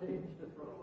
change the throne.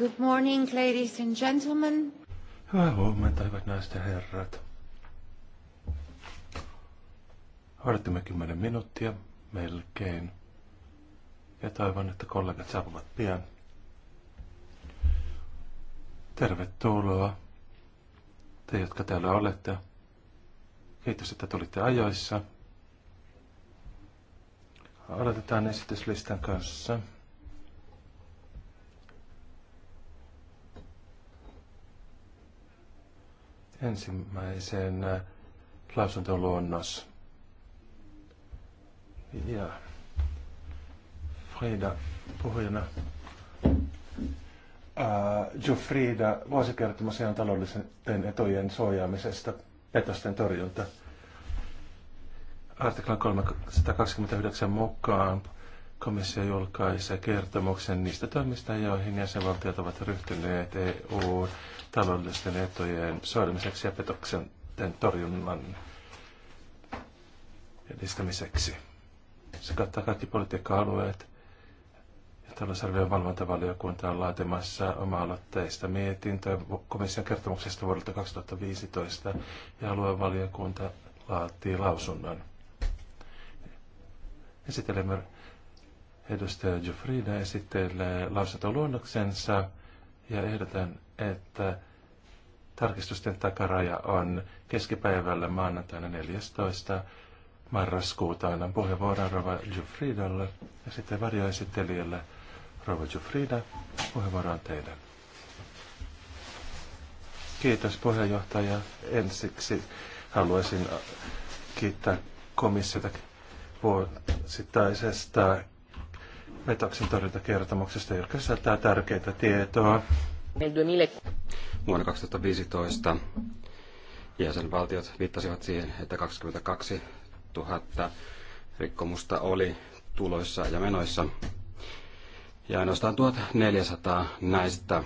Good morning, ladies and gentlemen. Hyvää huomenta, hyvät naiset ja herrat. Odotamme 10 minuuttia, melkein. Ja toivon, että kollegat saapuvat pian. Tervetuloa te, jotka täällä olette. Kiitos, että tulitte ajoissa. Aloitetaan esityslistan kanssa. ensimmäisen äh, lausuntoluonnos. Ja Frida puhujana. Äh, jo Frida, vuosikertomus on taloudellisten etujen suojaamisesta petosten torjunta. Artiklan 329 mukaan Komissio julkaisi kertomuksen niistä toimista, joihin jäsenvaltiot ovat ryhtyneet eu taloudellisten etujen suojelmiseksi ja petoksen torjunnan edistämiseksi. Se kattaa kaikki politiikka-alueet. talousarvion valvontavaliokunta on laatimassa oma-aloitteista mietintöä komission kertomuksesta vuodelta 2015 ja aluevaliokunta laatii lausunnon. Esitelemme Edustaja Jofrida esittelee lausuntoluonnoksensa ja ehdotan, että tarkistusten takaraja on keskipäivällä maanantaina 14. marraskuuta. Annan puheenvuoron Rova Jofridalle ja sitten varjoesittelijälle Rova Jofrida. Puheenvuoro on teidän. Kiitos puheenjohtaja. Ensiksi haluaisin kiittää komissiota vuosittaisesta petoksen torjuntakertomuksesta, joka sisältää tärkeitä tietoa. Vuonna 2015 jäsenvaltiot viittasivat siihen, että 22 000 rikkomusta oli tuloissa ja menoissa. Ja ainoastaan 1400 näistä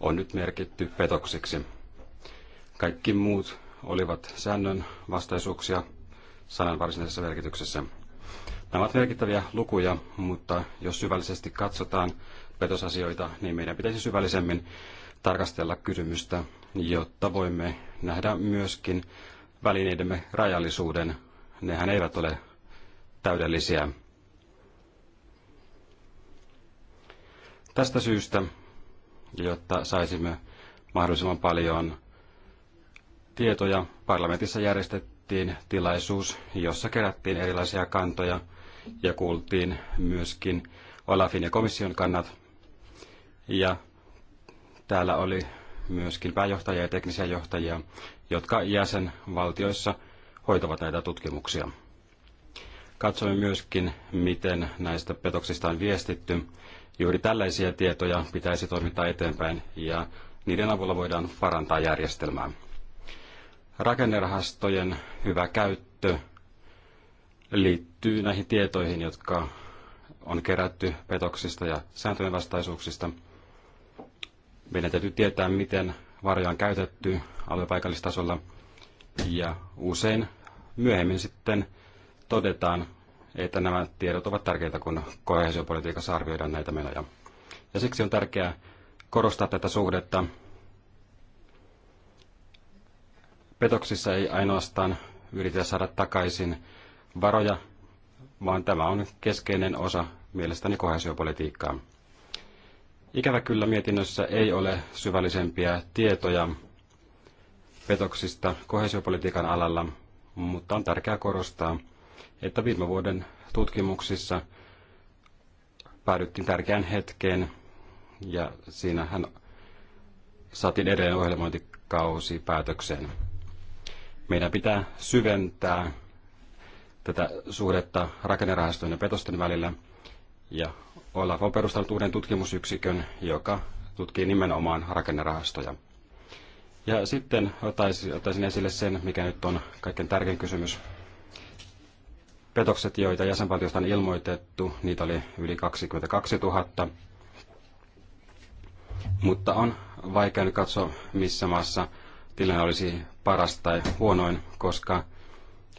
on nyt merkitty petoksiksi. Kaikki muut olivat säännön vastaisuuksia sanan varsinaisessa merkityksessä. Nämä ovat merkittäviä lukuja, mutta jos syvällisesti katsotaan petosasioita, niin meidän pitäisi syvällisemmin tarkastella kysymystä, jotta voimme nähdä myöskin välineidemme rajallisuuden. Nehän eivät ole täydellisiä. Tästä syystä, jotta saisimme mahdollisimman paljon tietoja, parlamentissa järjestettiin järjestettiin tilaisuus, jossa kerättiin erilaisia kantoja ja kuultiin myöskin Olafin ja komission kannat. Ja täällä oli myöskin pääjohtajia ja teknisiä johtajia, jotka jäsenvaltioissa hoitavat näitä tutkimuksia. Katsoimme myöskin, miten näistä petoksista on viestitty. Juuri tällaisia tietoja pitäisi toimittaa eteenpäin ja niiden avulla voidaan parantaa järjestelmää. Rakennerahastojen hyvä käyttö liittyy näihin tietoihin, jotka on kerätty petoksista ja sääntöjen vastaisuuksista. Meidän täytyy tietää, miten varjoa on käytetty aluepaikallistasolla ja usein myöhemmin sitten todetaan, että nämä tiedot ovat tärkeitä, kun kohesiopolitiikassa arvioidaan näitä menoja. Ja siksi on tärkeää korostaa tätä suhdetta Petoksissa ei ainoastaan yritetä saada takaisin varoja, vaan tämä on keskeinen osa mielestäni kohesiopolitiikkaa. Ikävä kyllä mietinnössä ei ole syvällisempiä tietoja petoksista kohesiopolitiikan alalla, mutta on tärkeää korostaa, että viime vuoden tutkimuksissa päädyttiin tärkeään hetkeen ja siinähän saatiin edelleen ohjelmointikausi päätökseen. Meidän pitää syventää tätä suhdetta rakennerahastojen ja petosten välillä. Ja Olaf on perustanut uuden tutkimusyksikön, joka tutkii nimenomaan rakennerahastoja. Ja sitten ottaisin, ottaisin esille sen, mikä nyt on kaikkein tärkein kysymys. Petokset, joita jäsenvaltiosta on ilmoitettu, niitä oli yli 22 000. Mutta on vaikea nyt katsoa, missä maassa tilanne olisi paras tai huonoin, koska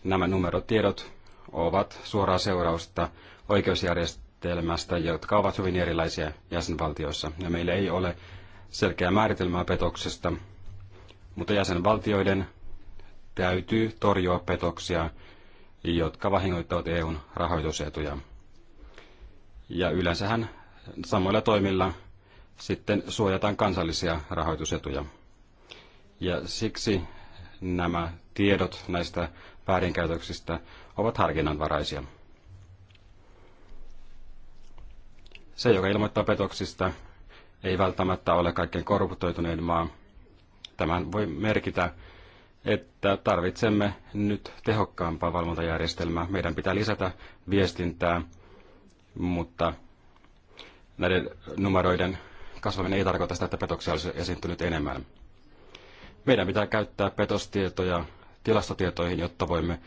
nämä numerotiedot ovat suoraa seurausta oikeusjärjestelmästä, jotka ovat hyvin erilaisia jäsenvaltioissa. Ja meillä ei ole selkeää määritelmää petoksesta, mutta jäsenvaltioiden täytyy torjua petoksia, jotka vahingoittavat EUn rahoitusetuja. Ja yleensähän samoilla toimilla sitten suojataan kansallisia rahoitusetuja. Ja siksi nämä tiedot näistä väärinkäytöksistä ovat harkinnanvaraisia. Se, joka ilmoittaa petoksista, ei välttämättä ole kaikkein korruptoituneen maa. Tämän voi merkitä, että tarvitsemme nyt tehokkaampaa valvontajärjestelmää. Meidän pitää lisätä viestintää, mutta näiden numeroiden kasvaminen ei tarkoita sitä, että petoksia olisi esiintynyt enemmän. Meidän pitää käyttää petostietoja tilastotietoihin, jotta voimme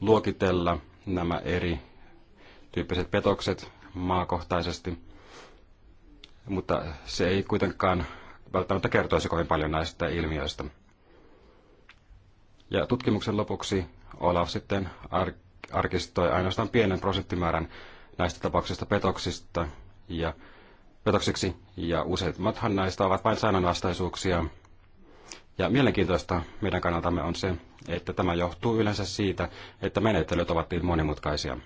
luokitella nämä eri tyyppiset petokset maakohtaisesti. Mutta se ei kuitenkaan välttämättä kertoisi kovin paljon näistä ilmiöistä. Ja tutkimuksen lopuksi Olaf sitten arkistoi ainoastaan pienen prosenttimäärän näistä tapauksista petoksista ja petoksiksi, ja useimmathan näistä ovat vain sananvastaisuuksia, ja mielenkiintoista meidän kannaltamme on se, että tämä johtuu yleensä siitä, että menettelyt ovat niin monimutkaisia.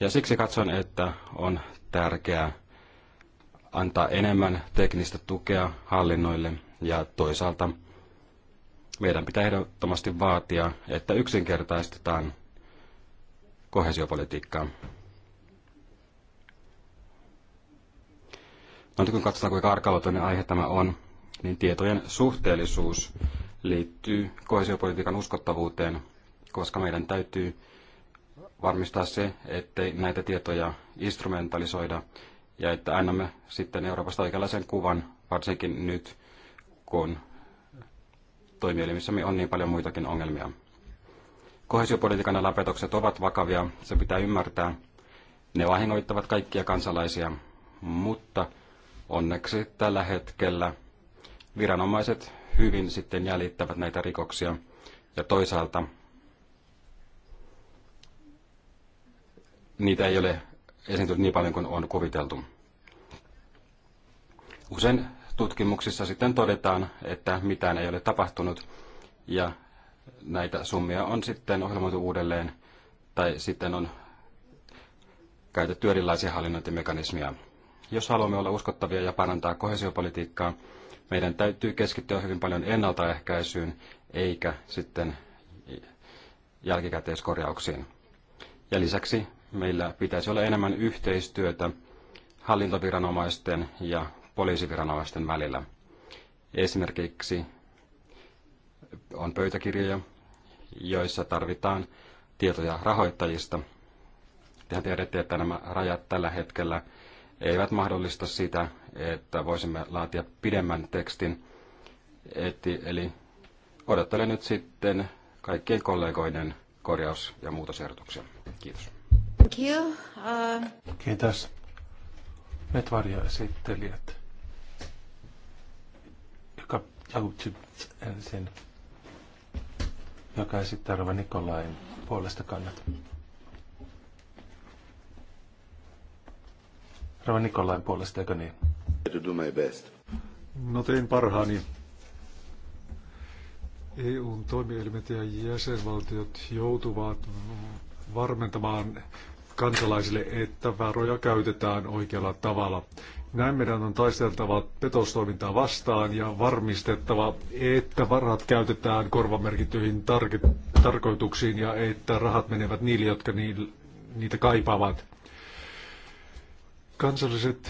Ja siksi katson, että on tärkeää antaa enemmän teknistä tukea hallinnoille ja toisaalta meidän pitää ehdottomasti vaatia, että yksinkertaistetaan kohesiopolitiikkaa. No nyt kun katsotaan, kuinka arkaluotoinen aihe tämä on, niin tietojen suhteellisuus liittyy kohesiopolitiikan uskottavuuteen, koska meidän täytyy varmistaa se, ettei näitä tietoja instrumentalisoida ja että annamme sitten Euroopasta oikeanlaisen kuvan, varsinkin nyt, kun toimielimissämme on niin paljon muitakin ongelmia. Kohesiopolitiikan läpetokset ovat vakavia, se pitää ymmärtää. Ne vahingoittavat kaikkia kansalaisia, mutta onneksi tällä hetkellä – viranomaiset hyvin sitten jäljittävät näitä rikoksia. Ja toisaalta niitä ei ole esiintynyt niin paljon kuin on kuviteltu. Usein tutkimuksissa sitten todetaan, että mitään ei ole tapahtunut ja näitä summia on sitten ohjelmoitu uudelleen tai sitten on käytetty erilaisia hallinnointimekanismia. Jos haluamme olla uskottavia ja parantaa kohesiopolitiikkaa, meidän täytyy keskittyä hyvin paljon ennaltaehkäisyyn, eikä sitten jälkikäteiskorjauksiin. Ja lisäksi meillä pitäisi olla enemmän yhteistyötä hallintoviranomaisten ja poliisiviranomaisten välillä. Esimerkiksi on pöytäkirjoja, joissa tarvitaan tietoja rahoittajista. Tehän tiedätte, että nämä rajat tällä hetkellä – eivät mahdollista sitä, että voisimme laatia pidemmän tekstin. Eti, eli odottelen nyt sitten kaikkien kollegoiden korjaus- ja muutosehdotuksia. Kiitos. Thank you. Uh... Kiitos. Nyt esittelijät. Joka Jautsi ensin, joka esittää Rova Nikolain puolesta kannat. Rova Nikolain puolesta, eikö niin? To do my best. No tein parhaani. EUn toimielimet ja jäsenvaltiot joutuvat varmentamaan kansalaisille, että varoja käytetään oikealla tavalla. Näin meidän on taisteltava petostoimintaa vastaan ja varmistettava, että varat käytetään korvamerkittyihin tarkoituksiin ja että rahat menevät niille, jotka niitä kaipaavat. Kansalliset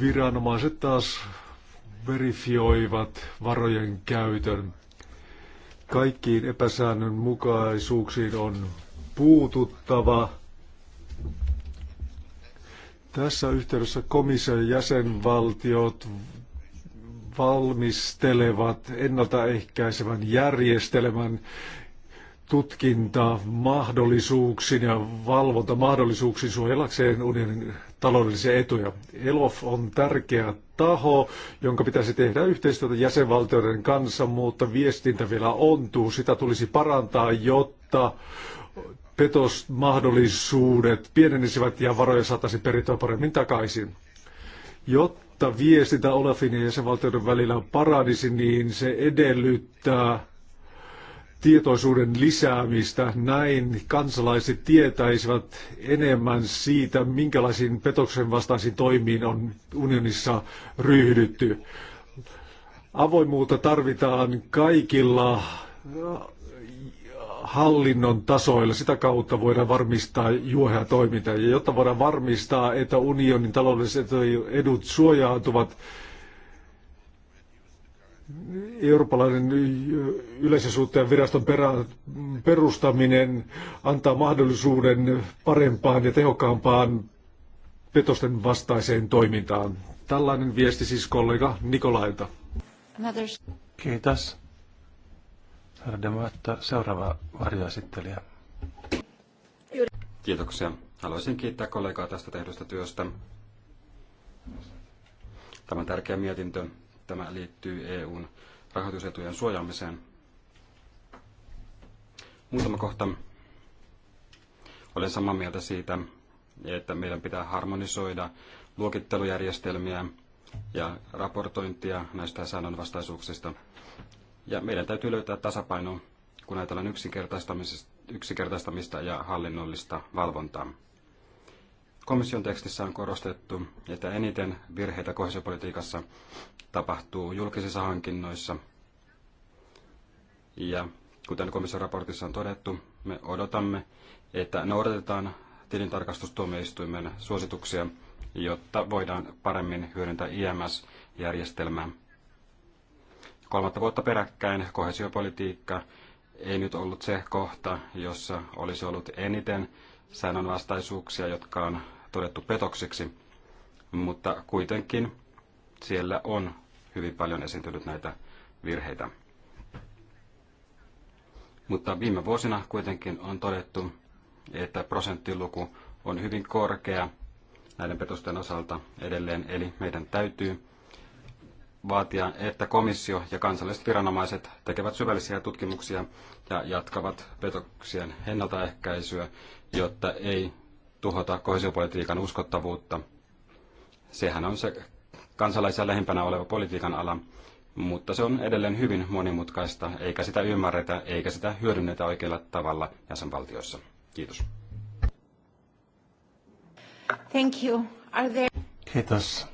viranomaiset taas verifioivat varojen käytön. Kaikkiin epäsäännönmukaisuuksiin on puututtava. Tässä yhteydessä komission jäsenvaltiot valmistelevat ennaltaehkäisevän järjestelmän tutkinta mahdollisuuksiin ja valvontamahdollisuuksiin suojelakseen unionin taloudellisia etuja. ELOF on tärkeä taho, jonka pitäisi tehdä yhteistyötä jäsenvaltioiden kanssa, mutta viestintä vielä ontuu. Sitä tulisi parantaa, jotta petosmahdollisuudet pienenisivät ja varoja saataisiin perittyä paremmin takaisin. Jotta viestintä Olafin ja jäsenvaltioiden välillä paranisi, niin se edellyttää tietoisuuden lisäämistä. Näin kansalaiset tietäisivät enemmän siitä, minkälaisiin petoksen vastaisiin toimiin on unionissa ryhdytty. Avoimuutta tarvitaan kaikilla äh, hallinnon tasoilla. Sitä kautta voidaan varmistaa juohea toiminta. Ja jotta voidaan varmistaa, että unionin taloudelliset edut suojautuvat, eurooppalainen yleisösuuttajan viraston perustaminen antaa mahdollisuuden parempaan ja tehokkaampaan petosten vastaiseen toimintaan. Tällainen viesti siis kollega Nikolailta. Kiitos. Saadaan seuraava varjoesittelijä. Kiitoksia. Haluaisin kiittää kollegaa tästä tehdystä työstä. Tämä tärkeä mietintö tämä liittyy EUn rahoitusetujen suojaamiseen. Muutama kohta. Olen samaa mieltä siitä, että meidän pitää harmonisoida luokittelujärjestelmiä ja raportointia näistä säännönvastaisuuksista. Ja meidän täytyy löytää tasapaino, kun ajatellaan yksinkertaistamista ja hallinnollista valvontaa. Komission tekstissä on korostettu, että eniten virheitä kohesiopolitiikassa tapahtuu julkisissa hankinnoissa. Ja kuten komission raportissa on todettu, me odotamme, että noudatetaan tilintarkastustuomioistuimen suosituksia, jotta voidaan paremmin hyödyntää IMS-järjestelmää. Kolmatta vuotta peräkkäin kohesiopolitiikka ei nyt ollut se kohta, jossa olisi ollut eniten säännönvastaisuuksia, jotka on todettu petoksiksi, mutta kuitenkin siellä on hyvin paljon esiintynyt näitä virheitä. Mutta viime vuosina kuitenkin on todettu, että prosenttiluku on hyvin korkea näiden petosten osalta edelleen, eli meidän täytyy vaatia, että komissio ja kansalliset viranomaiset tekevät syvällisiä tutkimuksia ja jatkavat petoksien ennaltaehkäisyä, jotta ei tuhota kohesiopolitiikan uskottavuutta. Sehän on se kansalaisia lähempänä oleva politiikan ala, mutta se on edelleen hyvin monimutkaista, eikä sitä ymmärretä, eikä sitä hyödynnetä oikealla tavalla jäsenvaltioissa. Kiitos. Thank you. Are there... Kiitos.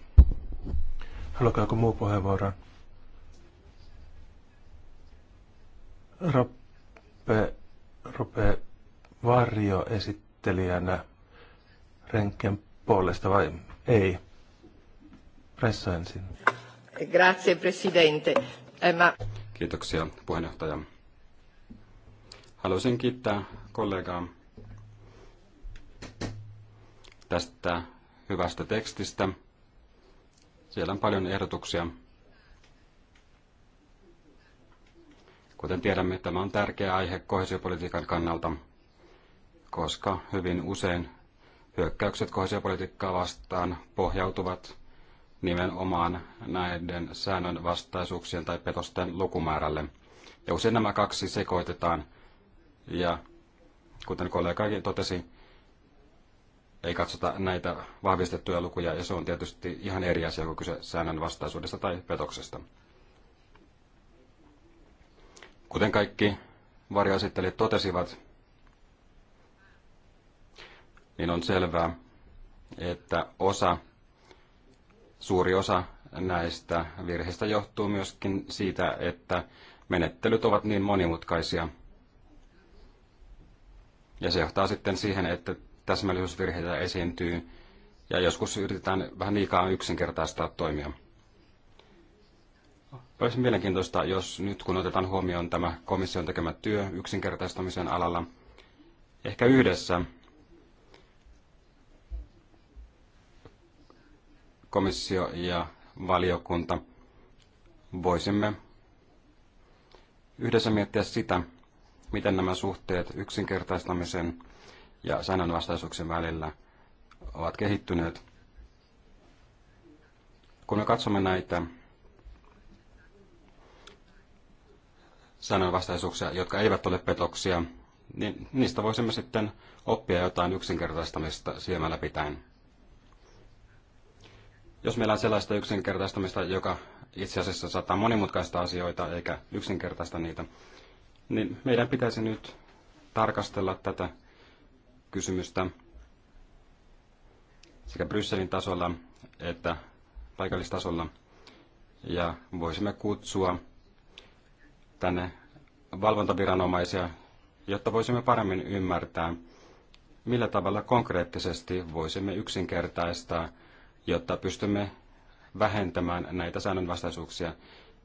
Haluatko joku muu puheenvuoro? Roppe, Roppe Varjo esittelijänä Renken puolesta vai ei? Pressa ensin. Grazie, presidente. Eh, Mä... Kiitoksia, puheenjohtaja. Haluaisin kiittää kollegaa tästä hyvästä tekstistä. Siellä on paljon ehdotuksia. Kuten tiedämme, tämä on tärkeä aihe kohesiopolitiikan kannalta, koska hyvin usein hyökkäykset kohesiopolitiikkaa vastaan pohjautuvat nimenomaan näiden säännön vastaisuuksien tai petosten lukumäärälle. Ja usein nämä kaksi sekoitetaan ja kuten kollegakin totesi, ei katsota näitä vahvistettuja lukuja ja se on tietysti ihan eri asia kuin kyse säännön vastaisuudesta tai petoksesta. Kuten kaikki varjoesittelijät totesivat, niin on selvää, että osa, suuri osa näistä virheistä johtuu myöskin siitä, että menettelyt ovat niin monimutkaisia. Ja se johtaa sitten siihen, että täsmällisyysvirheitä esiintyy ja joskus yritetään vähän liikaa yksinkertaistaa toimia. Olisi mielenkiintoista, jos nyt kun otetaan huomioon tämä komission tekemä työ yksinkertaistamisen alalla, ehkä yhdessä komissio ja valiokunta voisimme yhdessä miettiä sitä, miten nämä suhteet yksinkertaistamisen ja säännönvastaisuuksien välillä ovat kehittyneet. Kun me katsomme näitä säännönvastaisuuksia, jotka eivät ole petoksia, niin niistä voisimme sitten oppia jotain yksinkertaistamista silmällä pitäen. Jos meillä on sellaista yksinkertaistamista, joka itse asiassa saattaa monimutkaista asioita eikä yksinkertaista niitä, niin meidän pitäisi nyt tarkastella tätä kysymystä sekä Brysselin tasolla että paikallistasolla. Ja voisimme kutsua tänne valvontaviranomaisia, jotta voisimme paremmin ymmärtää, millä tavalla konkreettisesti voisimme yksinkertaistaa – jotta pystymme vähentämään näitä säännönvastaisuuksia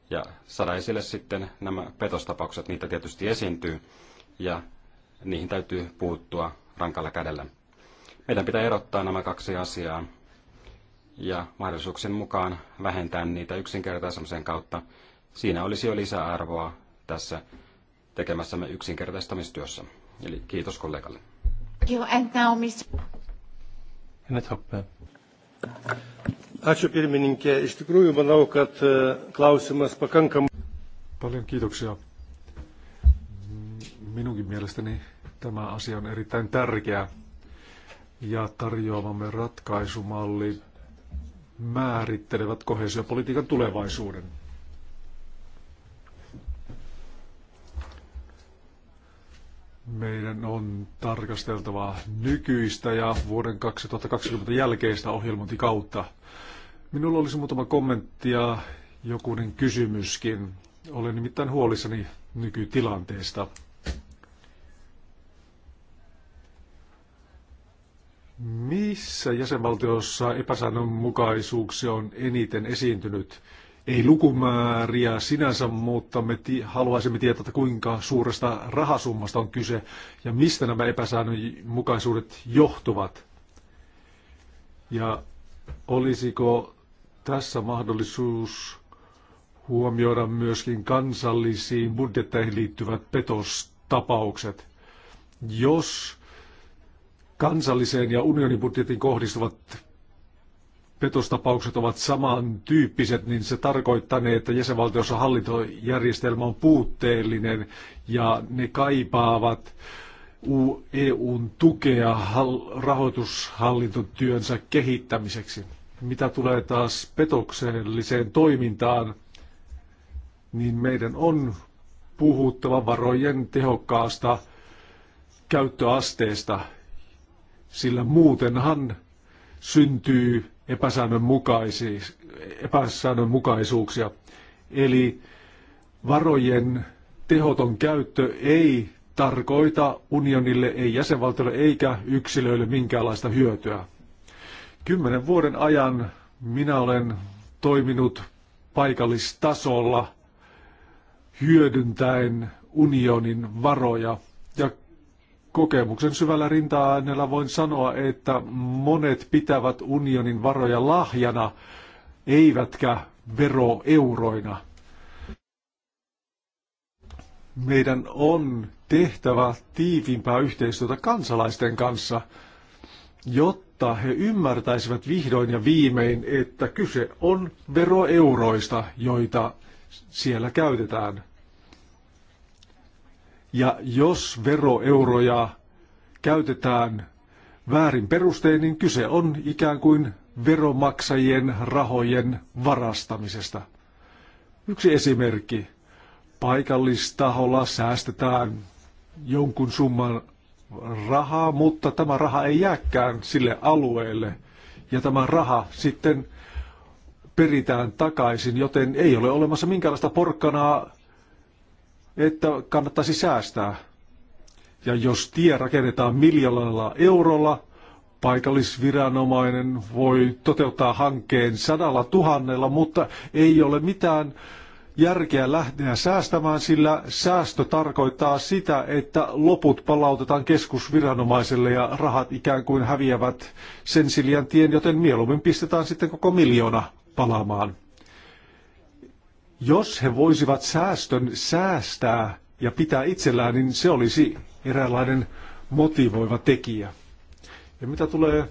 ja saada esille sitten nämä petostapaukset. Niitä tietysti esiintyy ja niihin täytyy puuttua rankalla kädellä. Meidän pitää erottaa nämä kaksi asiaa ja mahdollisuuksien mukaan vähentää niitä yksinkertaisemisen kautta. Siinä olisi jo lisäarvoa tässä tekemässämme yksinkertaistamistyössä. Eli kiitos kollegalle. Joo, and now miss... Ačiū pirmininkė. Iš tikrųjų manau, kad e, klausimas pakankamai. Paljon kiitoksia. Minunkin mielestäni tämä asia on erittäin tärkeä ja tarjoamamme ratkaisumalli määrittelevät kohesiopolitiikan tulevaisuuden. Meidän on tarkasteltava nykyistä ja vuoden 2020 jälkeistä ohjelmointikautta. Minulla olisi muutama kommentti ja jokunen kysymyskin. Olen nimittäin huolissani nykytilanteesta. Missä jäsenvaltiossa epäsäännönmukaisuuksia on eniten esiintynyt? ei lukumääriä sinänsä, mutta me haluaisimme tietää, että kuinka suuresta rahasummasta on kyse ja mistä nämä epäsäännönmukaisuudet johtuvat. Ja olisiko tässä mahdollisuus huomioida myöskin kansallisiin budjetteihin liittyvät petostapaukset? Jos kansalliseen ja unionin budjetin kohdistuvat petostapaukset ovat samantyyppiset, niin se tarkoittaa, että jäsenvaltiossa hallintojärjestelmä on puutteellinen ja ne kaipaavat EUn tukea rahoitushallintotyönsä kehittämiseksi. Mitä tulee taas petokselliseen toimintaan, niin meidän on puhuttava varojen tehokkaasta käyttöasteesta, sillä muutenhan syntyy epäsäännönmukaisuuksia. Eli varojen tehoton käyttö ei tarkoita unionille, ei jäsenvaltiolle eikä yksilöille minkäänlaista hyötyä. Kymmenen vuoden ajan minä olen toiminut paikallistasolla hyödyntäen unionin varoja ja kokemuksen syvällä rinta-aineella voin sanoa, että monet pitävät unionin varoja lahjana, eivätkä veroeuroina. Meidän on tehtävä tiiviimpää yhteistyötä kansalaisten kanssa, jotta he ymmärtäisivät vihdoin ja viimein, että kyse on veroeuroista, joita siellä käytetään. Ja jos veroeuroja käytetään väärin perustein, niin kyse on ikään kuin veromaksajien rahojen varastamisesta. Yksi esimerkki. Paikallistaholla säästetään jonkun summan rahaa, mutta tämä raha ei jääkään sille alueelle. Ja tämä raha sitten peritään takaisin, joten ei ole olemassa minkäänlaista porkkanaa että kannattaisi säästää. Ja jos tie rakennetaan miljoonalla eurolla, paikallisviranomainen voi toteuttaa hankkeen sadalla tuhannella, mutta ei ole mitään järkeä lähteä säästämään, sillä säästö tarkoittaa sitä, että loput palautetaan keskusviranomaiselle ja rahat ikään kuin häviävät sen tien, joten mieluummin pistetään sitten koko miljoona palaamaan. Jos he voisivat säästön säästää ja pitää itsellään, niin se olisi eräänlainen motivoiva tekijä. Ja mitä tulee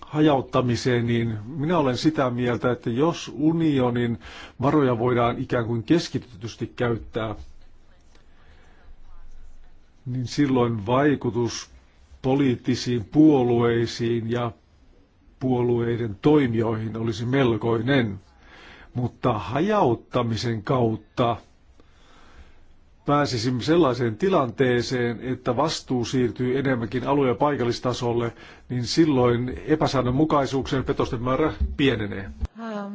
hajauttamiseen, niin minä olen sitä mieltä, että jos unionin varoja voidaan ikään kuin keskitytysti käyttää, niin silloin vaikutus poliittisiin puolueisiin ja puolueiden toimijoihin olisi melkoinen mutta hajauttamisen kautta pääsisimme sellaiseen tilanteeseen, että vastuu siirtyy enemmänkin alue- ja paikallistasolle, niin silloin epäsäännönmukaisuuksien petosten määrä pienenee. Ähm.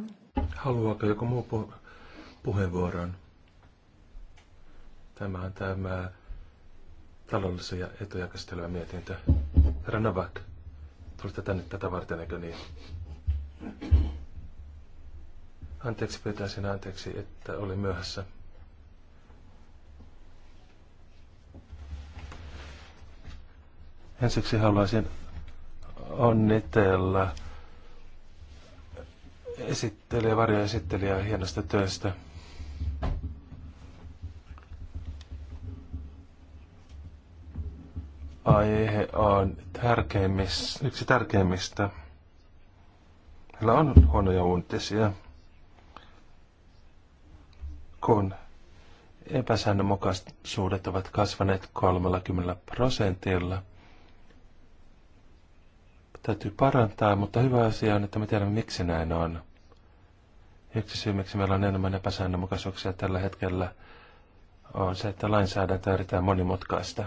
Haluaako joku muu pu- puheenvuoron? Tämä on tämä taloudellisen ja etuja käsittelevä mietintö. Herra Navak, tulitte tänne tätä varten, eikö niin? Anteeksi, pyytäisin anteeksi, että olin myöhässä. Ensiksi haluaisin onnitella esittelijä, varjoesittelijä hienosta työstä. Aihe on tärkeimmistä, yksi tärkeimmistä. Meillä on huonoja uutisia kun epäsäännönmukaisuudet ovat kasvaneet 30 prosentilla. Täytyy parantaa, mutta hyvä asia on, että me tiedämme miksi näin on. Yksi syy, miksi meillä on enemmän epäsäännönmukaisuuksia tällä hetkellä, on se, että lainsäädäntö erittäin monimutkaista.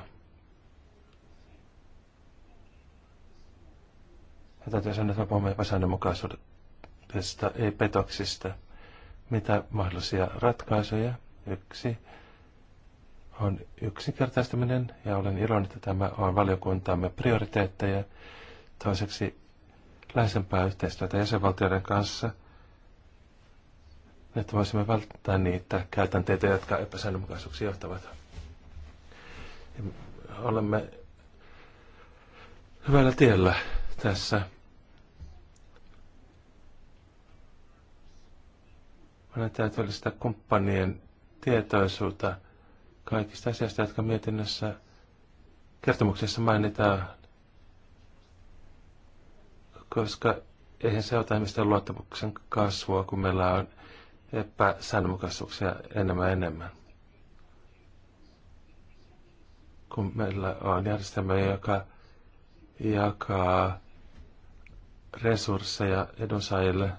Ja täytyy sanoa, että me puhumme epäsäännönmukaisuudesta, ei petoksista – mitä mahdollisia ratkaisuja. Yksi on yksinkertaistaminen, ja olen iloinen, että tämä on valiokuntamme prioriteetteja. Toiseksi läheisempää yhteistyötä jäsenvaltioiden kanssa, että voisimme välttää niitä käytänteitä, jotka epäsäännönmukaisuuksiin johtavat. Olemme hyvällä tiellä tässä. Meidän täytyy sitä kumppanien tietoisuutta kaikista asiasta, jotka mietinnössä kertomuksessa mainitaan, koska eihän se ota ihmisten luottamuksen kasvua, kun meillä on epäsäännönmukaisuuksia enemmän enemmän. Kun meillä on järjestelmä, joka jakaa resursseja edunsaajille –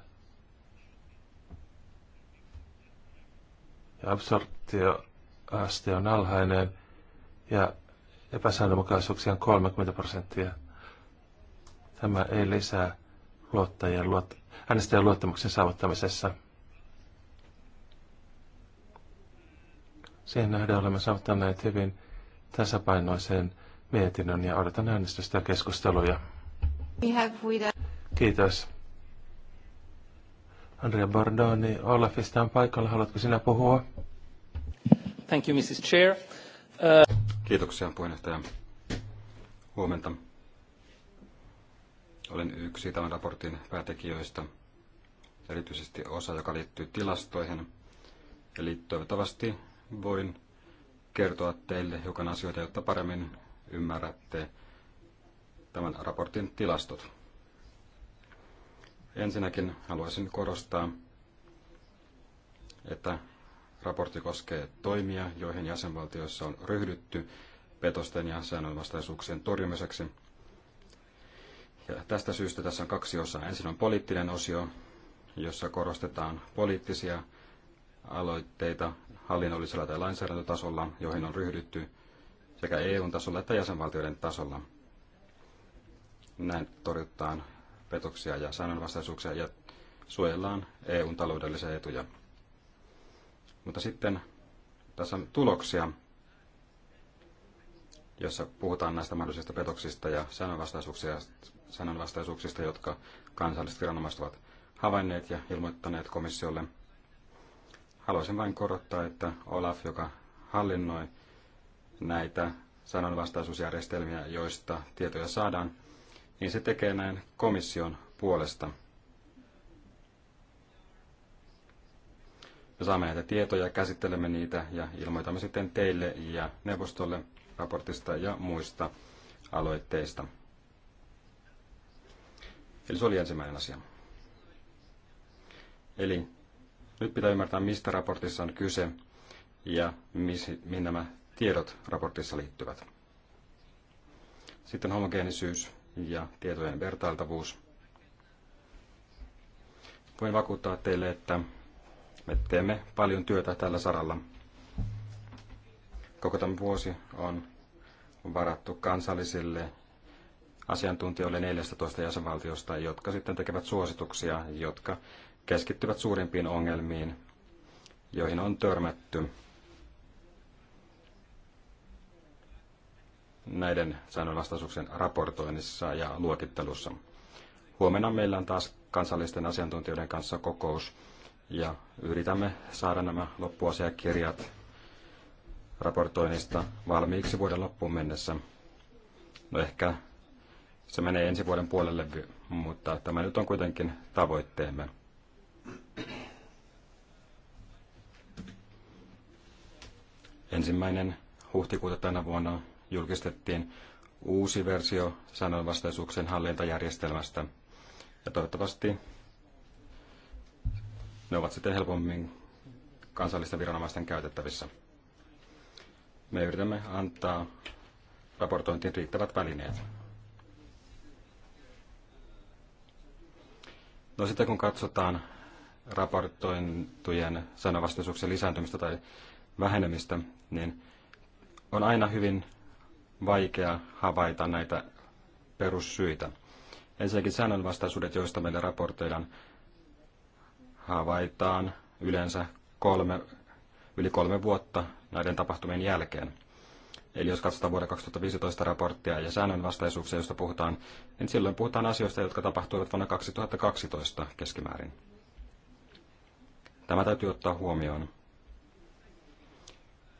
ja absorptioaste on alhainen ja epäsäännönmukaisuuksia on 30 prosenttia. Tämä ei lisää luottajien luot, äänestäjän luottamuksen saavuttamisessa. Siihen nähden olemme saavuttaneet hyvin tasapainoisen mietinnön ja odotan äänestystä ja keskusteluja. Kiitos. Andrea Bardoni, Olafista on paikalla. Haluatko sinä puhua? Thank you, Mrs. Chair. Uh... Kiitoksia, puheenjohtaja. Huomenta. Olen yksi tämän raportin päätekijöistä, erityisesti osa, joka liittyy tilastoihin. Eli toivottavasti voin kertoa teille hiukan asioita, jotta paremmin ymmärrätte tämän raportin tilastot. Ensinnäkin haluaisin korostaa, että raportti koskee toimia, joihin jäsenvaltioissa on ryhdytty petosten ja säännönvastaisuuksien torjumiseksi. Ja tästä syystä tässä on kaksi osaa. Ensin on poliittinen osio, jossa korostetaan poliittisia aloitteita hallinnollisella tai lainsäädäntötasolla, joihin on ryhdytty sekä eu tasolla että jäsenvaltioiden tasolla. Näin torjuttaan petoksia ja säännönvastaisuuksia ja suojellaan EUn taloudellisia etuja. Mutta sitten tässä on tuloksia, jossa puhutaan näistä mahdollisista petoksista ja säännönvastaisuuksista, säännönvastaisuuksista jotka kansalliset viranomaiset ovat havainneet ja ilmoittaneet komissiolle. Haluaisin vain korottaa, että Olaf, joka hallinnoi näitä sananvastaisuusjärjestelmiä, joista tietoja saadaan, niin se tekee näin komission puolesta. Me saamme näitä tietoja, käsittelemme niitä ja ilmoitamme sitten teille ja neuvostolle raportista ja muista aloitteista. Eli se oli ensimmäinen asia. Eli nyt pitää ymmärtää, mistä raportissa on kyse ja mihin nämä tiedot raportissa liittyvät. Sitten homogeenisyys ja tietojen vertailtavuus. Voin vakuuttaa teille, että me teemme paljon työtä tällä saralla. Koko tämä vuosi on varattu kansallisille asiantuntijoille 14 jäsenvaltiosta, jotka sitten tekevät suosituksia, jotka keskittyvät suurimpiin ongelmiin, joihin on törmätty näiden säännönvastaisuuksien raportoinnissa ja luokittelussa. Huomenna meillä on taas kansallisten asiantuntijoiden kanssa kokous ja yritämme saada nämä loppuasiakirjat raportoinnista valmiiksi vuoden loppuun mennessä. No ehkä se menee ensi vuoden puolelle, mutta tämä nyt on kuitenkin tavoitteemme. Ensimmäinen huhtikuuta tänä vuonna julkistettiin uusi versio sananvastaisuuksien hallintajärjestelmästä. Ja toivottavasti ne ovat sitten helpommin kansallisten viranomaisten käytettävissä. Me yritämme antaa raportointiin riittävät välineet. No sitten kun katsotaan raportointujen sananvastaisuuksien lisääntymistä tai vähenemistä, niin on aina hyvin vaikea havaita näitä perussyitä. Ensinnäkin säännönvastaisuudet, joista meille raportoidaan, havaitaan yleensä kolme, yli kolme vuotta näiden tapahtumien jälkeen. Eli jos katsotaan vuoden 2015 raporttia ja säännönvastaisuuksia, joista puhutaan, niin silloin puhutaan asioista, jotka tapahtuivat vuonna 2012 keskimäärin. Tämä täytyy ottaa huomioon.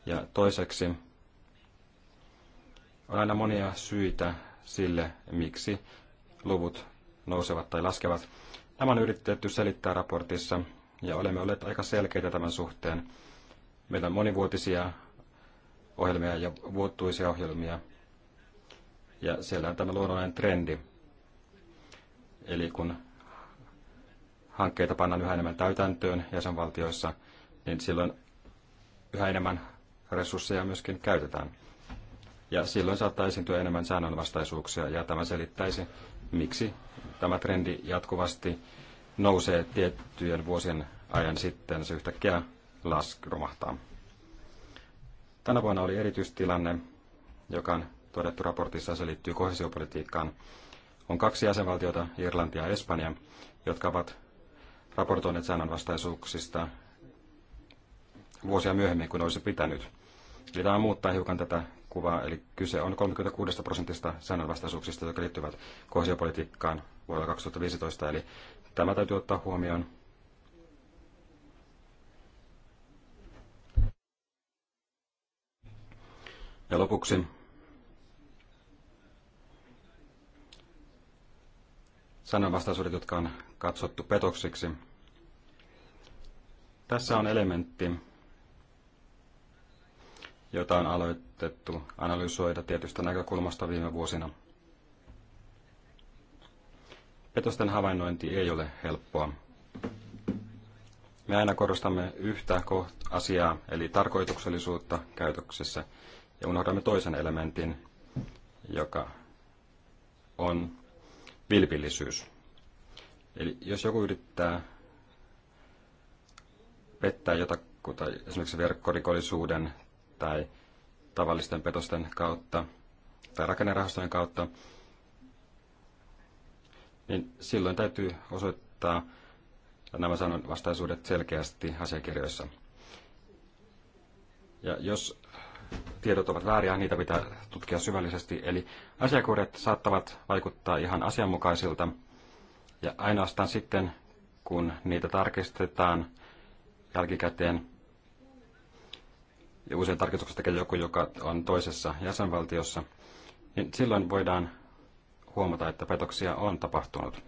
Ja toiseksi on aina monia syitä sille, miksi luvut nousevat tai laskevat. Tämä on yritetty selittää raportissa ja olemme olleet aika selkeitä tämän suhteen. Meillä on monivuotisia ohjelmia ja vuotuisia ohjelmia. Ja siellä on tämä luonnollinen trendi. Eli kun hankkeita pannaan yhä enemmän täytäntöön jäsenvaltioissa, niin silloin yhä enemmän resursseja myöskin käytetään ja silloin saattaa esiintyä enemmän säännönvastaisuuksia, ja tämä selittäisi, miksi tämä trendi jatkuvasti nousee tiettyjen vuosien ajan sitten, se yhtäkkiä lask- romahtaa. Tänä vuonna oli erityistilanne, joka on todettu raportissa, se liittyy kohesiopolitiikkaan. On kaksi jäsenvaltiota, Irlanti ja Espanja, jotka ovat raportoineet säännönvastaisuuksista vuosia myöhemmin kuin olisi pitänyt. Eli tämä muuttaa hiukan tätä kuvaa, eli kyse on 36 prosentista säännönvastaisuuksista, jotka liittyvät kohesiopolitiikkaan vuodelta 2015, eli tämä täytyy ottaa huomioon. Ja lopuksi sananvastaisuudet, jotka on katsottu petoksiksi. Tässä on elementti, jota on aloitettu analysoida tietystä näkökulmasta viime vuosina. Petosten havainnointi ei ole helppoa. Me aina korostamme yhtä asiaa, eli tarkoituksellisuutta käytöksessä, ja unohdamme toisen elementin, joka on vilpillisyys. Eli jos joku yrittää pettää jotakuta esimerkiksi verkkorikollisuuden tai tavallisten petosten kautta tai rakennerahastojen kautta, niin silloin täytyy osoittaa nämä vastaisuudet selkeästi asiakirjoissa. Ja jos tiedot ovat vääriä, niitä pitää tutkia syvällisesti. Eli asiakirjat saattavat vaikuttaa ihan asianmukaisilta, ja ainoastaan sitten, kun niitä tarkistetaan jälkikäteen, ja usein tarkistukset tekee joku, joka on toisessa jäsenvaltiossa, niin silloin voidaan huomata, että petoksia on tapahtunut.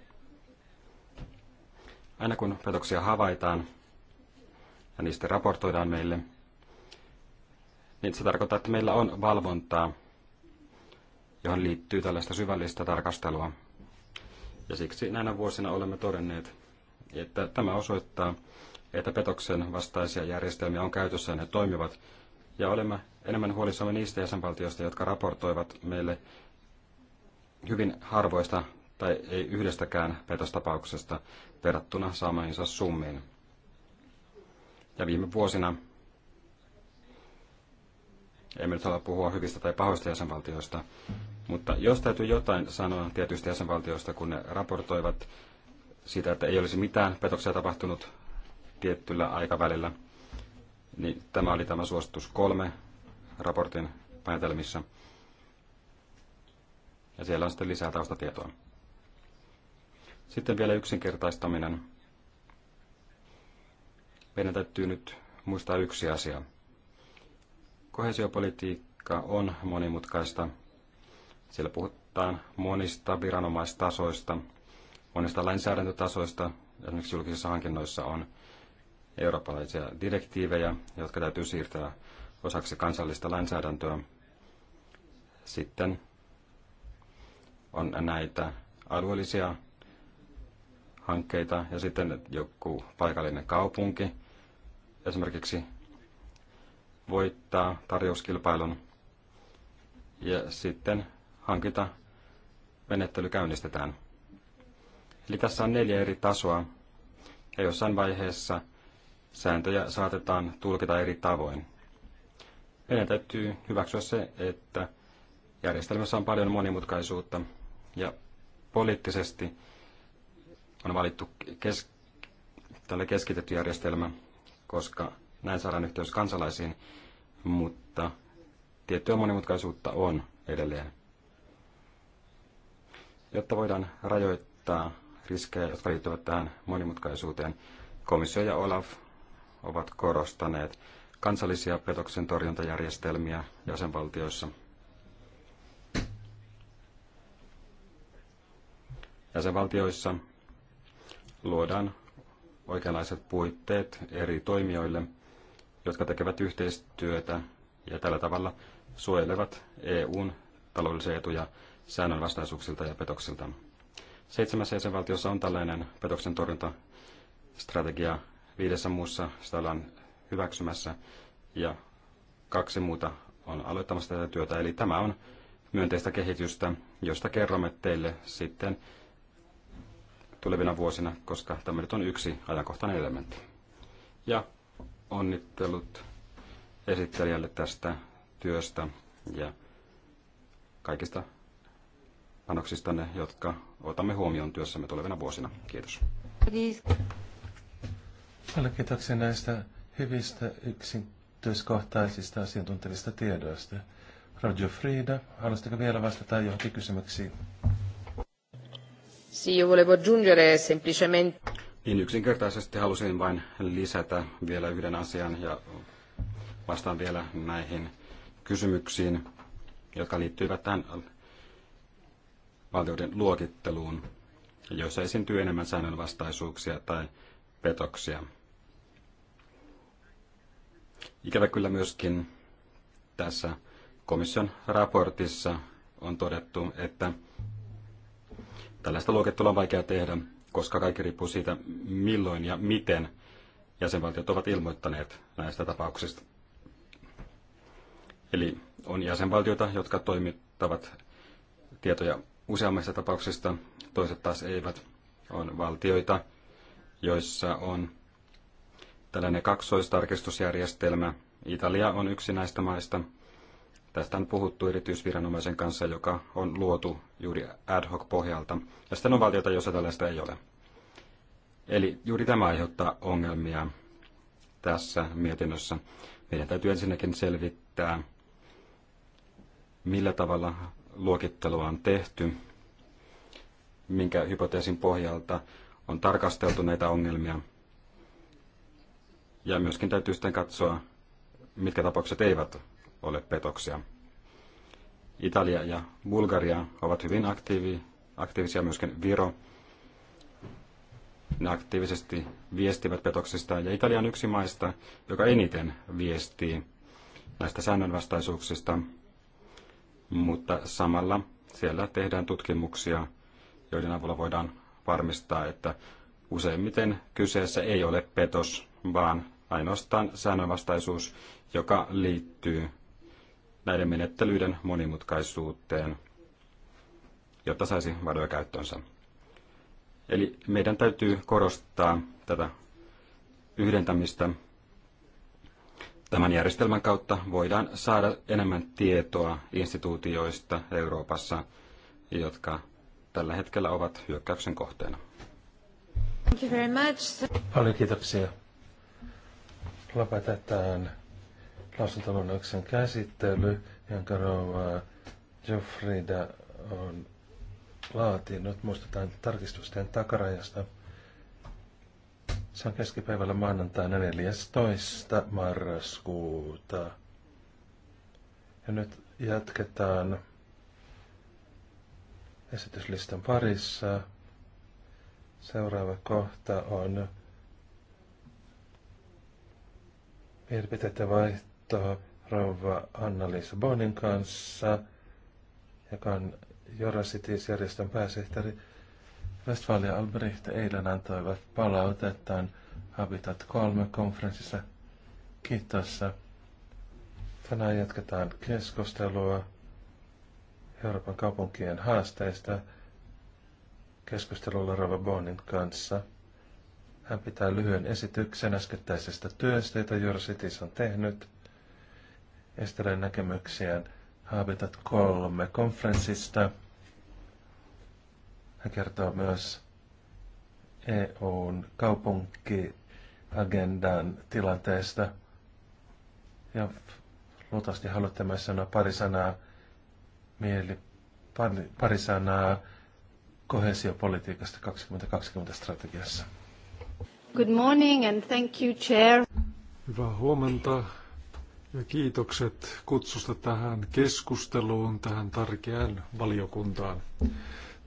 Aina kun petoksia havaitaan ja niistä raportoidaan meille, niin se tarkoittaa, että meillä on valvontaa, johon liittyy tällaista syvällistä tarkastelua. Ja siksi näinä vuosina olemme todenneet, että tämä osoittaa, että petoksen vastaisia järjestelmiä on käytössä ja ne toimivat, ja olemme enemmän huolissamme niistä jäsenvaltioista, jotka raportoivat meille hyvin harvoista tai ei yhdestäkään petostapauksesta verrattuna saamaansa summiin. Ja viime vuosina emme nyt halua puhua hyvistä tai pahoista jäsenvaltioista, mutta jos täytyy jotain sanoa tietyistä jäsenvaltioista, kun ne raportoivat siitä, että ei olisi mitään petoksia tapahtunut tiettyllä aikavälillä – niin tämä oli tämä suositus kolme raportin päätelmissä. Ja siellä on sitten lisää taustatietoa. Sitten vielä yksinkertaistaminen. Meidän täytyy nyt muistaa yksi asia. Kohesiopolitiikka on monimutkaista. Siellä puhutaan monista viranomaistasoista, monista lainsäädäntötasoista. Esimerkiksi julkisissa hankinnoissa on eurooppalaisia direktiivejä, jotka täytyy siirtää osaksi kansallista lainsäädäntöä. Sitten on näitä alueellisia hankkeita ja sitten joku paikallinen kaupunki esimerkiksi voittaa tarjouskilpailun ja sitten hankita menettely käynnistetään. Eli tässä on neljä eri tasoa ja jossain vaiheessa sääntöjä saatetaan tulkita eri tavoin. Meidän täytyy hyväksyä se, että järjestelmässä on paljon monimutkaisuutta ja poliittisesti on valittu kes- tälle keskitetty järjestelmä, koska näin saadaan yhteys kansalaisiin, mutta tiettyä monimutkaisuutta on edelleen. Jotta voidaan rajoittaa riskejä, jotka liittyvät tähän monimutkaisuuteen, komissio ja Olaf ovat korostaneet kansallisia petoksen torjuntajärjestelmiä jäsenvaltioissa. Jäsenvaltioissa luodaan oikeanlaiset puitteet eri toimijoille, jotka tekevät yhteistyötä ja tällä tavalla suojelevat EUn taloudellisia etuja säännönvastaisuuksilta ja petoksilta. Seitsemässä jäsenvaltiossa on tällainen petoksen torjuntastrategia Viidessä muussa sitä ollaan hyväksymässä ja kaksi muuta on aloittamassa tätä työtä. Eli tämä on myönteistä kehitystä, josta kerromme teille sitten tulevina vuosina, koska tämä nyt on yksi ajankohtainen elementti. Ja onnittelut esittelijälle tästä työstä ja kaikista panoksistanne, jotka otamme huomioon työssämme tulevina vuosina. Kiitos. Kiitos. Paljon kiitoksia näistä hyvistä yksityiskohtaisista asiantuntevista tiedoista. Radio Frida, haluaisitko vielä vastata johonkin kysymyksiin? Sì, io volevo aggiungere semplicemente... Niin yksinkertaisesti halusin vain lisätä vielä yhden asian ja vastaan vielä näihin kysymyksiin, jotka liittyvät tähän valtioiden luokitteluun, joissa esiintyy enemmän säännönvastaisuuksia tai petoksia. Ikävä kyllä myöskin tässä komission raportissa on todettu, että tällaista luokittelua on vaikea tehdä, koska kaikki riippuu siitä, milloin ja miten jäsenvaltiot ovat ilmoittaneet näistä tapauksista. Eli on jäsenvaltioita, jotka toimittavat tietoja useammista tapauksista, toiset taas eivät. On valtioita, joissa on tällainen kaksoistarkistusjärjestelmä. Italia on yksi näistä maista. Tästä on puhuttu erityisviranomaisen kanssa, joka on luotu juuri ad hoc pohjalta. Ja sitten on valtiota, jossa tällaista ei ole. Eli juuri tämä aiheuttaa ongelmia tässä mietinnössä. Meidän täytyy ensinnäkin selvittää, millä tavalla luokittelua on tehty, minkä hypoteesin pohjalta on tarkasteltu näitä ongelmia – ja myöskin täytyy sitten katsoa, mitkä tapaukset eivät ole petoksia. Italia ja Bulgaria ovat hyvin aktiivi, aktiivisia, myöskin Viro. Ne aktiivisesti viestivät petoksista ja Italia on yksi maista, joka eniten viestii näistä säännönvastaisuuksista, mutta samalla siellä tehdään tutkimuksia, joiden avulla voidaan varmistaa, että useimmiten kyseessä ei ole petos, vaan ainoastaan säännönvastaisuus, joka liittyy näiden menettelyiden monimutkaisuuteen, jotta saisi varoja käyttöönsä. Eli meidän täytyy korostaa tätä yhdentämistä. Tämän järjestelmän kautta voidaan saada enemmän tietoa instituutioista Euroopassa, jotka tällä hetkellä ovat hyökkäyksen kohteena. Thank you very much. Paljon kiitoksia lopetetaan lausuntoluonnoksen käsittely, jonka rouva Jofrida on laatinut. Muistetaan tarkistusten takarajasta. Se on keskipäivällä maanantai 14. marraskuuta. Ja nyt jatketaan esityslistan parissa. Seuraava kohta on mielipiteitä vaihtoa rouva Anna-Liisa Bonin kanssa, joka on Jora järjestön pääsihteeri. Westfalia Albrecht eilen antoivat palautettaan Habitat 3-konferenssissa kiitossa. Tänään jatketaan keskustelua Euroopan kaupunkien haasteista keskustelulla Rava Bonin kanssa. Hän pitää lyhyen esityksen äskettäisestä työstä, jota Eurocities on tehnyt. Estelee näkemyksiään Habitat 3 konferenssista. Hän kertoo myös EUn kaupunkiagendan tilanteesta. Ja luultavasti haluatte myös sanoa pari sanaa, mieli, pari, pari sanaa kohesiopolitiikasta 2020 strategiassa. Good morning and thank you, Chair. Hyvää huomenta ja kiitokset kutsusta tähän keskusteluun, tähän tärkeään valiokuntaan.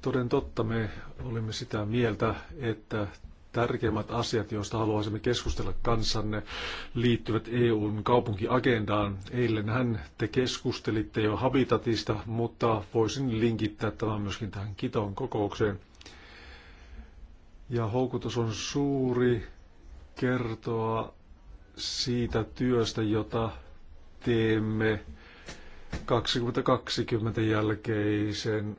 Toden totta me olimme sitä mieltä, että tärkeimmät asiat, joista haluaisimme keskustella kanssanne, liittyvät EUn kaupunkiagendaan. Eilenhän te keskustelitte jo Habitatista, mutta voisin linkittää tämän myöskin tähän Kiton kokoukseen – ja houkutus on suuri kertoa siitä työstä, jota teemme 2020 jälkeisen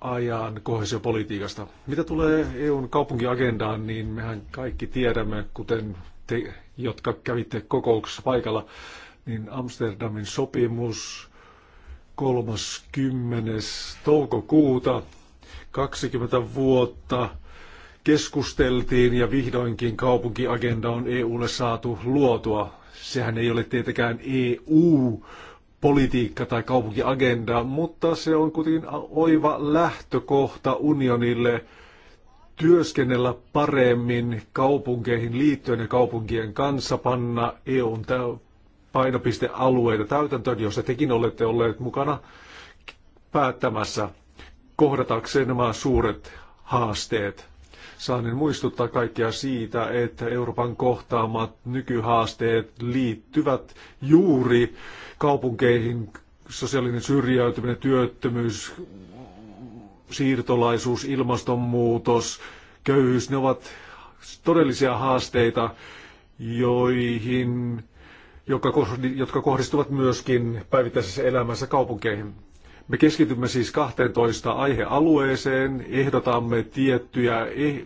ajan kohesiopolitiikasta. Mitä tulee EUn kaupunkiagendaan, niin mehän kaikki tiedämme, kuten te, jotka kävitte kokouksessa paikalla, niin Amsterdamin sopimus 30. toukokuuta 20 vuotta – keskusteltiin ja vihdoinkin kaupunkiagenda on EUlle saatu luotua. Sehän ei ole tietenkään EU-politiikka tai kaupunkiagenda, mutta se on kuitenkin oiva lähtökohta unionille työskennellä paremmin kaupunkeihin liittyen ja kaupunkien kanssa, panna EUn painopistealueita täytäntöön, jossa tekin olette olleet mukana päättämässä kohdatakseen nämä suuret haasteet. Saanen muistuttaa kaikkia siitä, että Euroopan kohtaamat nykyhaasteet liittyvät juuri kaupunkeihin, sosiaalinen syrjäytyminen, työttömyys, siirtolaisuus, ilmastonmuutos, köyhyys, ne ovat todellisia haasteita, joihin, jotka kohdistuvat myöskin päivittäisessä elämässä kaupunkeihin. Me keskitymme siis 12 aihealueeseen, ehdotamme tiettyjä eh,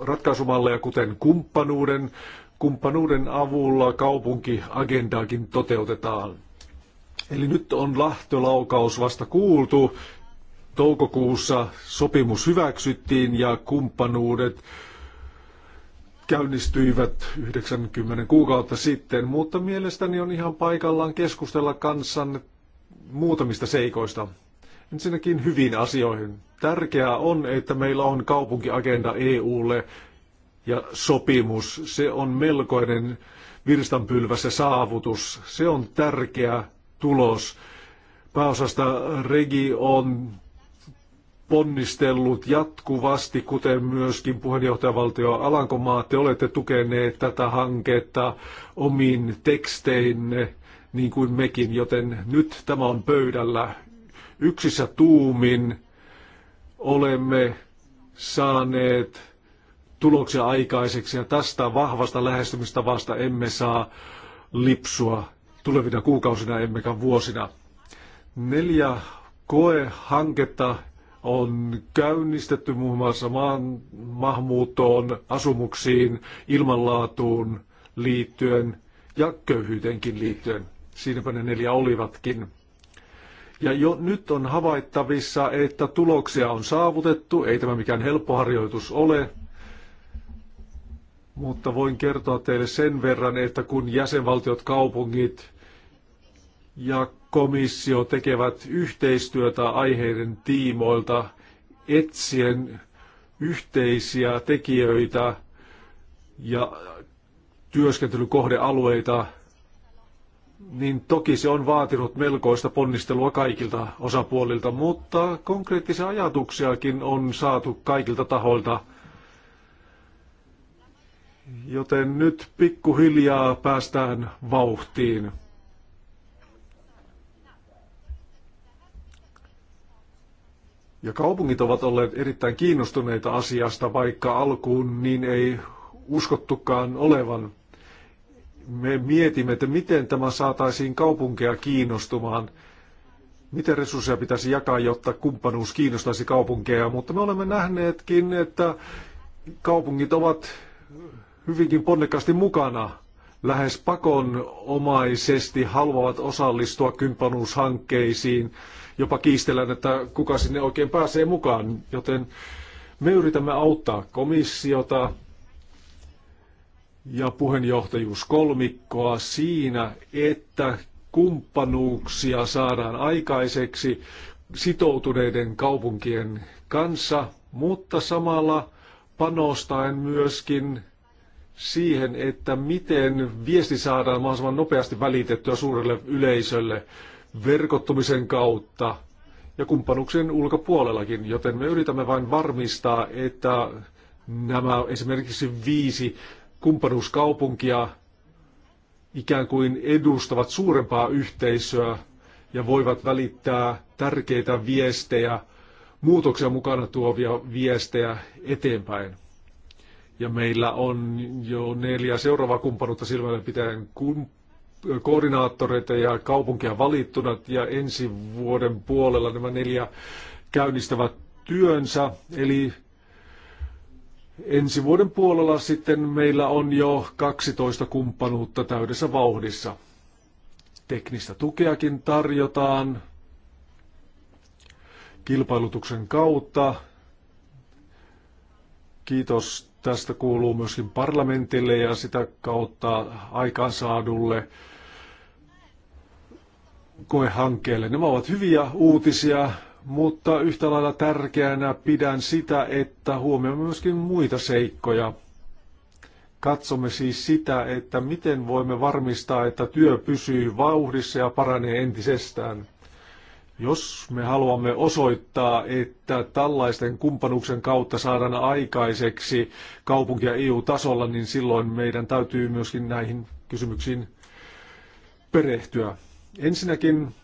ratkaisumalleja, kuten kumppanuuden. Kumppanuuden avulla kaupunkiagendaakin toteutetaan. Eli nyt on lähtölaukaus vasta kuultu. Toukokuussa sopimus hyväksyttiin ja kumppanuudet käynnistyivät 90 kuukautta sitten, mutta mielestäni on ihan paikallaan keskustella kanssanne muutamista seikoista. Ensinnäkin hyvin asioihin. Tärkeää on, että meillä on kaupunkiagenda EUlle ja sopimus. Se on melkoinen virstanpylväs se saavutus. Se on tärkeä tulos. Pääosasta Regi on ponnistellut jatkuvasti, kuten myöskin puheenjohtajavaltio Alankomaa. Te olette tukeneet tätä hanketta omin teksteinne niin kuin mekin, joten nyt tämä on pöydällä yksissä tuumin. Olemme saaneet tuloksia aikaiseksi ja tästä vahvasta lähestymistä vasta emme saa lipsua tulevina kuukausina emmekä vuosina. Neljä koehanketta on käynnistetty muun muassa maan, maahanmuuttoon, asumuksiin, ilmanlaatuun liittyen ja köyhyyteenkin liittyen. Siinäpä ne neljä olivatkin. Ja jo nyt on havaittavissa, että tuloksia on saavutettu. Ei tämä mikään helppo harjoitus ole, mutta voin kertoa teille sen verran, että kun jäsenvaltiot, kaupungit ja komissio tekevät yhteistyötä aiheiden tiimoilta etsien yhteisiä tekijöitä ja työskentelykohdealueita, niin toki se on vaatinut melkoista ponnistelua kaikilta osapuolilta, mutta konkreettisia ajatuksiakin on saatu kaikilta tahoilta. Joten nyt pikkuhiljaa päästään vauhtiin. Ja kaupungit ovat olleet erittäin kiinnostuneita asiasta, vaikka alkuun niin ei uskottukaan olevan me mietimme, että miten tämä saataisiin kaupunkeja kiinnostumaan, miten resursseja pitäisi jakaa, jotta kumppanuus kiinnostaisi kaupunkeja, mutta me olemme nähneetkin, että kaupungit ovat hyvinkin ponnekkaasti mukana lähes pakonomaisesti haluavat osallistua kumppanuushankkeisiin, jopa kiistellään, että kuka sinne oikein pääsee mukaan, joten me yritämme auttaa komissiota ja puheenjohtajuus kolmikkoa siinä, että kumppanuuksia saadaan aikaiseksi sitoutuneiden kaupunkien kanssa, mutta samalla panostaen myöskin siihen, että miten viesti saadaan mahdollisimman nopeasti välitettyä suurelle yleisölle verkottumisen kautta ja kumppanuksien ulkopuolellakin, joten me yritämme vain varmistaa, että nämä esimerkiksi viisi kumppanuuskaupunkia ikään kuin edustavat suurempaa yhteisöä ja voivat välittää tärkeitä viestejä, muutoksia mukana tuovia viestejä eteenpäin. Ja meillä on jo neljä seuraavaa kumppanuutta silmällä pitäen koordinaattoreita ja kaupunkia valittuna ja ensi vuoden puolella nämä neljä käynnistävät työnsä, eli Ensi vuoden puolella sitten meillä on jo 12 kumppanuutta täydessä vauhdissa. Teknistä tukeakin tarjotaan kilpailutuksen kautta. Kiitos tästä kuuluu myöskin parlamentille ja sitä kautta aikaansaadulle koehankkeelle. Nämä ovat hyviä uutisia, mutta yhtä lailla tärkeänä pidän sitä, että huomioimme myöskin muita seikkoja. Katsomme siis sitä, että miten voimme varmistaa, että työ pysyy vauhdissa ja paranee entisestään. Jos me haluamme osoittaa, että tällaisten kumppanuksen kautta saadaan aikaiseksi kaupunki- ja EU-tasolla, niin silloin meidän täytyy myöskin näihin kysymyksiin perehtyä. Ensinnäkin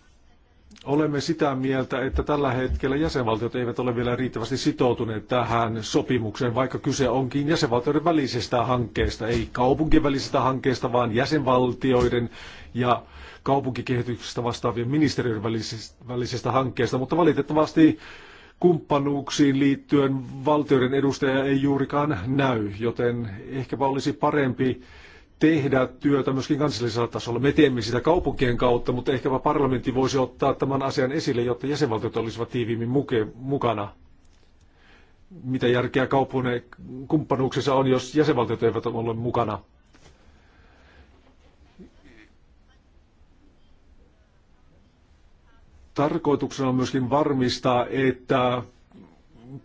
Olemme sitä mieltä, että tällä hetkellä jäsenvaltiot eivät ole vielä riittävästi sitoutuneet tähän sopimukseen, vaikka kyse onkin jäsenvaltioiden välisestä hankkeesta, ei kaupunkien välisestä hankkeesta, vaan jäsenvaltioiden ja kaupunkikehityksestä vastaavien ministeriöiden välisestä hankkeesta. Mutta valitettavasti kumppanuuksiin liittyen valtioiden edustaja ei juurikaan näy, joten ehkäpä olisi parempi tehdä työtä myöskin kansallisella tasolla. Me teemme sitä kaupunkien kautta, mutta ehkäpä parlamentti voisi ottaa tämän asian esille, jotta jäsenvaltiot olisivat tiiviimmin muke, mukana. Mitä järkeä kaupunkien kumppanuuksissa on, jos jäsenvaltiot eivät ole mukana? Tarkoituksena on myöskin varmistaa, että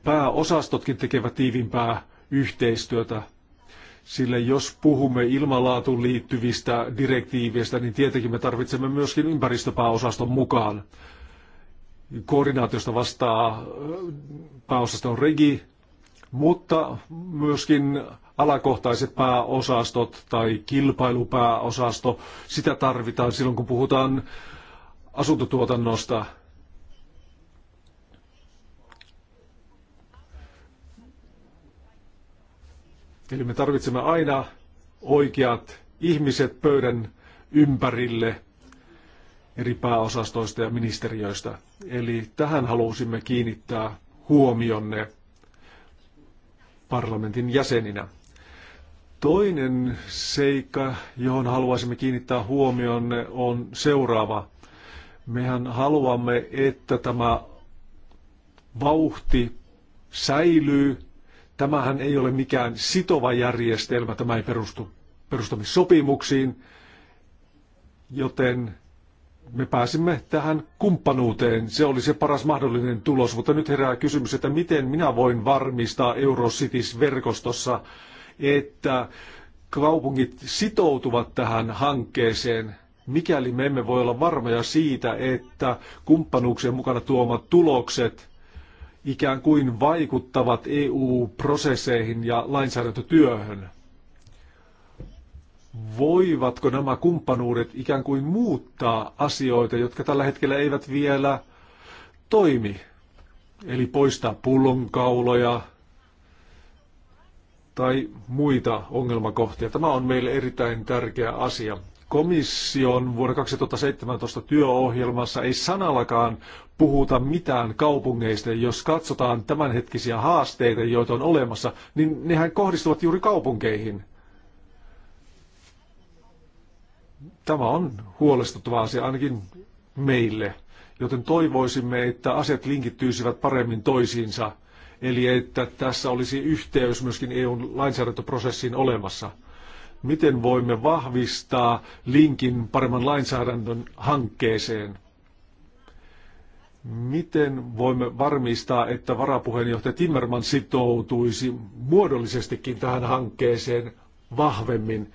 pääosastotkin tekevät tiivimpää yhteistyötä sillä jos puhumme ilmanlaatuun liittyvistä direktiiveistä, niin tietenkin me tarvitsemme myöskin ympäristöpääosaston mukaan. Koordinaatiosta vastaa pääosaston regi, mutta myöskin alakohtaiset pääosastot tai kilpailupääosasto, sitä tarvitaan silloin kun puhutaan asuntotuotannosta – Eli me tarvitsemme aina oikeat ihmiset pöydän ympärille eri pääosastoista ja ministeriöistä. Eli tähän halusimme kiinnittää huomionne parlamentin jäseninä. Toinen seikka, johon haluaisimme kiinnittää huomionne, on seuraava. Mehän haluamme, että tämä vauhti säilyy Tämähän ei ole mikään sitova järjestelmä, tämä ei perustu perustamissopimuksiin, joten me pääsimme tähän kumppanuuteen. Se oli se paras mahdollinen tulos, mutta nyt herää kysymys, että miten minä voin varmistaa Eurocities-verkostossa, että kaupungit sitoutuvat tähän hankkeeseen, mikäli me emme voi olla varmoja siitä, että kumppanuuksien mukana tuomat tulokset ikään kuin vaikuttavat EU-prosesseihin ja lainsäädäntötyöhön. Voivatko nämä kumppanuudet ikään kuin muuttaa asioita, jotka tällä hetkellä eivät vielä toimi? Eli poistaa pullonkauloja tai muita ongelmakohtia. Tämä on meille erittäin tärkeä asia komission vuonna 2017 työohjelmassa ei sanallakaan puhuta mitään kaupungeista. Jos katsotaan tämänhetkisiä haasteita, joita on olemassa, niin nehän kohdistuvat juuri kaupunkeihin. Tämä on huolestuttava asia ainakin meille, joten toivoisimme, että asiat linkittyisivät paremmin toisiinsa, eli että tässä olisi yhteys myöskin EUn lainsäädäntöprosessiin olemassa – miten voimme vahvistaa linkin paremman lainsäädännön hankkeeseen. Miten voimme varmistaa, että varapuheenjohtaja Timmerman sitoutuisi muodollisestikin tähän hankkeeseen vahvemmin,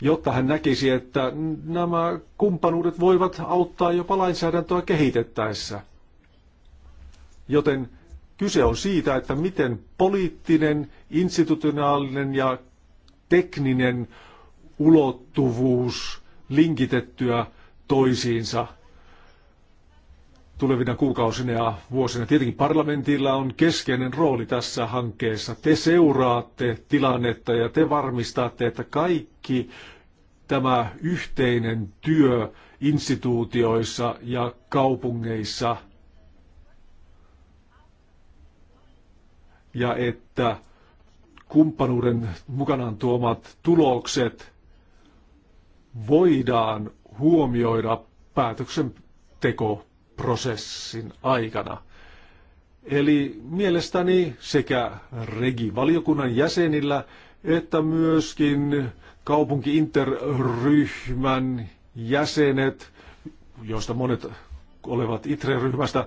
jotta hän näkisi, että nämä kumppanuudet voivat auttaa jopa lainsäädäntöä kehitettäessä. Joten kyse on siitä, että miten poliittinen, institutionaalinen ja tekninen ulottuvuus linkitettyä toisiinsa tulevina kuukausina ja vuosina. Tietenkin parlamentilla on keskeinen rooli tässä hankkeessa. Te seuraatte tilannetta ja te varmistatte, että kaikki tämä yhteinen työ instituutioissa ja kaupungeissa ja että kumppanuuden mukanaan tuomat tulokset voidaan huomioida päätöksentekoprosessin aikana. Eli mielestäni sekä regivaliokunnan jäsenillä että myöskin kaupunkiinterryhmän jäsenet, joista monet olevat ITRE-ryhmästä,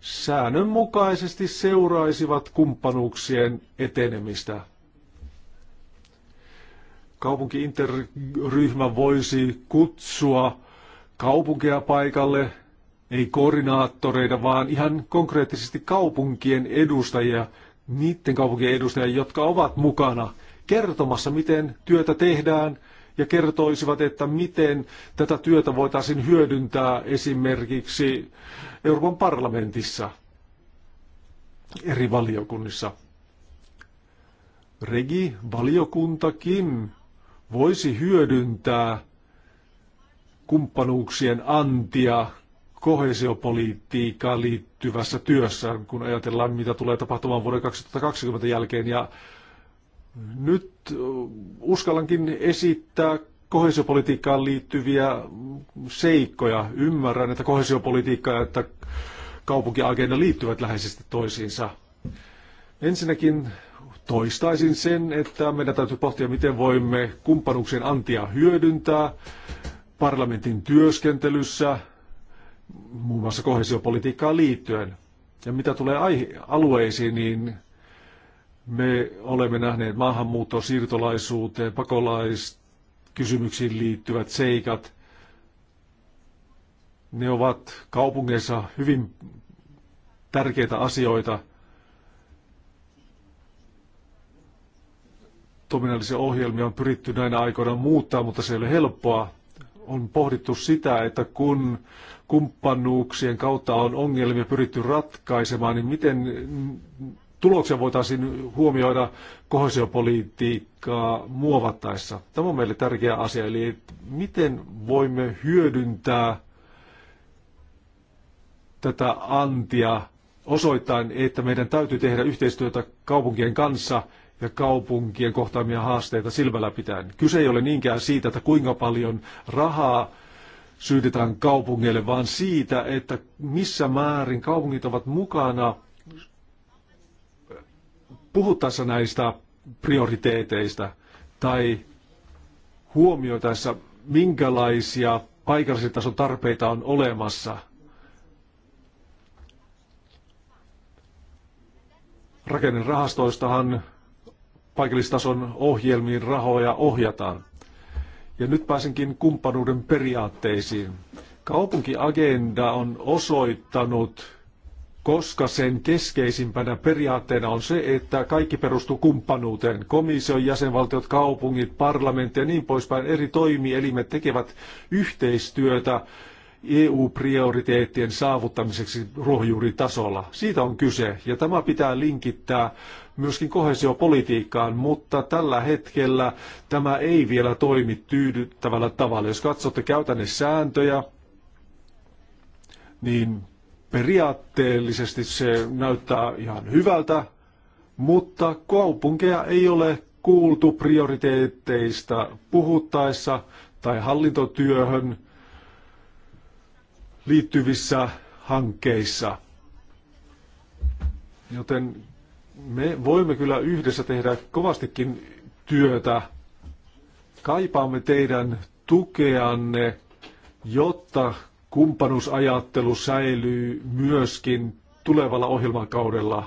säännönmukaisesti seuraisivat kumppanuuksien etenemistä interryhmä voisi kutsua kaupunkeja paikalle, ei koordinaattoreita, vaan ihan konkreettisesti kaupunkien edustajia, niiden kaupunkien edustajia, jotka ovat mukana kertomassa, miten työtä tehdään, ja kertoisivat, että miten tätä työtä voitaisiin hyödyntää esimerkiksi Euroopan parlamentissa eri valiokunnissa. Regi-valiokuntakin voisi hyödyntää kumppanuuksien antia kohesiopolitiikkaan liittyvässä työssä, kun ajatellaan, mitä tulee tapahtumaan vuoden 2020 jälkeen. Ja nyt uskallankin esittää kohesiopolitiikkaan liittyviä seikkoja. Ymmärrän, että kohesiopolitiikka ja että kaupunkiagenda liittyvät läheisesti toisiinsa. Ensinnäkin toistaisin sen, että meidän täytyy pohtia, miten voimme kumppanuuksien antia hyödyntää parlamentin työskentelyssä, muun muassa kohesiopolitiikkaan liittyen. Ja mitä tulee alueisiin, niin me olemme nähneet maahanmuuttoon, siirtolaisuuteen, pakolaiskysymyksiin liittyvät seikat. Ne ovat kaupungeissa hyvin tärkeitä asioita – toiminnallisia ohjelmia on pyritty näinä aikoina muuttaa, mutta se ei ole helppoa. On pohdittu sitä, että kun kumppanuuksien kautta on ongelmia pyritty ratkaisemaan, niin miten tuloksia voitaisiin huomioida kohesiopolitiikkaa muovattaessa. Tämä on meille tärkeä asia, eli miten voimme hyödyntää tätä antia osoittain, että meidän täytyy tehdä yhteistyötä kaupunkien kanssa ja kaupunkien kohtaamia haasteita silmällä pitäen. Kyse ei ole niinkään siitä, että kuinka paljon rahaa syytetään kaupungeille, vaan siitä, että missä määrin kaupungit ovat mukana puhuttaessa näistä prioriteeteista tai huomioitaessa, minkälaisia paikallisen tason tarpeita on olemassa. Rakennerahastoistahan rahastoistahan paikallistason ohjelmiin rahoja ohjataan. Ja nyt pääsenkin kumppanuuden periaatteisiin. Kaupunkiagenda on osoittanut, koska sen keskeisimpänä periaatteena on se, että kaikki perustuu kumppanuuteen. Komission jäsenvaltiot, kaupungit, parlamentti ja niin poispäin eri toimielimet tekevät yhteistyötä EU-prioriteettien saavuttamiseksi ruohonjuuritasolla. Siitä on kyse, ja tämä pitää linkittää myöskin kohesiopolitiikkaan, mutta tällä hetkellä tämä ei vielä toimi tyydyttävällä tavalla. Jos katsotte sääntöjä, niin periaatteellisesti se näyttää ihan hyvältä, mutta kaupunkeja ei ole kuultu prioriteetteista puhuttaessa tai hallintotyöhön liittyvissä hankkeissa. Joten me voimme kyllä yhdessä tehdä kovastikin työtä. Kaipaamme teidän tukeanne, jotta kumppanuusajattelu säilyy myöskin tulevalla ohjelmakaudella.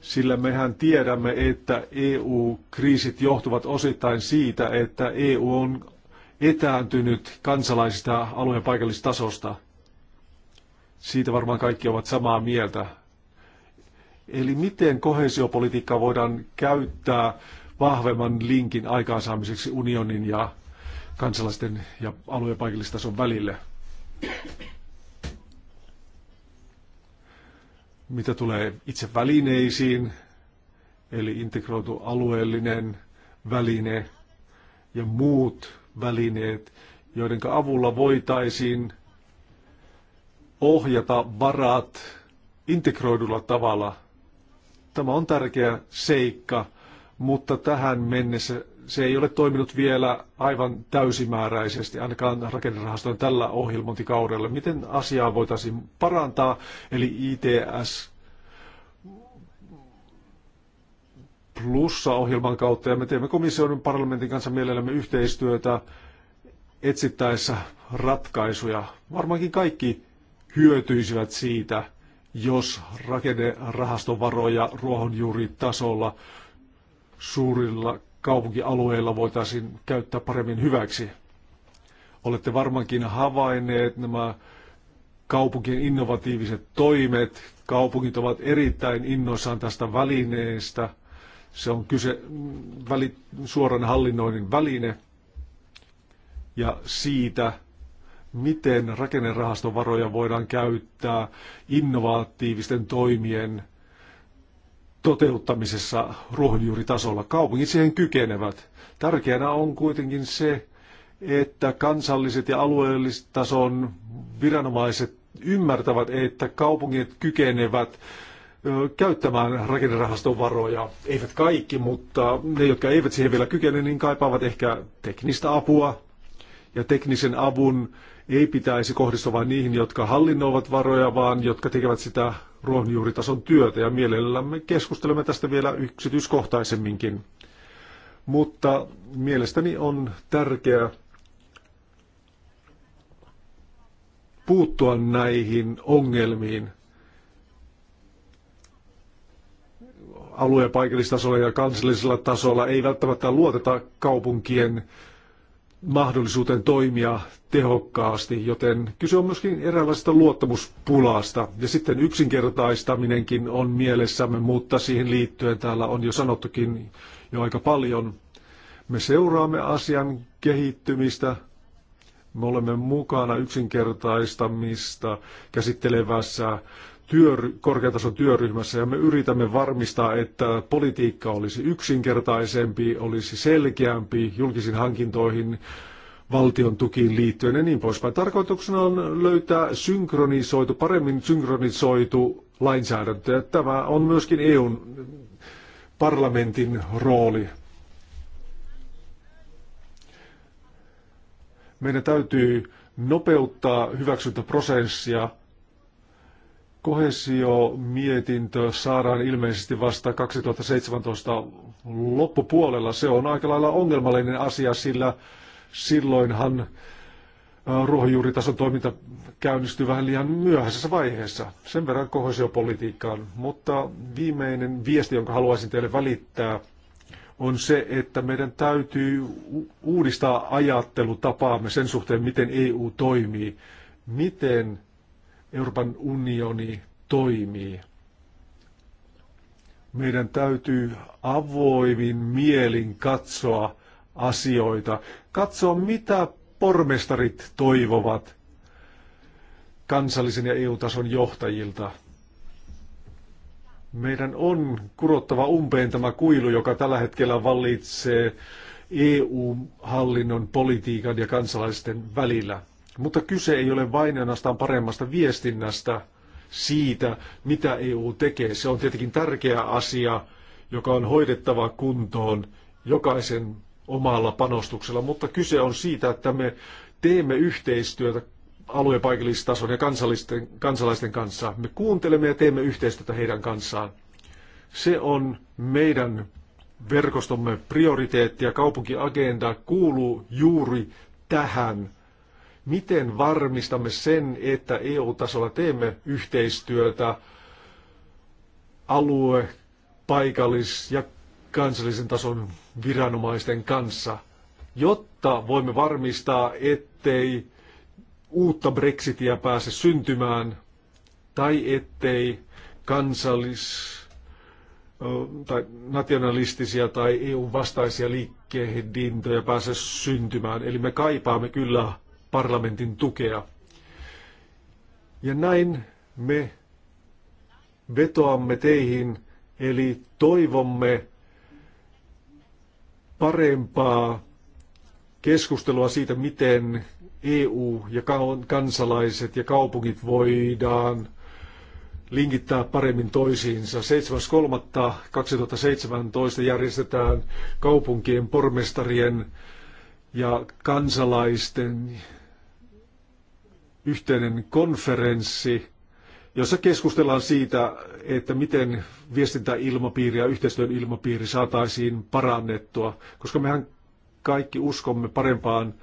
Sillä mehän tiedämme, että EU-kriisit johtuvat osittain siitä, että EU on etääntynyt kansalaisista alueen paikallistasosta. Siitä varmaan kaikki ovat samaa mieltä. Eli miten kohesiopolitiikkaa voidaan käyttää vahvemman linkin aikaansaamiseksi unionin ja kansalaisten ja alueen paikallistason välille? Mitä tulee itse välineisiin, eli integroitu alueellinen väline ja muut välineet, joiden avulla voitaisiin ohjata varat integroidulla tavalla Tämä on tärkeä seikka, mutta tähän mennessä se ei ole toiminut vielä aivan täysimääräisesti, ainakaan rakennerahastojen tällä ohjelmointikaudella. Miten asiaa voitaisiin parantaa, eli ITS plussa ohjelman kautta, ja me teemme komission parlamentin kanssa mielellämme yhteistyötä etsittäessä ratkaisuja. Varmaankin kaikki hyötyisivät siitä, jos rakennerahastovaroja ruohonjuuritasolla suurilla kaupunkialueilla voitaisiin käyttää paremmin hyväksi. Olette varmaankin havainneet nämä kaupunkien innovatiiviset toimet. Kaupungit ovat erittäin innoissaan tästä välineestä. Se on kyse mm, väli, suoran hallinnoinnin väline ja siitä, miten rakennerahastovaroja voidaan käyttää innovatiivisten toimien toteuttamisessa ruohonjuuritasolla. Kaupungit siihen kykenevät. Tärkeänä on kuitenkin se, että kansalliset ja alueelliset tason viranomaiset ymmärtävät, että kaupungit kykenevät käyttämään rakennerahaston varoja. Eivät kaikki, mutta ne, jotka eivät siihen vielä kykene, niin kaipaavat ehkä teknistä apua, ja teknisen avun ei pitäisi kohdistua vain niihin, jotka hallinnoivat varoja, vaan jotka tekevät sitä ruohonjuuritason työtä ja mielellämme keskustelemme tästä vielä yksityiskohtaisemminkin. Mutta mielestäni on tärkeää puuttua näihin ongelmiin alue- ja paikallistasolla ja kansallisella tasolla ei välttämättä luoteta kaupunkien mahdollisuuteen toimia tehokkaasti, joten kyse on myöskin eräänlaisesta luottamuspulasta. Ja sitten yksinkertaistaminenkin on mielessämme, mutta siihen liittyen täällä on jo sanottukin jo aika paljon. Me seuraamme asian kehittymistä, me olemme mukana yksinkertaistamista käsittelevässä työry, korkeatason työryhmässä ja me yritämme varmistaa, että politiikka olisi yksinkertaisempi, olisi selkeämpi julkisiin hankintoihin, valtion tukiin liittyen ja niin poispäin. Tarkoituksena on löytää synkronisoitu, paremmin synkronisoitu lainsäädäntö. Ja tämä on myöskin EUn parlamentin rooli. Meidän täytyy nopeuttaa hyväksyntäprosessia Kohesio-mietintö saadaan ilmeisesti vasta 2017 loppupuolella. Se on aika lailla ongelmallinen asia, sillä silloinhan ruohonjuuritason toiminta käynnistyy vähän liian myöhäisessä vaiheessa. Sen verran kohesiopolitiikkaan. Mutta viimeinen viesti, jonka haluaisin teille välittää, on se, että meidän täytyy uudistaa ajattelutapaamme sen suhteen, miten EU toimii. Miten Euroopan unioni toimii. Meidän täytyy avoimin mielin katsoa asioita, katsoa mitä pormestarit toivovat kansallisen ja EU-tason johtajilta. Meidän on kurottava umpeen tämä kuilu, joka tällä hetkellä vallitsee EU-hallinnon, politiikan ja kansalaisten välillä. Mutta kyse ei ole vain ainoastaan paremmasta viestinnästä siitä, mitä EU tekee. Se on tietenkin tärkeä asia, joka on hoidettava kuntoon jokaisen omalla panostuksella, mutta kyse on siitä, että me teemme yhteistyötä aluepaikallistason ja kansallisten, kansalaisten kanssa. Me kuuntelemme ja teemme yhteistyötä heidän kanssaan. Se on meidän verkostomme prioriteetti ja kaupunkiagenda kuuluu juuri tähän miten varmistamme sen, että EU-tasolla teemme yhteistyötä alue, paikallis- ja kansallisen tason viranomaisten kanssa, jotta voimme varmistaa, ettei uutta Brexitiä pääse syntymään tai ettei kansallis- tai nationalistisia tai EU-vastaisia liikkehdintöjä pääse syntymään. Eli me kaipaamme kyllä parlamentin tukea. Ja näin me vetoamme teihin, eli toivomme parempaa keskustelua siitä, miten EU ja kansalaiset ja kaupungit voidaan linkittää paremmin toisiinsa. 7.3.2017 järjestetään kaupunkien pormestarien ja kansalaisten yhteinen konferenssi, jossa keskustellaan siitä, että miten viestintäilmapiiri ja yhteistyön ilmapiiri saataisiin parannettua, koska mehän kaikki uskomme parempaan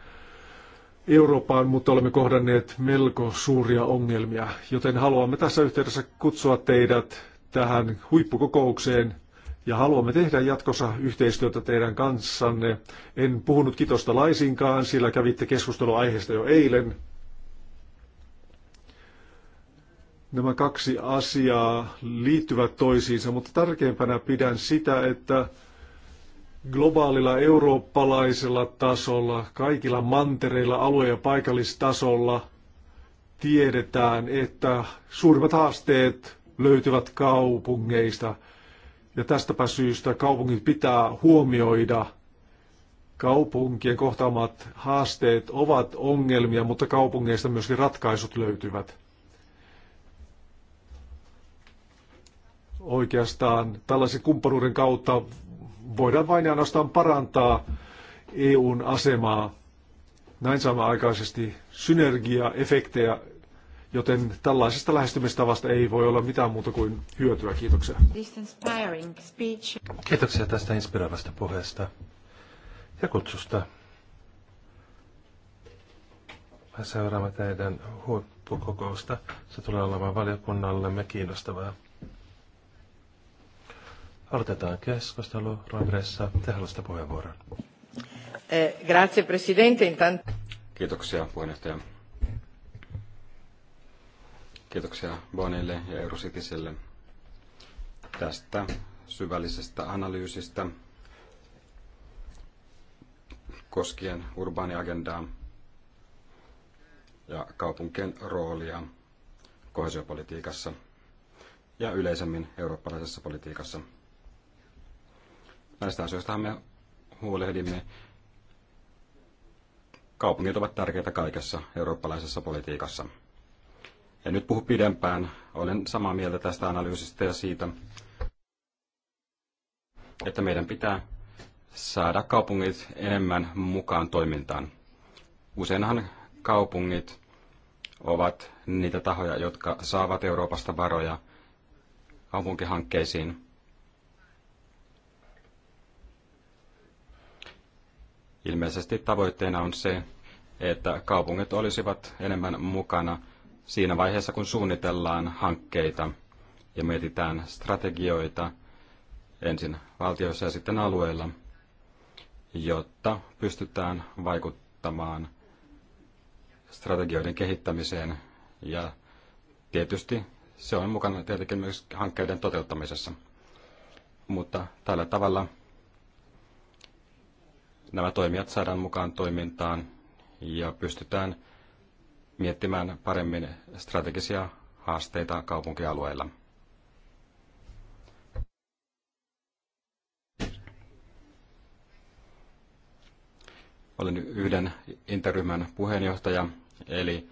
Eurooppaan, mutta olemme kohdanneet melko suuria ongelmia, joten haluamme tässä yhteydessä kutsua teidät tähän huippukokoukseen ja haluamme tehdä jatkossa yhteistyötä teidän kanssanne. En puhunut kitosta laisinkaan, sillä kävitte keskustelua aiheesta jo eilen, Nämä kaksi asiaa liittyvät toisiinsa, mutta tärkeimpänä pidän sitä, että globaalilla eurooppalaisella tasolla, kaikilla mantereilla, alue- ja paikallistasolla tiedetään, että suurimmat haasteet löytyvät kaupungeista. Ja tästäpä syystä kaupungit pitää huomioida. Kaupunkien kohtaamat haasteet ovat ongelmia, mutta kaupungeista myöskin ratkaisut löytyvät. Oikeastaan tällaisen kumppanuuden kautta voidaan vain ja ainoastaan parantaa EUn asemaa. Näin samanaikaisesti aikaisesti synergiaefektejä, joten tällaisesta lähestymistavasta ei voi olla mitään muuta kuin hyötyä. Kiitoksia. Kiitoksia tästä inspiroivasta puheesta ja kutsusta. Me seuraamme teidän huippukokousta. Se tulee olemaan valiokunnallemme kiinnostavaa. Aloitetaan keskustelu. Roigressa, te haluaisitte puheenvuoron. Eh, grazie, presidente. Kiitoksia, puheenjohtaja. Kiitoksia Bonille ja Eurositiselle tästä syvällisestä analyysistä koskien urbaaniagendaa ja kaupunkien roolia kohesiopolitiikassa ja yleisemmin eurooppalaisessa politiikassa – Näistä asioista me huolehdimme. Kaupungit ovat tärkeitä kaikessa eurooppalaisessa politiikassa. En nyt puhu pidempään. Olen samaa mieltä tästä analyysistä ja siitä, että meidän pitää saada kaupungit enemmän mukaan toimintaan. Useinhan kaupungit ovat niitä tahoja, jotka saavat Euroopasta varoja kaupunkihankkeisiin. Ilmeisesti tavoitteena on se, että kaupungit olisivat enemmän mukana siinä vaiheessa, kun suunnitellaan hankkeita ja mietitään strategioita ensin valtioissa ja sitten alueilla, jotta pystytään vaikuttamaan strategioiden kehittämiseen ja tietysti se on mukana tietenkin myös hankkeiden toteuttamisessa. Mutta tällä tavalla nämä toimijat saadaan mukaan toimintaan ja pystytään miettimään paremmin strategisia haasteita kaupunkialueilla. Olen yhden interryhmän puheenjohtaja, eli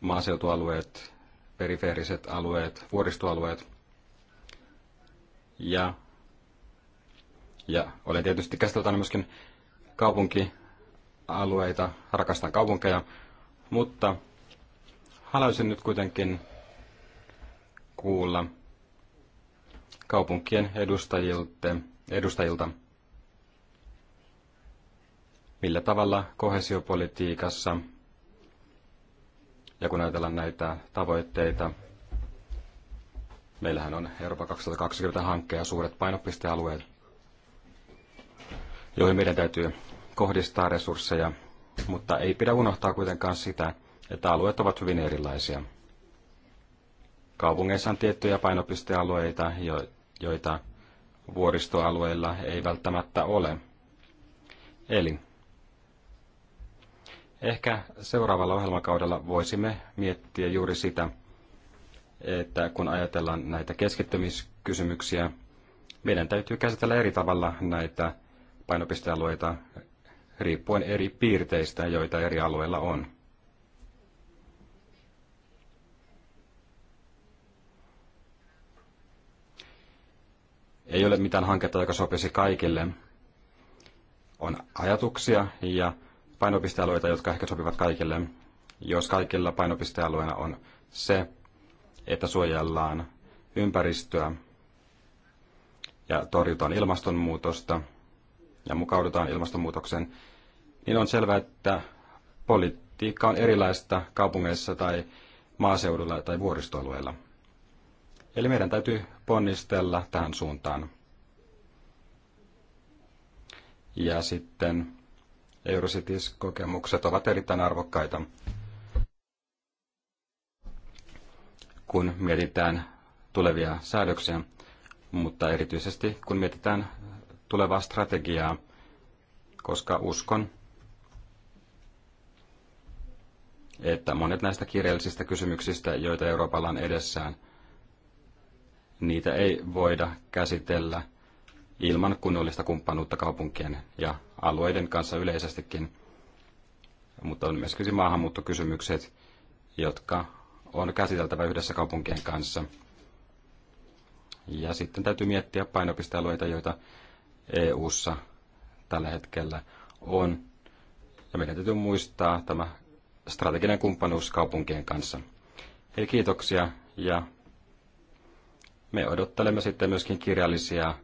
maaseutualueet, perifeeriset alueet, vuoristoalueet. Ja, ja olen tietysti käsiteltävänä myöskin kaupunkialueita, rakastan kaupunkeja, mutta haluaisin nyt kuitenkin kuulla kaupunkien edustajilta, edustajilta millä tavalla kohesiopolitiikassa ja kun ajatellaan näitä tavoitteita, meillähän on Euroopan 2020 hankkeja suuret painopistealueet, joihin meidän täytyy kohdistaa resursseja, mutta ei pidä unohtaa kuitenkaan sitä, että alueet ovat hyvin erilaisia. Kaupungeissa on tiettyjä painopistealueita, joita vuoristoalueilla ei välttämättä ole. Eli ehkä seuraavalla ohjelmakaudella voisimme miettiä juuri sitä, että kun ajatellaan näitä keskittymiskysymyksiä, meidän täytyy käsitellä eri tavalla näitä painopistealueita riippuen eri piirteistä, joita eri alueilla on. Ei ole mitään hanketta, joka sopisi kaikille. On ajatuksia ja painopistealueita, jotka ehkä sopivat kaikille. Jos kaikilla painopistealueena on se, että suojellaan ympäristöä ja torjutaan ilmastonmuutosta – ja mukaudutaan ilmastonmuutokseen, niin on selvää, että politiikka on erilaista kaupungeissa tai maaseudulla tai vuoristoalueilla. Eli meidän täytyy ponnistella tähän suuntaan. Ja sitten Eurocities-kokemukset ovat erittäin arvokkaita, kun mietitään tulevia säädöksiä, mutta erityisesti kun mietitään tulevaa strategiaa, koska uskon, että monet näistä kirjallisista kysymyksistä, joita Euroopalla on edessään, niitä ei voida käsitellä ilman kunnollista kumppanuutta kaupunkien ja alueiden kanssa yleisestikin. Mutta on myös maahanmuuttokysymykset, jotka on käsiteltävä yhdessä kaupunkien kanssa. Ja sitten täytyy miettiä painopistealueita, joita EU:ssa tällä hetkellä on. Ja meidän täytyy muistaa tämä strateginen kumppanuus kaupunkien kanssa. Eli kiitoksia ja me odottelemme sitten myöskin kirjallisia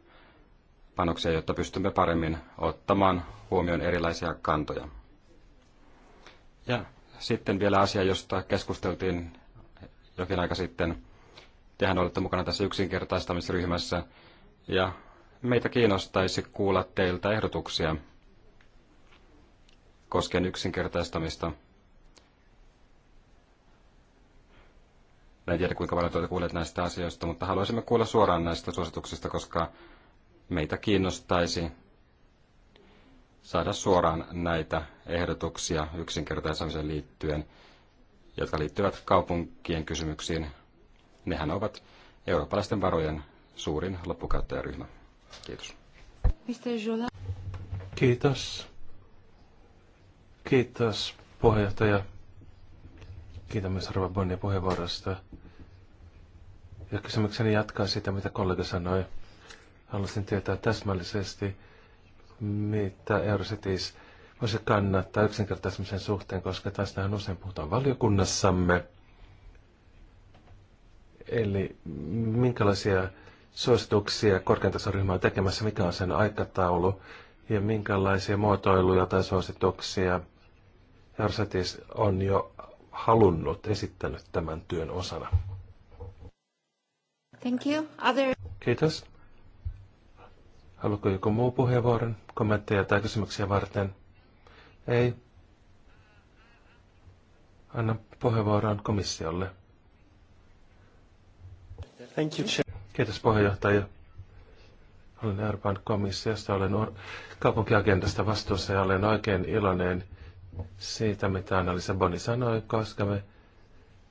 panoksia, jotta pystymme paremmin ottamaan huomioon erilaisia kantoja. Ja sitten vielä asia, josta keskusteltiin jokin aika sitten. Tehän olette mukana tässä yksinkertaistamisryhmässä ja meitä kiinnostaisi kuulla teiltä ehdotuksia koskien yksinkertaistamista. en tiedä, kuinka paljon olette kuulleet näistä asioista, mutta haluaisimme kuulla suoraan näistä suosituksista, koska meitä kiinnostaisi saada suoraan näitä ehdotuksia yksinkertaisamiseen liittyen, jotka liittyvät kaupunkien kysymyksiin. Nehän ovat eurooppalaisten varojen suurin loppukäyttäjäryhmä. Kiitos. Kiitos. Kiitos puheenjohtaja. Kiitän myös Arva Bonnia puheenvuorosta. Ja kysymykseni jatkaa sitä, mitä kollega sanoi. Haluaisin tietää täsmällisesti, mitä Eurocities voisi kannattaa yksinkertaisemisen suhteen, koska on usein puhutaan valiokunnassamme. Eli minkälaisia suosituksia korkean tasoryhmä on tekemässä, mikä on sen aikataulu ja minkälaisia muotoiluja tai suosituksia Jarsatis on jo halunnut, esittänyt tämän työn osana. Thank you. Other... Kiitos. Haluatko joku muu puheenvuoron, kommentteja tai kysymyksiä varten? Ei. Anna puheenvuoron komissiolle. Thank you, Kiitos puheenjohtaja. Olen Euroopan komissiosta, olen kaupunkiagendasta vastuussa ja olen oikein iloinen siitä, mitä Anna Boni sanoi, koska me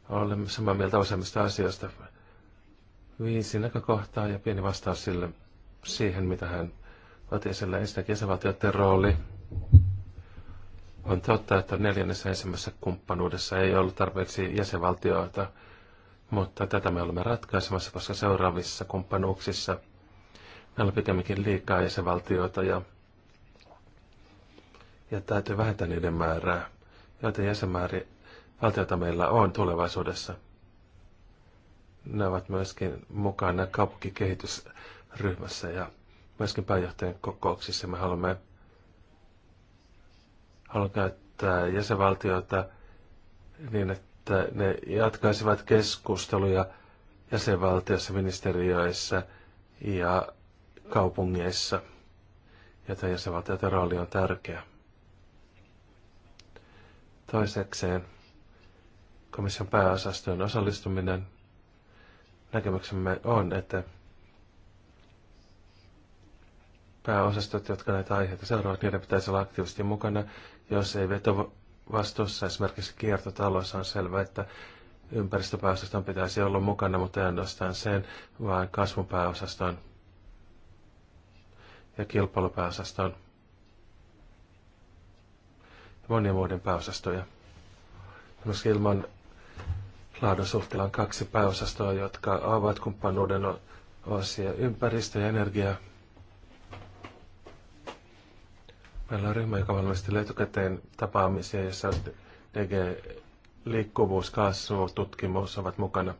olemme samaa mieltä useammista asioista. Viisi näkökohtaa ja pieni vastaus sille, siihen, mitä hän otti esille. Ensinnäkin jäsenvaltioiden rooli. On totta, että neljännessä ensimmäisessä kumppanuudessa ei ollut tarpeeksi jäsenvaltioita mutta tätä me olemme ratkaisemassa, koska seuraavissa kumppanuuksissa meillä on pikemminkin liikaa jäsenvaltioita ja, ja täytyy vähentää niiden määrää, joita jäsenmäärin valtioita meillä on tulevaisuudessa. Ne ovat myöskin mukana kaupunkikehitysryhmässä ja myöskin pääjohtajan kokouksissa. Me haluamme, haluamme käyttää jäsenvaltioita niin, että että ne jatkaisivat keskusteluja jäsenvaltiossa, ministeriöissä ja kaupungeissa, tämä jäsenvaltioiden rooli on tärkeä. Toisekseen komission pääosastojen osallistuminen näkemyksemme on, että pääosastot, jotka näitä aiheita seuraavat, niiden pitäisi olla aktiivisesti mukana, jos ei veto vastuussa esimerkiksi kiertotaloissa on selvää, että ympäristöpääosaston pitäisi olla mukana, mutta ei ainoastaan sen, vaan kasvupääosaston ja kilpailupääosaston ja monien muiden pääosastoja. Myös ilman laadun suhteella on kaksi pääosastoa, jotka ovat kumppanuuden osia ympäristö ja energia – Meillä on ryhmä, joka valmistelee etukäteen tapaamisia, jossa DG liikkuvuus, kasvu, tutkimus ovat mukana.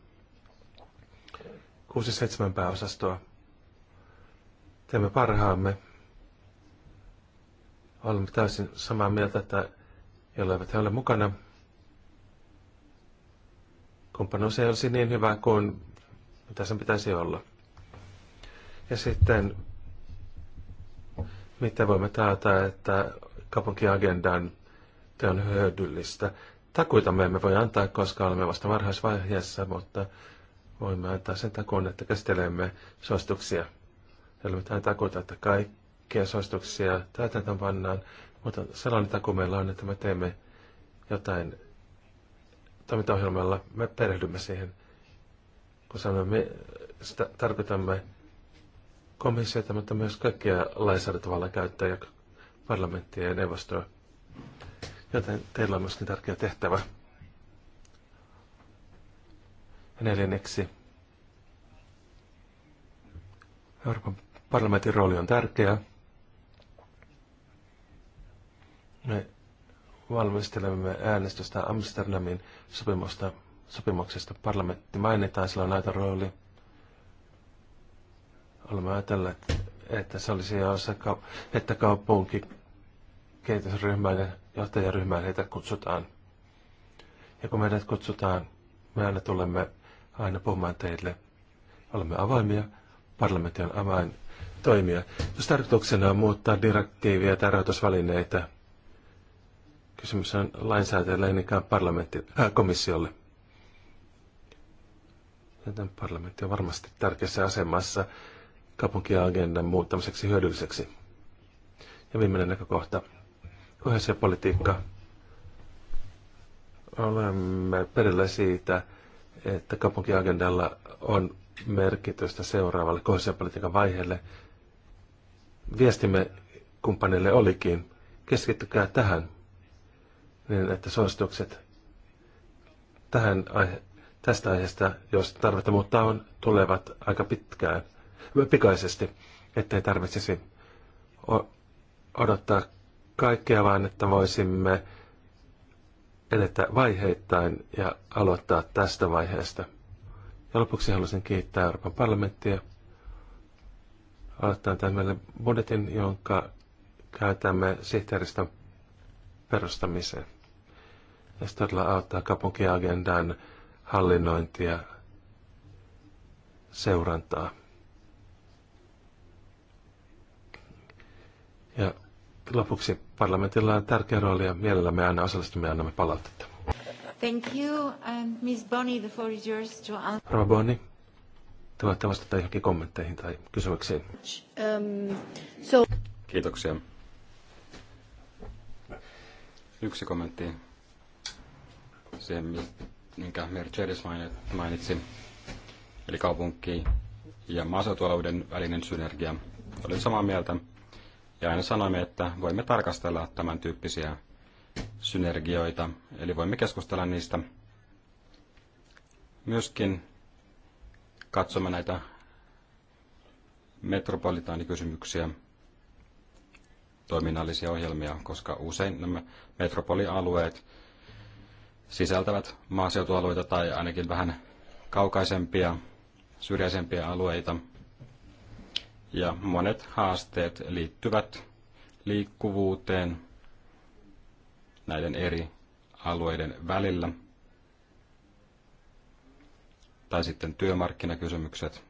6-7 pääosastoa. Teemme parhaamme. Olemme täysin samaa mieltä, että jolleivät he ole mukana, kumppanuus ei olisi niin hyvä kuin mitä sen pitäisi olla. Ja sitten Miten voimme taata, että kaupunkiagendan te on hyödyllistä? Takuita me emme voi antaa, koska olemme vasta varhaisvaiheessa, mutta voimme antaa sen takuun, että käsittelemme suosituksia. Eli mitään takuuta, että kaikkia suosituksia täytäntöön pannaan, mutta sellainen takuu meillä on, että me teemme jotain toimintaohjelmalla, me perehdymme siihen, kun sanomme, me sitä tarkoitamme komissiota, mutta myös kaikkia lainsäädäntövallan käyttäjiä, parlamenttia ja neuvostoa. Joten teillä on myöskin tärkeä tehtävä. Ja neljänneksi. Euroopan parlamentin rooli on tärkeä. Me valmistelemme äänestystä Amsterdamin sopimusta, sopimuksesta. Parlamentti mainitaan, sillä on näitä rooli. Olemme ajatelleet, että se olisi osa, että kaupunki kehitysryhmäinen, johtajaryhmään heitä kutsutaan. Ja kun meidät kutsutaan, me aina tulemme aina puhumaan teille. Olemme avaimia, parlamentti on avain toimia. Jos tarkoituksena on muuttaa direktiiviä tai rahoitusvälineitä, kysymys on lainsäätäjälle ennenkään parlamentti, äh, komissiolle. Joten parlamentti on varmasti tärkeässä asemassa kaupunkiagendan muuttamiseksi hyödylliseksi. Ja viimeinen näkökohta. politiikka. Olemme perillä siitä, että kaupunkiagendalla on merkitystä seuraavalle kohesiopolitiikan vaiheelle. Viestimme kumppaneille olikin, keskittykää tähän, niin että suositukset tähän aihe- tästä aiheesta, jos tarvetta muuttaa on, tulevat aika pitkään – pikaisesti, ettei tarvitsisi odottaa kaikkea, vaan että voisimme edetä vaiheittain ja aloittaa tästä vaiheesta. Ja lopuksi haluaisin kiittää Euroopan parlamenttia. Aloittaa tämmöinen budjetin, jonka käytämme sihteeristön perustamiseen. Ja se todella auttaa kaupunkiagendan hallinnointia, seurantaa. Ja lopuksi parlamentilla on tärkeä rooli ja mielellämme aina osallistumme ja annamme palautetta. Thank you. And Miss Bonnie, the floor is yours to answer. Rova Bonnie, te voitte vastata johonkin kommentteihin tai kysymyksiin. Um, so... Kiitoksia. Yksi kommentti se, minkä Mercedes mainitsi, eli kaupunki- ja maaseutualueiden välinen synergia. Olen samaa mieltä. Ja aina sanoimme, että voimme tarkastella tämän tyyppisiä synergioita, eli voimme keskustella niistä. Myöskin katsomme näitä metropolitaanikysymyksiä, toiminnallisia ohjelmia, koska usein nämä metropolialueet sisältävät maaseutualueita tai ainakin vähän kaukaisempia, syrjäisempiä alueita ja monet haasteet liittyvät liikkuvuuteen näiden eri alueiden välillä tai sitten työmarkkinakysymykset.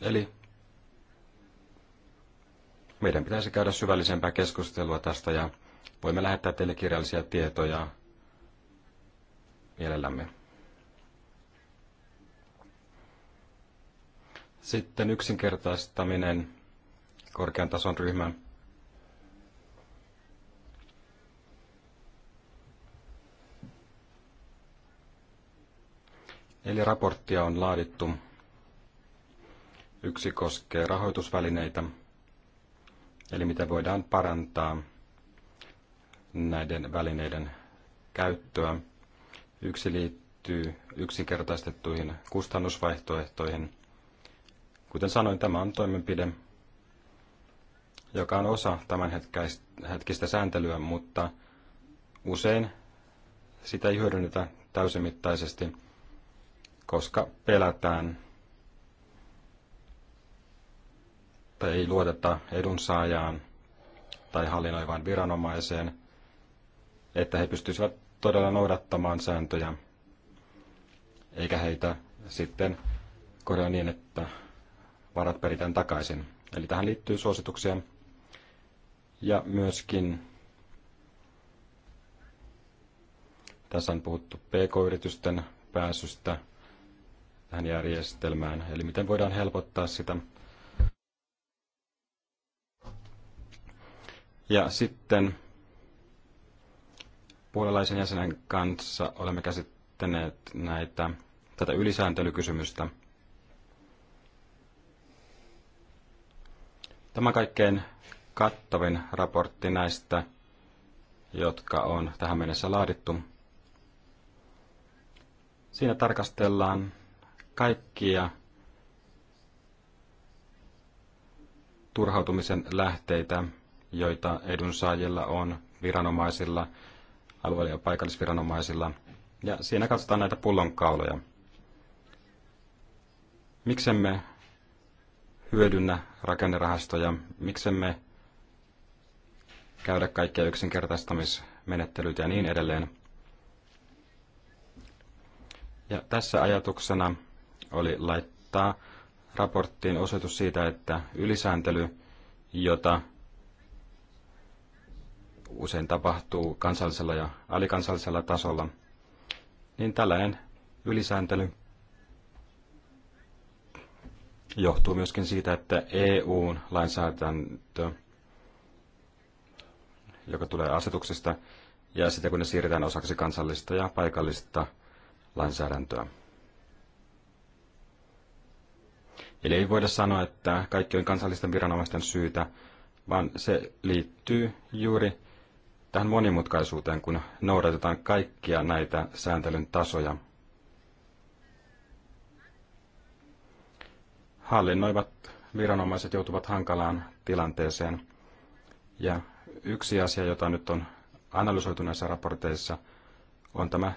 Eli meidän pitäisi käydä syvällisempää keskustelua tästä ja voimme lähettää teille kirjallisia tietoja mielellämme. Sitten yksinkertaistaminen, korkean tason ryhmän Eli raporttia on laadittu. Yksi koskee rahoitusvälineitä, eli miten voidaan parantaa näiden välineiden käyttöä. Yksi liittyy yksinkertaistettuihin kustannusvaihtoehtoihin, Kuten sanoin, tämä on toimenpide, joka on osa tämän hetkistä sääntelyä, mutta usein sitä ei hyödynnetä täysimittaisesti, koska pelätään tai ei luoteta edunsaajaan tai hallinnoivaan viranomaiseen, että he pystyisivät todella noudattamaan sääntöjä, eikä heitä sitten kohdella niin, että varat peritään takaisin. Eli tähän liittyy suosituksia ja myöskin tässä on puhuttu pk-yritysten pääsystä tähän järjestelmään, eli miten voidaan helpottaa sitä. Ja sitten puolalaisen jäsenen kanssa olemme käsittäneet näitä, tätä ylisääntelykysymystä – Tämä kaikkein kattavin raportti näistä, jotka on tähän mennessä laadittu. Siinä tarkastellaan kaikkia turhautumisen lähteitä, joita edunsaajilla on, viranomaisilla, alueilla ja paikallisviranomaisilla. Ja siinä katsotaan näitä pullonkauloja. Miksemme hyödynnä rakennerahastoja, miksemme käydä kaikkia yksinkertaistamismenettelyitä ja niin edelleen. Ja tässä ajatuksena oli laittaa raporttiin osoitus siitä, että ylisääntely, jota usein tapahtuu kansallisella ja alikansallisella tasolla, niin tällainen ylisääntely johtuu myöskin siitä, että EUn lainsäädäntö, joka tulee asetuksesta, ja sitten kun ne siirretään osaksi kansallista ja paikallista lainsäädäntöä. Eli ei voida sanoa, että kaikki on kansallisten viranomaisten syytä, vaan se liittyy juuri tähän monimutkaisuuteen, kun noudatetaan kaikkia näitä sääntelyn tasoja – hallinnoivat viranomaiset joutuvat hankalaan tilanteeseen. Ja yksi asia, jota nyt on analysoitu näissä raporteissa, on tämä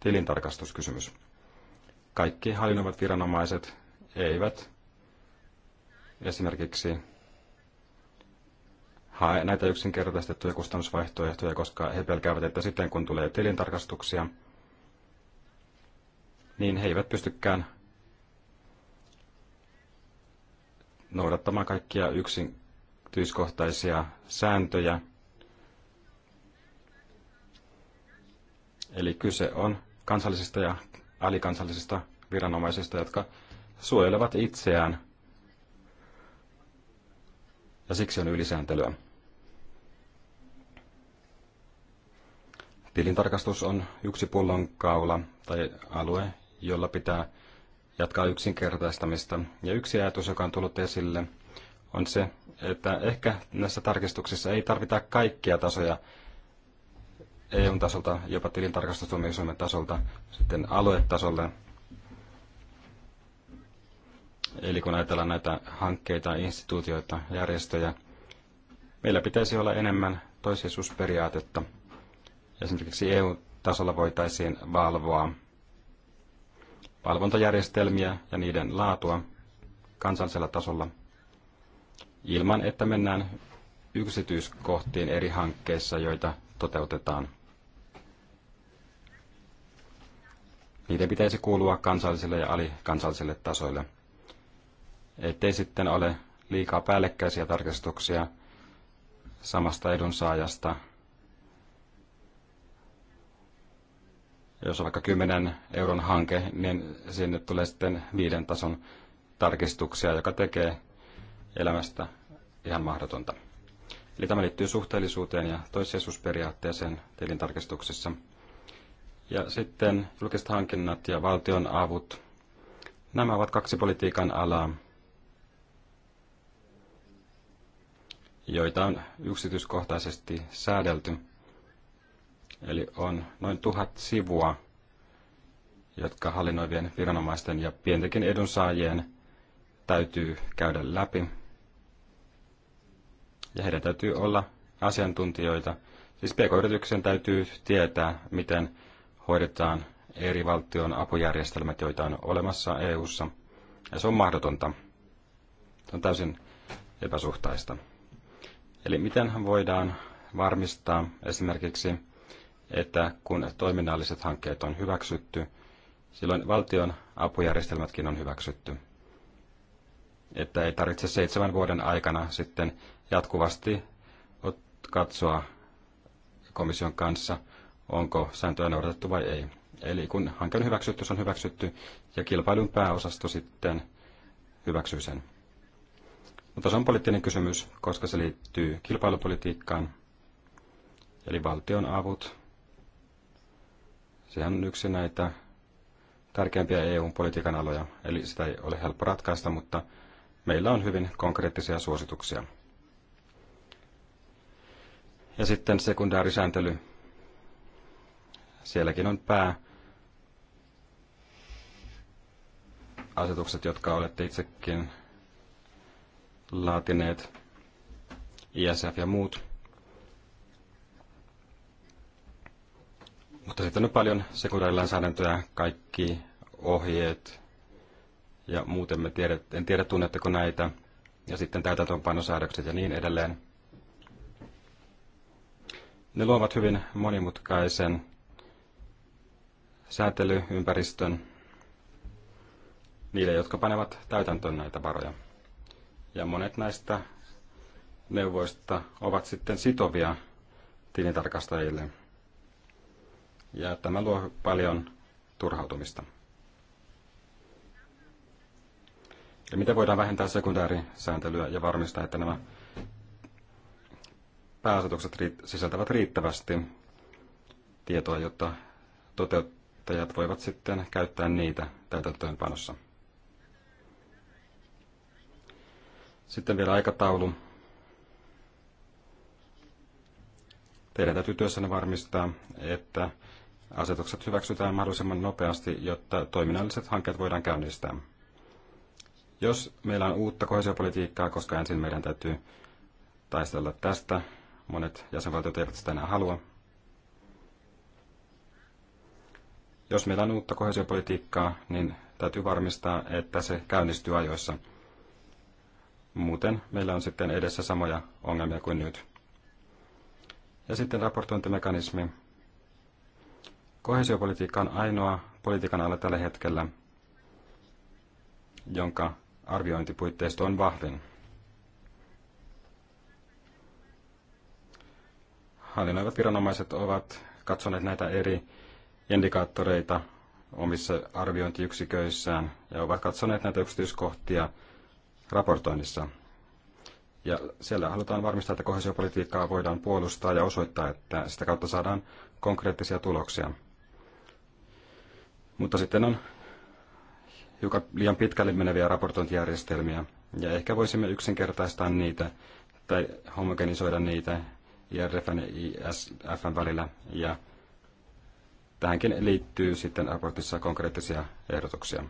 tilintarkastuskysymys. Kaikki hallinnoivat viranomaiset eivät esimerkiksi hae näitä yksinkertaistettuja kustannusvaihtoehtoja, koska he pelkäävät, että sitten kun tulee tilintarkastuksia, niin he eivät pystykään noudattamaan kaikkia yksityiskohtaisia sääntöjä. Eli kyse on kansallisista ja alikansallisista viranomaisista, jotka suojelevat itseään. Ja siksi on ylisääntelyä. Tilintarkastus on yksi pullonkaula tai alue, jolla pitää jatkaa yksinkertaistamista. Ja yksi ajatus, joka on tullut esille, on se, että ehkä näissä tarkistuksissa ei tarvita kaikkia tasoja EU-tasolta, jopa tilintarkastustuomioistuimen tasolta, sitten aluetasolle. Eli kun ajatellaan näitä hankkeita, instituutioita, järjestöjä, meillä pitäisi olla enemmän toisisuusperiaatetta. Esimerkiksi EU-tasolla voitaisiin valvoa valvontajärjestelmiä ja niiden laatua kansallisella tasolla ilman, että mennään yksityiskohtiin eri hankkeissa, joita toteutetaan. Niiden pitäisi kuulua kansalliselle ja alikansalliselle tasoille, ettei sitten ole liikaa päällekkäisiä tarkastuksia samasta edunsaajasta – Jos on vaikka 10 euron hanke, niin sinne tulee sitten viiden tason tarkistuksia, joka tekee elämästä ihan mahdotonta. Eli tämä liittyy suhteellisuuteen ja toissijaisuusperiaatteeseen tilintarkistuksessa. Ja sitten julkiset hankinnat ja valtion avut. Nämä ovat kaksi politiikan alaa, joita on yksityiskohtaisesti säädelty – Eli on noin tuhat sivua, jotka hallinnoivien viranomaisten ja pientenkin edunsaajien täytyy käydä läpi. Ja heidän täytyy olla asiantuntijoita. Siis pk-yrityksen täytyy tietää, miten hoidetaan eri valtion apujärjestelmät, joita on olemassa EU:ssa, ja se on mahdotonta. Se on täysin epäsuhtaista. Eli miten voidaan varmistaa esimerkiksi että kun toiminnalliset hankkeet on hyväksytty, silloin valtion apujärjestelmätkin on hyväksytty. Että ei tarvitse seitsemän vuoden aikana sitten jatkuvasti katsoa komission kanssa, onko sääntöä noudatettu vai ei. Eli kun hanke on hyväksytty, se on hyväksytty ja kilpailun pääosasto sitten hyväksyy sen. Mutta se on poliittinen kysymys, koska se liittyy kilpailupolitiikkaan, eli valtion avut Sehän on yksi näitä tärkeimpiä EU-politiikan aloja, eli sitä ei ole helppo ratkaista, mutta meillä on hyvin konkreettisia suosituksia. Ja sitten sekundäärisääntely. Sielläkin on pää asetukset, jotka olette itsekin laatineet, ISF ja muut. Mutta sitten on paljon sekundaarilainsäädäntöä, kaikki ohjeet ja muuten me tiedä, en tiedä tunnetteko näitä. Ja sitten täytäntöönpanosäädökset ja niin edelleen. Ne luovat hyvin monimutkaisen säätelyympäristön niille, jotka panevat täytäntöön näitä varoja. Ja monet näistä neuvoista ovat sitten sitovia tilintarkastajille ja tämä luo paljon turhautumista. Ja miten voidaan vähentää sekundäärisääntelyä ja varmistaa, että nämä pääasetukset sisältävät riittävästi tietoa, jotta toteuttajat voivat sitten käyttää niitä täytäntöönpanossa. Sitten vielä aikataulu. Teidän täytyy työssänne varmistaa, että Asetukset hyväksytään mahdollisimman nopeasti, jotta toiminnalliset hankkeet voidaan käynnistää. Jos meillä on uutta kohesiopolitiikkaa, koska ensin meidän täytyy taistella tästä, monet jäsenvaltiot eivät sitä enää halua. Jos meillä on uutta kohesiopolitiikkaa, niin täytyy varmistaa, että se käynnistyy ajoissa. Muuten meillä on sitten edessä samoja ongelmia kuin nyt. Ja sitten raportointimekanismi. Kohesiopolitiikka on ainoa politiikan ala tällä hetkellä, jonka arviointipuitteisto on vahvin. Hallinnoivat viranomaiset ovat katsoneet näitä eri indikaattoreita omissa arviointiyksiköissään ja ovat katsoneet näitä yksityiskohtia raportoinnissa. Ja siellä halutaan varmistaa, että kohesiopolitiikkaa voidaan puolustaa ja osoittaa, että sitä kautta saadaan konkreettisia tuloksia. Mutta sitten on hiukan liian pitkälle meneviä raportointijärjestelmiä, ja ehkä voisimme yksinkertaistaa niitä tai homogenisoida niitä IRFn ja ISFn välillä, ja tähänkin liittyy sitten raportissa konkreettisia ehdotuksia.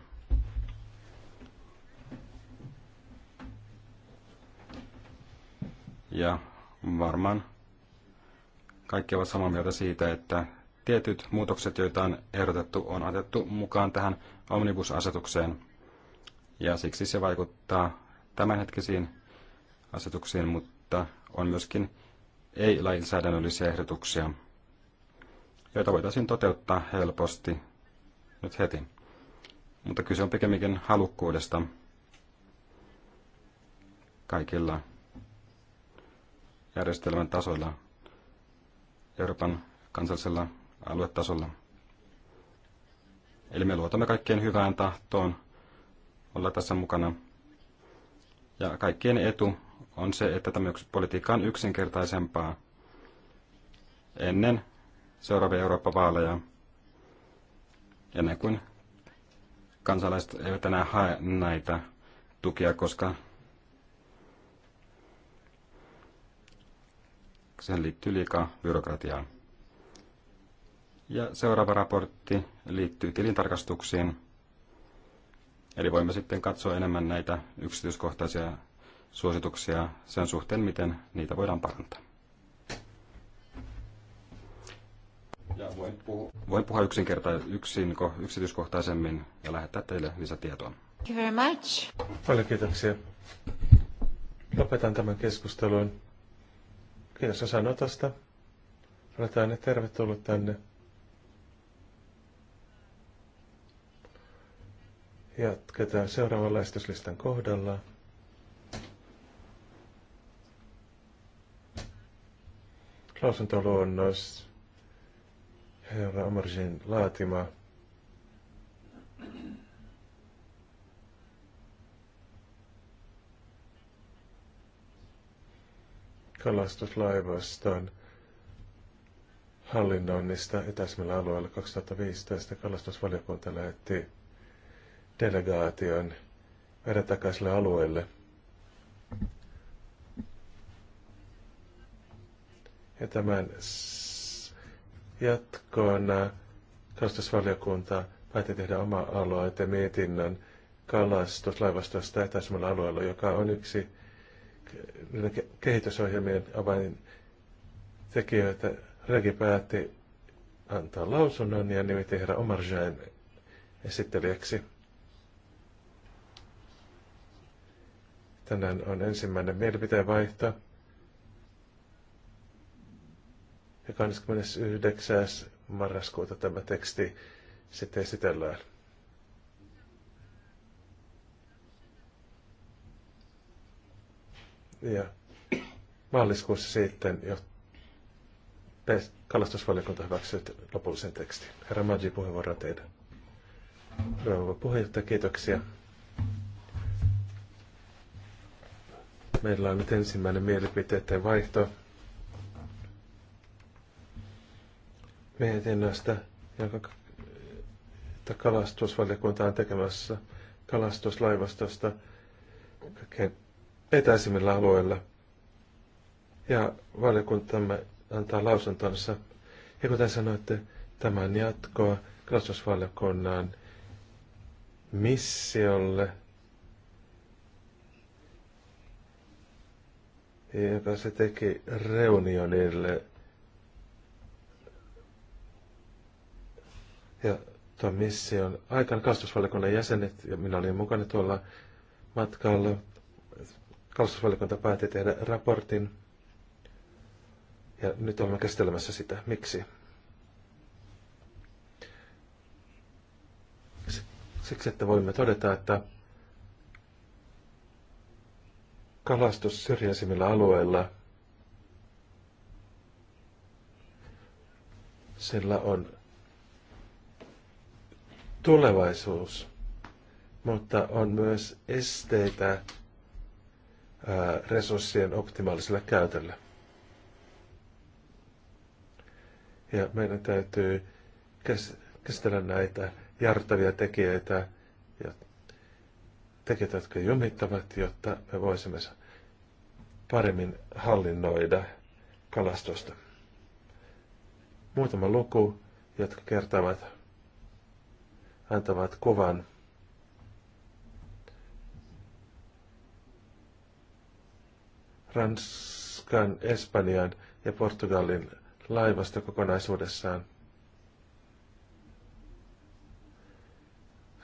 Ja varmaan kaikki ovat samaa mieltä siitä, että tietyt muutokset, joita on ehdotettu, on otettu mukaan tähän omnibusasetukseen. Ja siksi se vaikuttaa tämänhetkisiin asetuksiin, mutta on myöskin ei-lainsäädännöllisiä ehdotuksia, joita voitaisiin toteuttaa helposti nyt heti. Mutta kyse on pikemminkin halukkuudesta kaikilla järjestelmän tasoilla Euroopan kansallisella aluetasolla. Eli me luotamme kaikkien hyvään tahtoon olla tässä mukana. Ja kaikkien etu on se, että tämä politiikka on yksinkertaisempaa ennen seuraavia Eurooppa-vaaleja, ennen kuin kansalaiset eivät enää hae näitä tukia, koska sen liittyy liikaa byrokratiaan. Ja seuraava raportti liittyy tilintarkastuksiin. Eli voimme sitten katsoa enemmän näitä yksityiskohtaisia suosituksia sen suhteen, miten niitä voidaan parantaa. Ja voin puhua, voin puhua yksinkerta- yksin, yksityiskohtaisemmin ja lähettää teille lisätietoa. Thank you very much. Paljon kiitoksia. Lopetan tämän keskustelun. Kiitos Sano tästä. Oletaan tervetullut tänne. Jatketaan seuraavalla laistuslistan kohdalla. Lausuntoluonnos, herra Amarsin laatima. kalastuslaivaston hallinnoinnista Itäisellä alueella 2015 kalastusvaliokunta lähetti delegaation merentakaisille alueelle. Ja tämän jatkoon kalastusvaliokunta päätti tehdä oma aloite mietinnön kalastuslaivastosta etäisemmällä alueella, joka on yksi kehitysohjelmien avain tekijöitä. Regi päätti antaa lausunnon ja nimitti herra Omarjain esittelijäksi. Tänään on ensimmäinen mielipiteen vaihto. Ja 29. marraskuuta tämä teksti sitten esitellään. Ja maaliskuussa sitten jo kalastusvaliokunta hyväksyy lopullisen tekstin. Herra Maggi, puheenvuoro teidän. Rouva puheenjohtaja, kiitoksia. Meillä on nyt ensimmäinen mielipiteiden vaihto mietinnöstä, jonka kalastusvaliokunta on tekemässä kalastuslaivastosta kaikkein etäisimmillä alueilla. Ja valiokuntamme antaa lausuntonsa. Ja kuten sanoitte, tämän jatkoa kalastusvaliokunnan missiolle – joka se teki reunionille. Ja tuon mission aikana kalastusvaliokunnan jäsenet, ja minä olin mukana tuolla matkalla, kalastusvaliokunta päätti tehdä raportin, ja nyt olemme käsittelemässä sitä. Miksi? Siksi, että voimme todeta, että kalastus syrjäisimmillä alueilla, sillä on tulevaisuus, mutta on myös esteitä resurssien optimaaliselle käytölle. Ja meidän täytyy käsitellä näitä jarruttavia tekijöitä, jotka tekijät, jotka jumittavat, jotta me voisimme paremmin hallinnoida kalastusta. Muutama luku, jotka kertovat, antavat kuvan Ranskan, Espanjan ja Portugalin laivasta kokonaisuudessaan.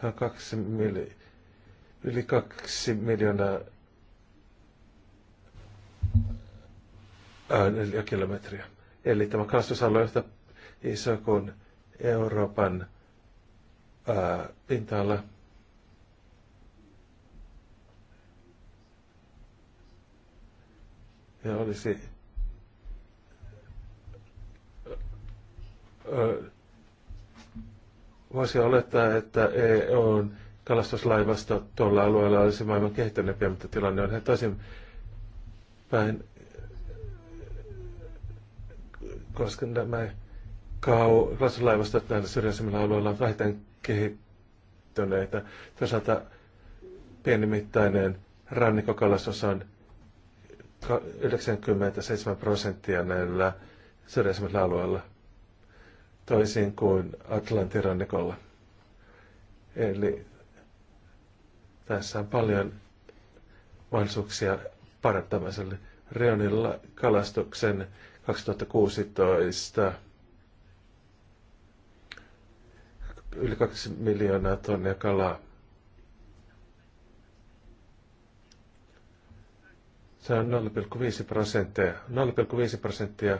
Se on kaksi miljoonaa yli kaksi miljoonaa ää, kilometriä. Eli tämä kasvusalue on yhtä iso kuin Euroopan ää, pinta-ala. Ja olisi voisi olettaa, että e on kalastuslaivasto tuolla alueella olisi maailman kehittyneempiä, mutta tilanne on ihan toisin päin, koska nämä kau- kalastuslaivastot näillä syrjäisemmillä alueilla on vähiten kehittyneitä. Toisaalta pienimittainen rannikkokalastusosa on 97 prosenttia näillä syrjäisemmillä alueilla, toisin kuin Atlantin rannikolla. Eli tässä on paljon mahdollisuuksia parantamiselle. Reonilla kalastuksen 2016 yli 2 miljoonaa tonnia kalaa. Se on 0,5 prosenttia. 0,5 prosenttia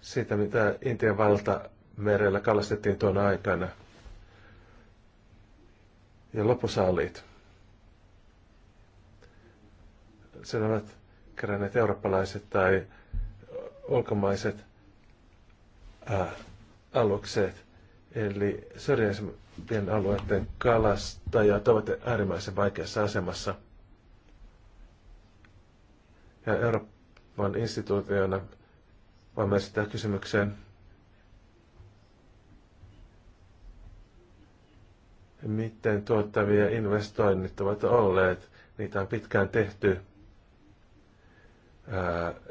siitä, mitä Intian valtamerellä kalastettiin tuona aikana – ja lopusaaliit. Sen ovat keränneet eurooppalaiset tai ulkomaiset ää, alukset. Eli syrjäisempien alueiden kalastajat ovat äärimmäisen vaikeassa asemassa. Ja Euroopan instituutiona voimme esittää kysymykseen, miten tuottavia investoinnit ovat olleet. Niitä on pitkään tehty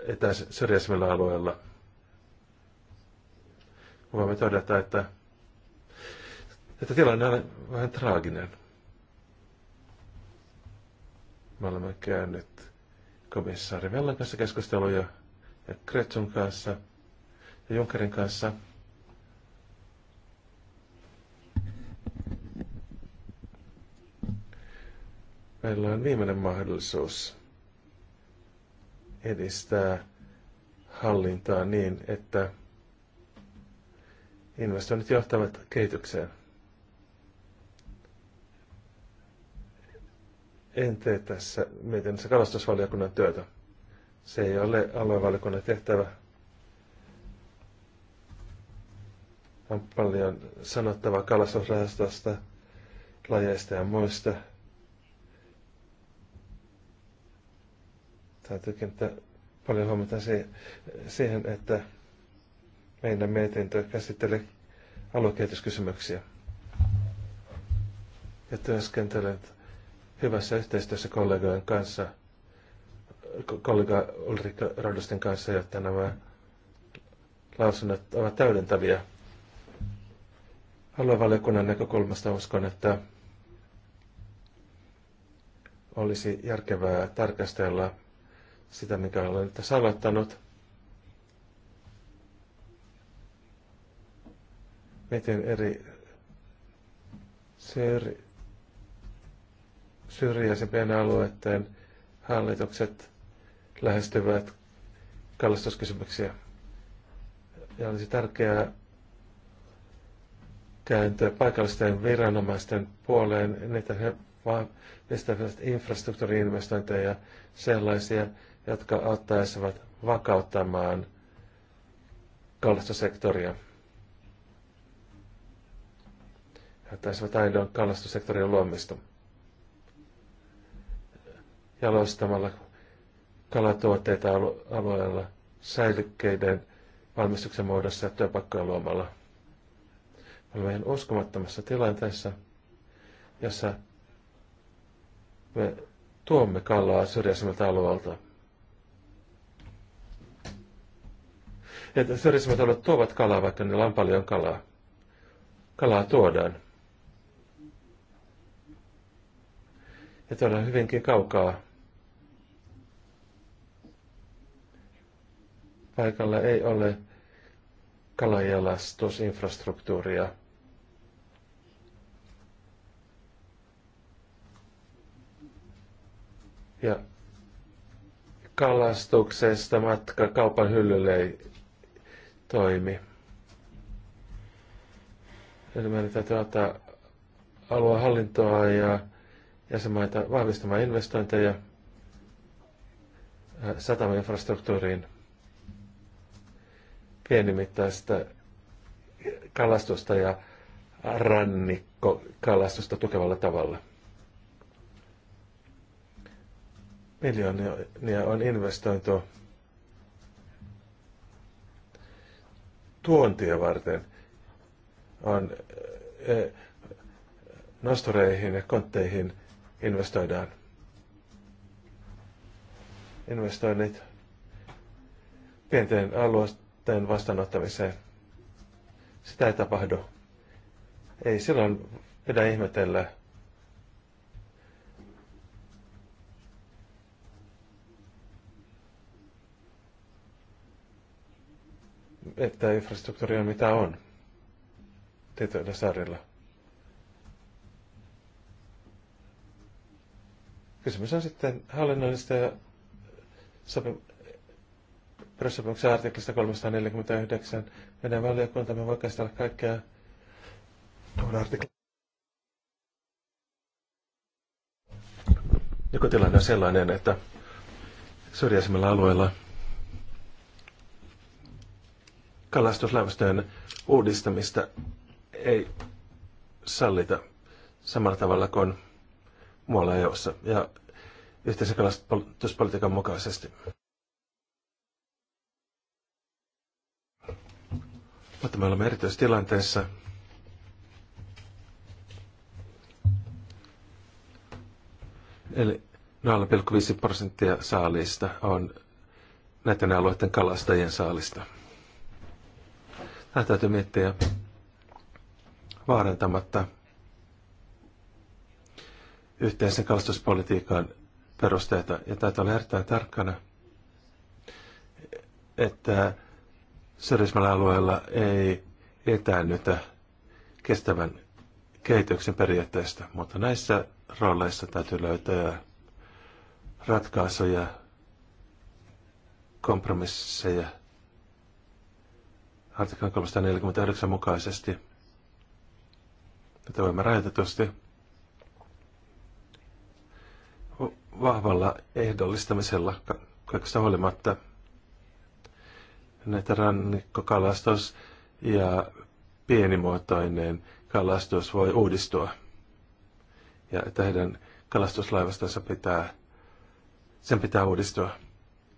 etäsyrjäisemmillä alueilla. Voimme todeta, että, että tilanne on vähän traaginen. Me olemme käyneet komissaari Vellan kanssa keskusteluja ja Kretsun kanssa ja Junckerin kanssa – meillä on viimeinen mahdollisuus edistää hallintaa niin, että investoinnit johtavat kehitykseen. En tee tässä se kalastusvaliokunnan työtä. Se ei ole aluevaliokunnan tehtävä. On paljon sanottavaa kalastusrahastosta, lajeista ja muista – Täytyy kiinnittää paljon huomiota siihen, että meidän mietintö käsittelee aluekehityskysymyksiä ja työskentelee hyvässä yhteistyössä kollegojen kanssa, kollega Ulrika Rodosten kanssa, jotta nämä lausunnot ovat täydentäviä. Aluevaliokunnan näkökulmasta uskon, että olisi järkevää tarkastella sitä, mikä olen tässä aloittanut. Miten eri syri, syrjäisempien alueiden hallitukset lähestyvät kalastuskysymyksiä. Ja olisi tärkeää kääntyä paikallisten viranomaisten puoleen, niin että he vahvistavat infrastruktuuriinvestointeja sellaisia, jotka auttaisivat vakauttamaan kalastosektoria. Auttaisivat aidon kalastosektorin luomista. Jalostamalla kalatuotteita alueella säilykkeiden valmistuksen muodossa ja työpaikkoja luomalla. Me olemme uskomattomassa tilanteessa, jossa me tuomme kalaa syrjäisemmältä alueelta. että syrjäisemmät alueet tuovat kalaa, vaikka niillä on paljon kalaa. Kalaa tuodaan. Ja tuolla on hyvinkin kaukaa. Paikalla ei ole kalajalastusinfrastruktuuria. Ja kalastuksesta matka kaupan hyllylle ei toimi. Eli meidän täytyy auttaa aluehallintoa ja jäsenmaita vahvistamaan investointeja äh, satamainfrastruktuuriin pienimittaista kalastusta ja rannikkokalastusta tukevalla tavalla. Miljoonia on investointu tuontia varten on eh, eh, nostoreihin ja kontteihin investoidaan. Investoinnit pienten alueiden vastaanottamiseen. Sitä ei tapahdu. Ei silloin pidä ihmetellä että infrastruktuuri on mitä on tietyillä saarilla. Kysymys on sitten hallinnollista ja sopim- perussopimuksen artiklista 349. Meidän valiokuntamme voi käsitellä kaikkea tuon artiklan. Joku tilanne on sellainen, että syrjäisimmillä alueilla kalastuslaivastojen uudistamista ei sallita samalla tavalla kuin muualla EU-ssa ja yhteisen kalastuspolitiikan mukaisesti. Mutta me olemme erityistilanteessa, Eli 0,5 prosenttia saalista on näiden alueiden kalastajien saalista. Tämä täytyy miettiä vaarantamatta yhteisen kalastuspolitiikan perusteita. Ja täytyy olla erittäin tarkkana, että syrjismällä alueella ei etäännytä kestävän kehityksen periaatteesta, mutta näissä rooleissa täytyy löytää ratkaisuja, kompromisseja – artiklan 349 mukaisesti. Tätä voimme rajoitetusti vahvalla ehdollistamisella kaikesta huolimatta näitä rannikkokalastus ja pienimuotoinen kalastus voi uudistua. Ja että heidän kalastuslaivastonsa pitää, sen pitää uudistua.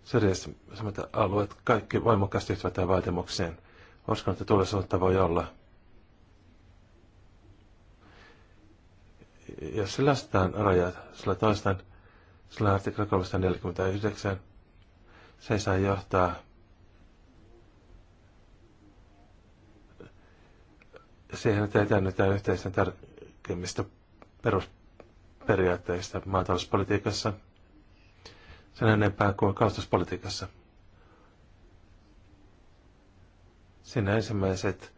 Syrjäisemmät alueet kaikki voimakkaasti yhtyvät tähän vaatimukseen. Uskon, että tulevaisuutta voi olla. Jos se asetetaan rajat, sillä toistan, sillä artikla 349, se ei saa johtaa siihen, että etäännytään yhteisten tärkeimmistä perusperiaatteista maatalouspolitiikassa, sen enempää kuin kaustuspolitiikassa. Siinä ensimmäiset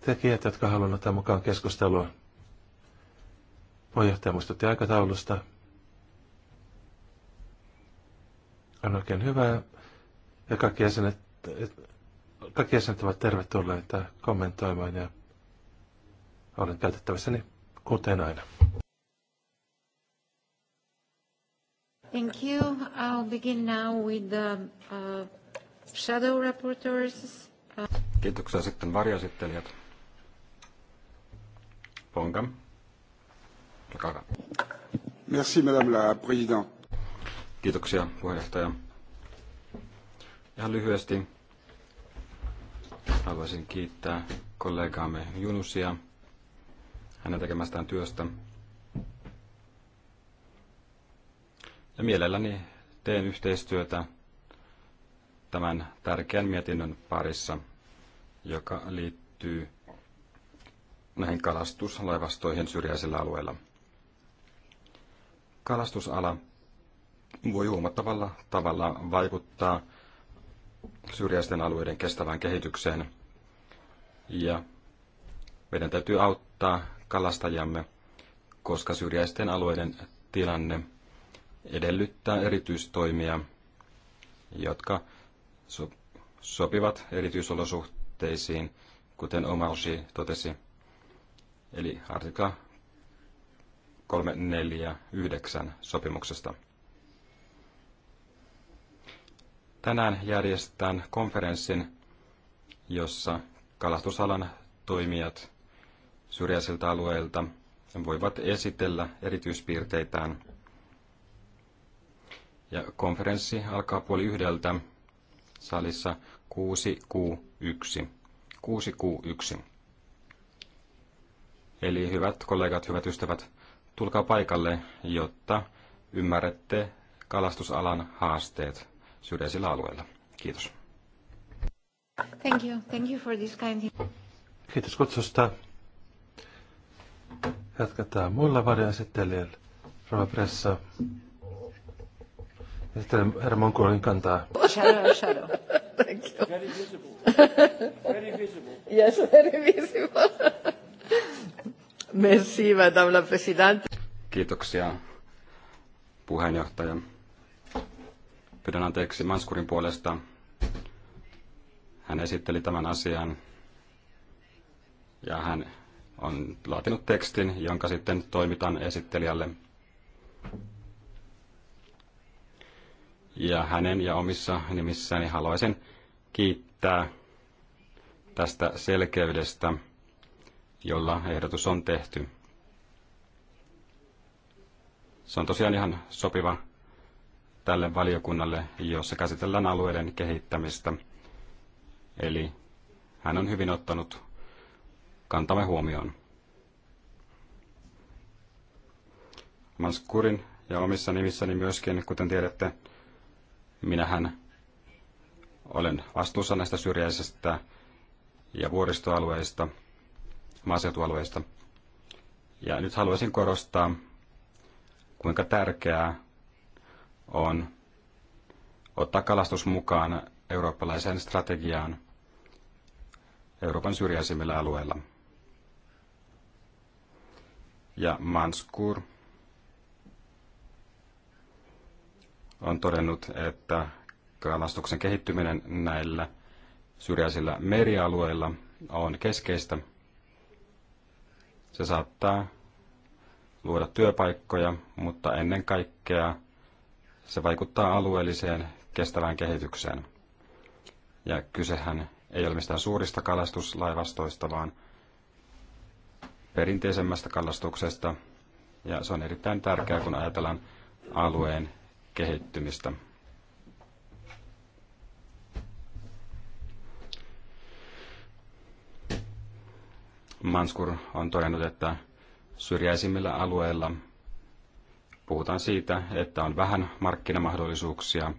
tekijät, jotka haluavat ottaa mukaan keskustelua. Puheenjohtaja muistutti aikataulusta. On oikein hyvä ja kaikki jäsenet, kaikki jäsenet ovat tervetulleita kommentoimaan ja olen käytettävissäni kuten aina. Thank you. I'll begin now with the uh, shadow rapporteurs. Kiitoksia sitten varjoesittelijät. Ponga. Olkaa Merci, madame la présidente. Kiitoksia, puheenjohtaja. Ihan lyhyesti haluaisin kiittää kollegaamme Junusia hänen tekemästään työstä. Ja mielelläni teen yhteistyötä tämän tärkeän mietinnön parissa, joka liittyy näihin kalastuslaivastoihin syrjäisillä alueilla. Kalastusala voi huomattavalla tavalla vaikuttaa syrjäisten alueiden kestävään kehitykseen ja meidän täytyy auttaa kalastajamme, koska syrjäisten alueiden tilanne edellyttää erityistoimia, jotka sopivat erityisolosuhteisiin, kuten Omarji totesi. Eli artikla 349 sopimuksesta. Tänään järjestetään konferenssin, jossa kalastusalan toimijat syrjäisiltä alueilta voivat esitellä erityispiirteitään. Ja konferenssi alkaa puoli yhdeltä salissa 6Q1. 6Q1. Eli hyvät kollegat, hyvät ystävät, tulkaa paikalle, jotta ymmärrätte kalastusalan haasteet syrjäisillä alueilla. Kiitos. Thank you. Thank you for this kind... Kiitos kutsusta. Jatketaan muilla varjoesittelijöillä. Rova Pressa. Ja sitten herra Monkuolin Shadow, shadow. Thank you. Very visible. Very visible. Yes, very visible. Merci, madame la présidente. Kiitoksia, puheenjohtaja. Pyydän anteeksi Manskurin puolesta. Hän esitteli tämän asian ja hän on laatinut tekstin, jonka sitten toimitan esittelijälle ja hänen ja omissa nimissäni haluaisin kiittää tästä selkeydestä, jolla ehdotus on tehty. Se on tosiaan ihan sopiva tälle valiokunnalle, jossa käsitellään alueiden kehittämistä. Eli hän on hyvin ottanut kantamme huomioon. Manskurin ja omissa nimissäni myöskin, kuten tiedätte, Minähän olen vastuussa näistä syrjäisistä ja vuoristoalueista, maaseutualueista. Ja nyt haluaisin korostaa, kuinka tärkeää on ottaa kalastus mukaan eurooppalaiseen strategiaan Euroopan syrjäisimmillä alueilla. Ja Manskur on todennut, että kalastuksen kehittyminen näillä syrjäisillä merialueilla on keskeistä. Se saattaa luoda työpaikkoja, mutta ennen kaikkea se vaikuttaa alueelliseen kestävään kehitykseen. Ja kysehän ei ole mistään suurista kalastuslaivastoista, vaan perinteisemmästä kalastuksesta. Ja se on erittäin tärkeää, kun ajatellaan alueen kehittymistä. Manskur on todennut, että syrjäisimmillä alueilla puhutaan siitä, että on vähän markkinamahdollisuuksia,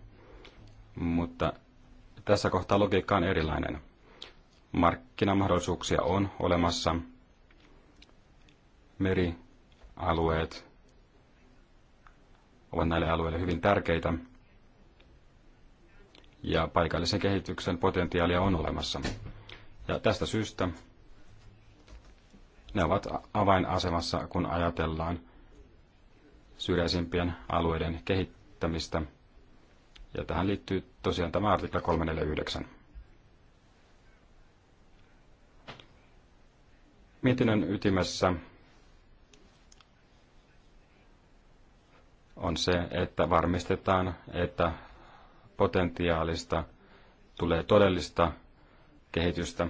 mutta tässä kohtaa logiikka on erilainen. Markkinamahdollisuuksia on olemassa. Merialueet ovat näille alueille hyvin tärkeitä ja paikallisen kehityksen potentiaalia on olemassa. Ja tästä syystä ne ovat avainasemassa, kun ajatellaan syrjäisimpien alueiden kehittämistä. Ja tähän liittyy tosiaan tämä artikla 349. Mietinnön ytimessä on se, että varmistetaan, että potentiaalista tulee todellista kehitystä.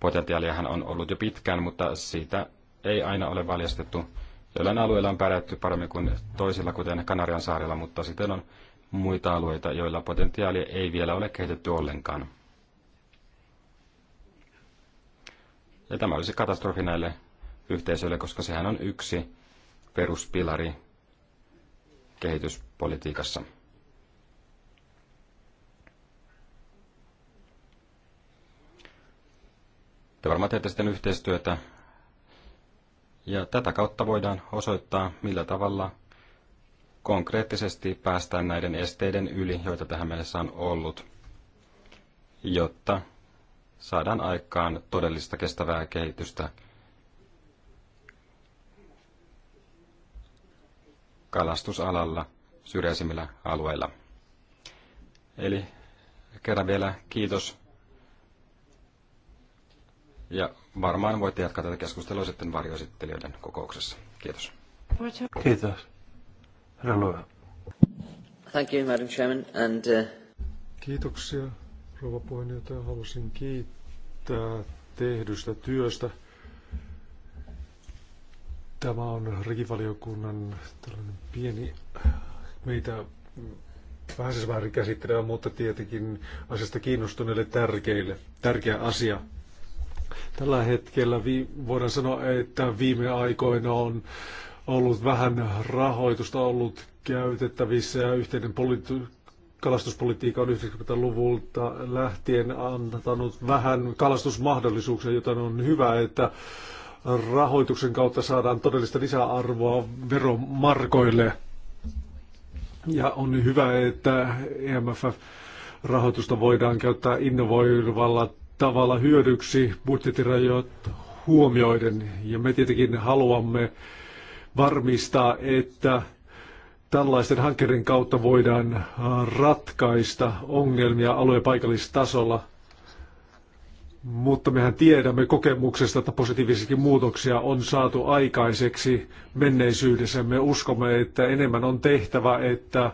Potentiaaliahan on ollut jo pitkään, mutta siitä ei aina ole valjastettu. Jollain alueilla on pärjätty paremmin kuin toisilla, kuten Kanarian saarilla, mutta sitten on muita alueita, joilla potentiaalia ei vielä ole kehitetty ollenkaan. Ja tämä olisi katastrofi näille yhteisöille, koska sehän on yksi peruspilari kehityspolitiikassa. Te varmaan teette sitten yhteistyötä ja tätä kautta voidaan osoittaa, millä tavalla konkreettisesti päästään näiden esteiden yli, joita tähän mennessä on ollut, jotta saadaan aikaan todellista kestävää kehitystä kalastusalalla syrjäisimmillä alueilla. Eli kerran vielä kiitos. Ja varmaan voitte jatkaa tätä keskustelua sitten varjoesittelijöiden kokouksessa. Kiitos. Kiitos. Herra Thank you, Madam Chairman, and, uh... Kiitoksia, rouva puheenjohtaja. Haluaisin kiittää tehdystä työstä. Tämä on rikivaliokunnan tällainen pieni meitä vähän siis väärin käsittelevä, mutta tietenkin asiasta kiinnostuneille tärkeille, tärkeä asia. Tällä hetkellä vi, voidaan sanoa, että viime aikoina on ollut vähän rahoitusta ollut käytettävissä ja yhteinen politi- kalastuspolitiikka on 90-luvulta lähtien antanut vähän kalastusmahdollisuuksia, joten on hyvä, että rahoituksen kautta saadaan todellista lisäarvoa veromarkoille. Ja on hyvä, että EMF-rahoitusta voidaan käyttää innovoivalla tavalla hyödyksi budjettirajat huomioiden. Ja me tietenkin haluamme varmistaa, että tällaisten hankkeiden kautta voidaan ratkaista ongelmia alue- ja paikallistasolla – mutta mehän tiedämme kokemuksesta, että positiivisiakin muutoksia on saatu aikaiseksi menneisyydessä. Me uskomme, että enemmän on tehtävä, että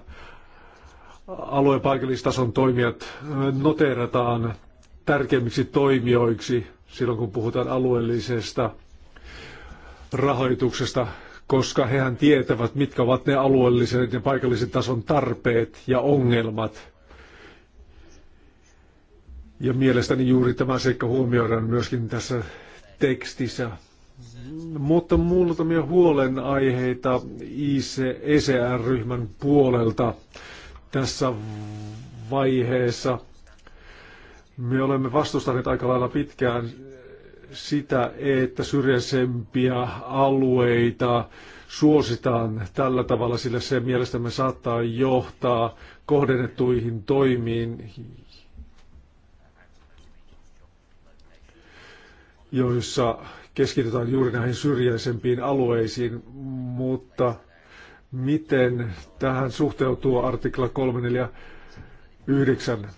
alueen paikallistason toimijat noterataan tärkeimmiksi toimijoiksi silloin, kun puhutaan alueellisesta rahoituksesta, koska hehän tietävät, mitkä ovat ne alueelliset ja paikallisen tason tarpeet ja ongelmat – ja mielestäni juuri tämä seikka huomioidaan myöskin tässä tekstissä. Mutta muutamia huolenaiheita icr e ryhmän puolelta tässä vaiheessa. Me olemme vastustaneet aika lailla pitkään sitä, että syrjäisempiä alueita suositaan tällä tavalla, sillä se mielestämme saattaa johtaa kohdennettuihin toimiin, joissa keskitytään juuri näihin syrjäisempiin alueisiin, mutta miten tähän suhteutuu artikla 349?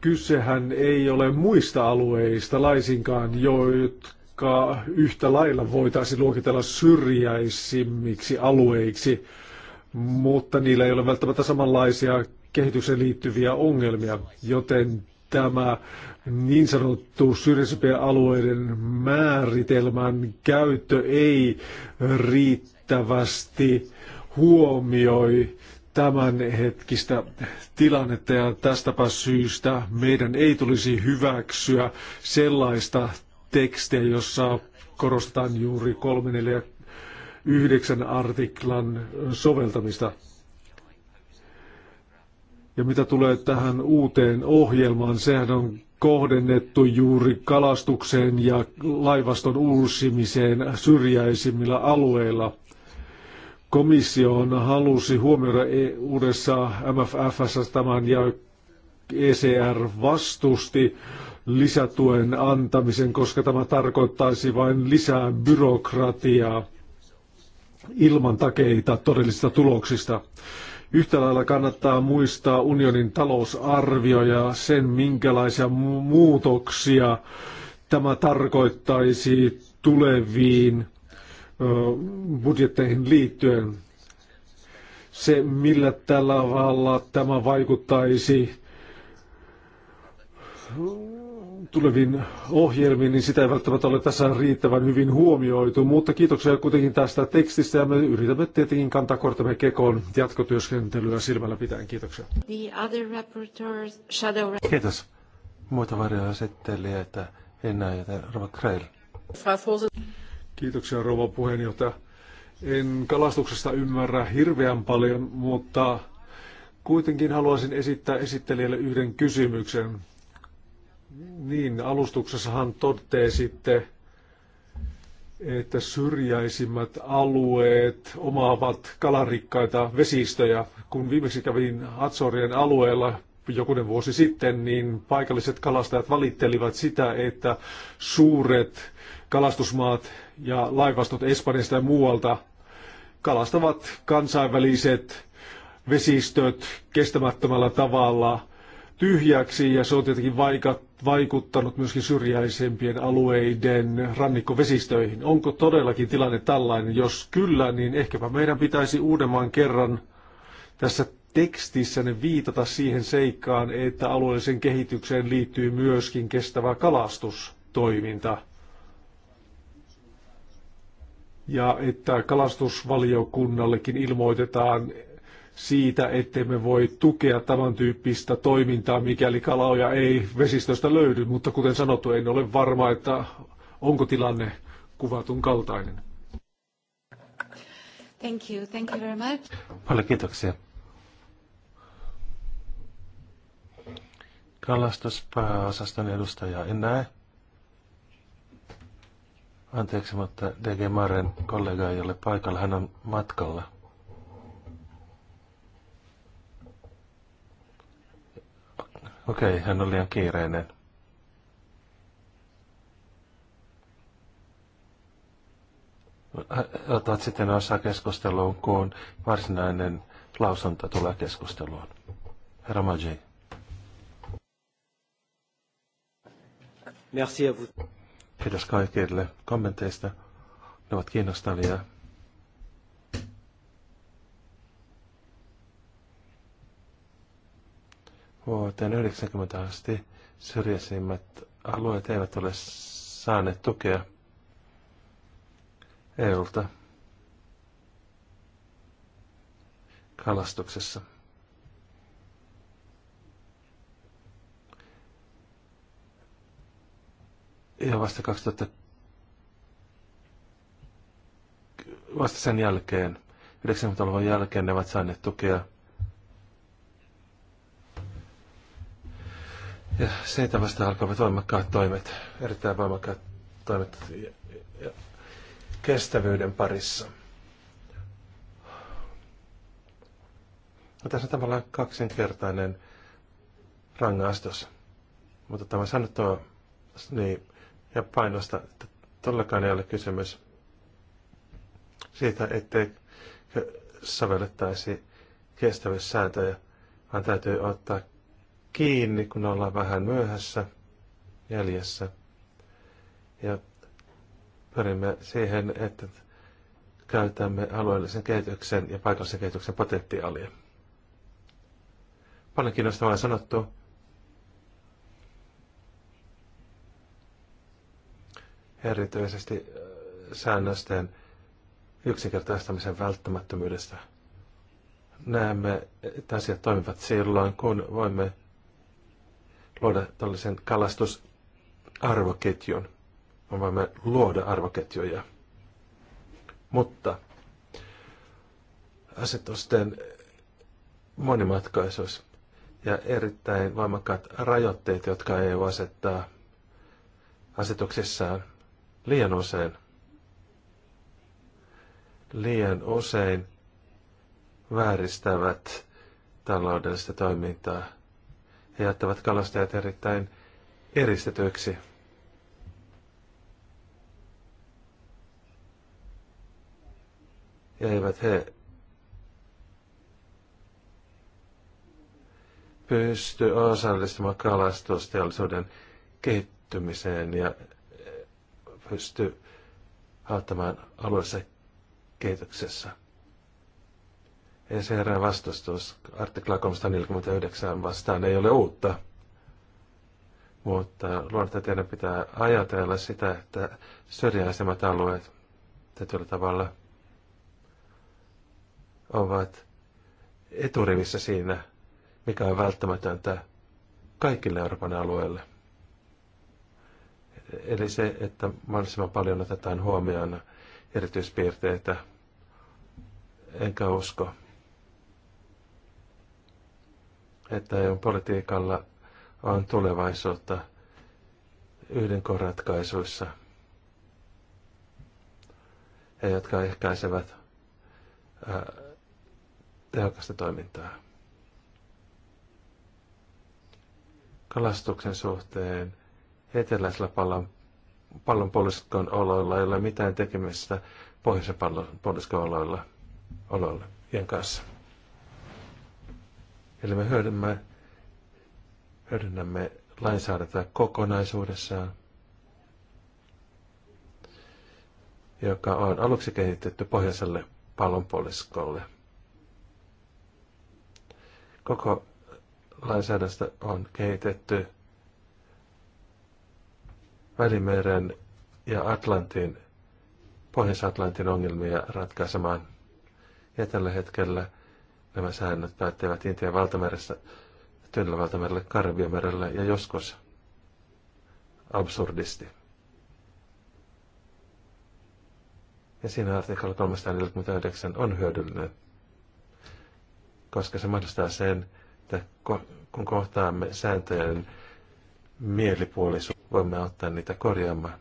Kysehän ei ole muista alueista laisinkaan, jotka yhtä lailla voitaisiin luokitella syrjäisimmiksi alueiksi, mutta niillä ei ole välttämättä samanlaisia kehitykseen liittyviä ongelmia, joten tämä niin sanottu syrjäisempien alueiden määritelmän käyttö ei riittävästi huomioi tämän hetkistä tilannetta ja tästäpä syystä meidän ei tulisi hyväksyä sellaista tekstiä, jossa korostetaan juuri 3, 9 artiklan soveltamista. Ja mitä tulee tähän uuteen ohjelmaan, sehän on kohdennettu juuri kalastukseen ja laivaston uusimiseen syrjäisimmillä alueilla. on halusi huomioida uudessa MFFssä tämän ja ECR vastusti lisätuen antamisen, koska tämä tarkoittaisi vain lisää byrokratiaa ilman takeita todellisista tuloksista. Yhtä lailla kannattaa muistaa unionin talousarvio ja sen, minkälaisia muutoksia tämä tarkoittaisi tuleviin budjetteihin liittyen. Se, millä tällä tavalla tämä vaikuttaisi tuleviin ohjelmiin, niin sitä ei välttämättä ole tässä riittävän hyvin huomioitu, mutta kiitoksia kuitenkin tästä tekstistä ja me yritämme tietenkin kantaa kortemme kekoon jatkotyöskentelyä silmällä pitäen. Kiitoksia. The other shadow... Kiitos. Muita varjoesittelijöitä enää, ja Rova Krell. Kiitoksia Rova puheenjohtaja. En kalastuksesta ymmärrä hirveän paljon, mutta kuitenkin haluaisin esittää esittelijälle yhden kysymyksen niin, alustuksessahan sitten, että syrjäisimmät alueet omaavat kalarikkaita vesistöjä. Kun viimeksi kävin Atsorien alueella jokunen vuosi sitten, niin paikalliset kalastajat valittelivat sitä, että suuret kalastusmaat ja laivastot Espanjasta ja muualta kalastavat kansainväliset vesistöt kestämättömällä tavalla tyhjäksi ja se on tietenkin vaikat vaikuttanut myöskin syrjäisempien alueiden rannikkovesistöihin. Onko todellakin tilanne tällainen? Jos kyllä, niin ehkäpä meidän pitäisi uudemman kerran tässä tekstissä ne viitata siihen seikkaan, että alueelliseen kehitykseen liittyy myöskin kestävä kalastustoiminta. Ja että kalastusvaliokunnallekin ilmoitetaan siitä, ettei me voi tukea tämän tyyppistä toimintaa, mikäli kaloja ei vesistöstä löydy, mutta kuten sanottu, en ole varma, että onko tilanne kuvatun kaltainen. Thank you. Thank you very much. Paljon kiitoksia. Kalastuspääosaston edustaja en näe. Anteeksi, mutta DG Maren kollega ei ole paikalla. Hän on matkalla. Okei, okay, hän on liian kiireinen. Otat sitten osaa keskusteluun, kun varsinainen lausunto tulee keskusteluun. Herra Maji. Merci à vous. Kiitos kaikille kommenteista. Ne ovat kiinnostavia. Vuoteen 90 asti syrjäisimmät alueet eivät ole saaneet tukea EUlta kalastuksessa. Ja vasta 2000, vasta sen jälkeen, 90-luvun jälkeen ne ovat saaneet tukea Ja siitä vasta alkavat voimakkaat toimet, erittäin voimakkaat toimet kestävyyden parissa. No, tässä on tavallaan kaksinkertainen rangaistus. Mutta tämä sanottua niin, ja painosta, että todellakaan ei ole kysymys siitä, ettei sovellettaisi kestävyyssääntöjä, vaan täytyy ottaa kiinni, kun ollaan vähän myöhässä jäljessä. Ja pyrimme siihen, että käytämme alueellisen kehityksen ja paikallisen kehityksen potentiaalia. Paljon kiinnostavaa sanottu. Erityisesti äh, säännösten yksinkertaistamisen välttämättömyydestä. Näemme, että asiat toimivat silloin, kun voimme luoda tällaisen kalastusarvoketjun. Me voimme luoda arvoketjuja. Mutta asetusten monimatkaisuus ja erittäin voimakkaat rajoitteet, jotka EU asettaa asetuksissaan liian usein. Liian usein vääristävät taloudellista toimintaa – ja jättävät kalastajat erittäin eristetyiksi. Ja eivät he pysty osallistumaan kalastusteollisuuden kehittymiseen ja eh, pysty auttamaan alueessa kehityksessä. ECRn vastustus artikla 349 vastaan ei ole uutta, mutta luonnontieteen pitää ajatella sitä, että syrjäisemmät alueet tietyllä tavalla ovat eturivissä siinä, mikä on välttämätöntä kaikille Euroopan alueille. Eli se, että mahdollisimman paljon otetaan huomioon erityispiirteitä, enkä usko, että on politiikalla on tulevaisuutta yhden ratkaisuissa, ja jotka ehkäisevät ää, tehokasta toimintaa. Kalastuksen suhteen eteläisellä pallon, pallonpuoliskon oloilla ei ole mitään tekemistä pohjoisen pallon oloilla, oloilla kanssa. Eli me hyödymme, hyödynnämme lainsäädäntöä kokonaisuudessaan, joka on aluksi kehitetty pohjoiselle pallonpuoliskolle. Koko lainsäädäntö on kehitetty Välimeren ja Atlantin, Pohjois-Atlantin ongelmia ratkaisemaan. Ja tällä hetkellä – Nämä säännöt päättävät Intian valtameressä, Tyynellä valtamerelle Karibiamerellä ja joskus absurdisti. Ja siinä artikla 349 on hyödyllinen, koska se mahdollistaa sen, että kun kohtaamme sääntöjen mielipuolisuus, voimme ottaa niitä korjaamaan.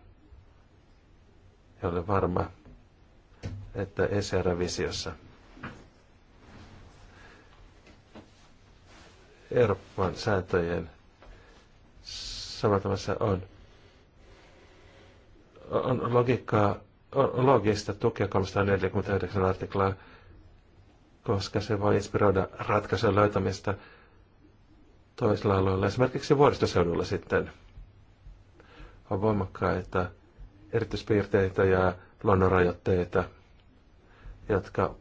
Ja olen varma, että ECR-visiossa Euroopan sääntöjen soveltamassa on, on logiikkaa, on logista tukea 349 artiklaa, koska se voi inspiroida ratkaisun löytämistä toisella alueella, esimerkiksi vuoristoseudulla sitten on voimakkaita erityispiirteitä ja luonnonrajoitteita, jotka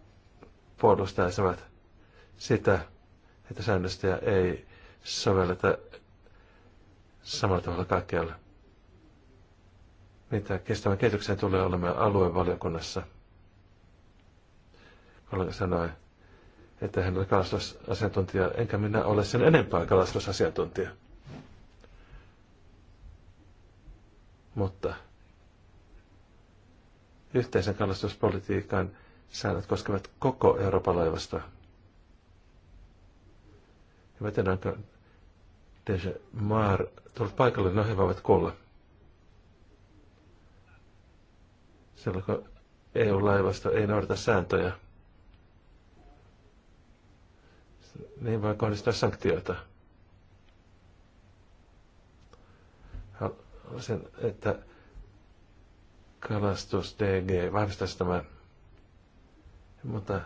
puolustaisivat sitä, että säännöstä ei sovelleta samalla tavalla kaikkialle. Mitä kestävän kehityksen tulee olemme aluevaliokunnassa. Olen sanoi, että hän oli kalastusasiantuntija, enkä minä ole sen enempää kalastusasiantuntija. Mutta yhteisen kalastuspolitiikan säännöt koskevat koko Euroopan laivastoa. Ja mä tiedän, onko Deje Maar tullut paikalle, no he voivat kuolla. Silloin kun EU-laivasto ei noudata sääntöjä, niin voi kohdistaa sanktioita. Haluaisin, että kalastus DG vahvistaisi tämän, mutta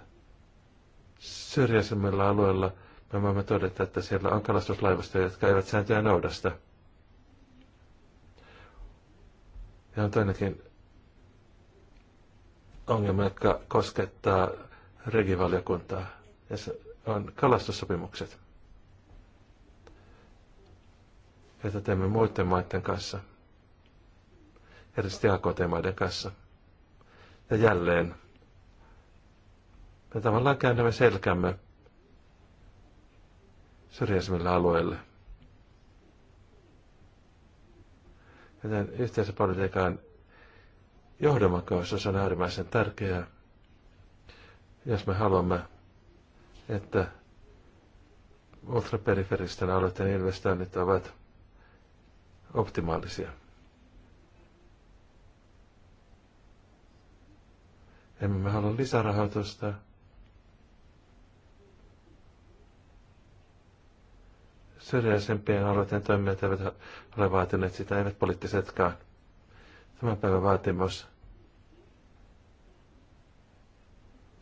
syrjäisemmillä alueilla – me voimme todeta, että siellä on kalastuslaivastoja, jotka eivät sääntöjä noudasta. Ja on toinenkin ongelma, joka koskettaa regivaliokuntaa, ja se on kalastussopimukset, joita teemme muiden maiden kanssa, erityisesti AKT-maiden kanssa. Ja jälleen me tavallaan käännämme selkämme syrjäisemmille alueille. Joten yhteisöpolitiikan johdonmukaisuus on äärimmäisen tärkeää, jos me haluamme, että ultraperiferisten alueiden investoinnit ovat optimaalisia. Emme me halua lisärahoitusta, syrjäisempien alueiden toimijat eivät ole vaatineet sitä, eivät poliittisetkaan. Tämän päivän vaatimus,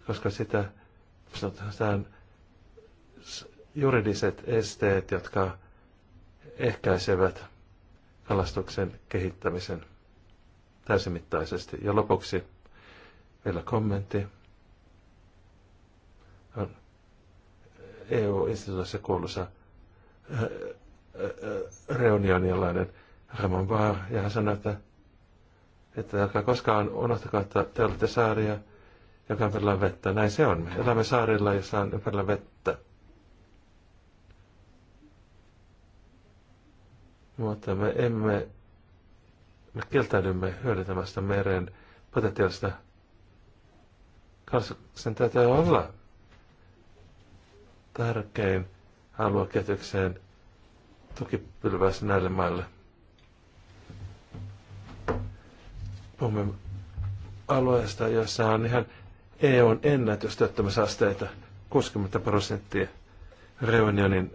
koska sitä sanotaan juridiset esteet, jotka ehkäisevät kalastuksen kehittämisen täysimittaisesti. Ja lopuksi vielä kommentti. EU-instituutissa kuuluisa reunionialainen Raman Bar, ja hän sanoi, että, että älkää koskaan unohtakaa, että te olette saaria, joka on perillä vettä. Näin se on. Me elämme saarilla, jossa on ympärillä vettä. Mutta me emme, me kieltäydymme hyödyntämästä meren potentiaalista. Kalastuksen täytyy olla tärkein aluekehitykseen tukipylväs näille maille. Puhumme alueesta, jossa on ihan EUn ennätystyöttömyysasteita 60 prosenttia reunionin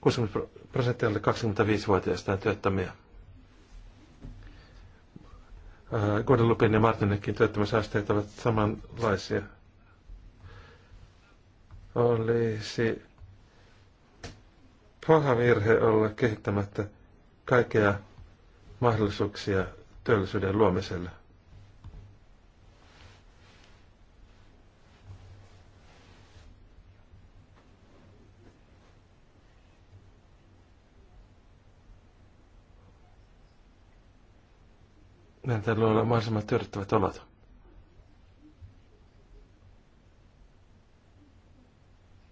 60 prosenttia oli 25-vuotiaista työttömiä. Äh, Guadalupin ja Martinekin työttömyysasteet ovat samanlaisia. Olisi paha virhe olla kehittämättä kaikkea mahdollisuuksia työllisyyden luomiselle. Meidän täytyy olla mahdollisimman tyydyttävät olot.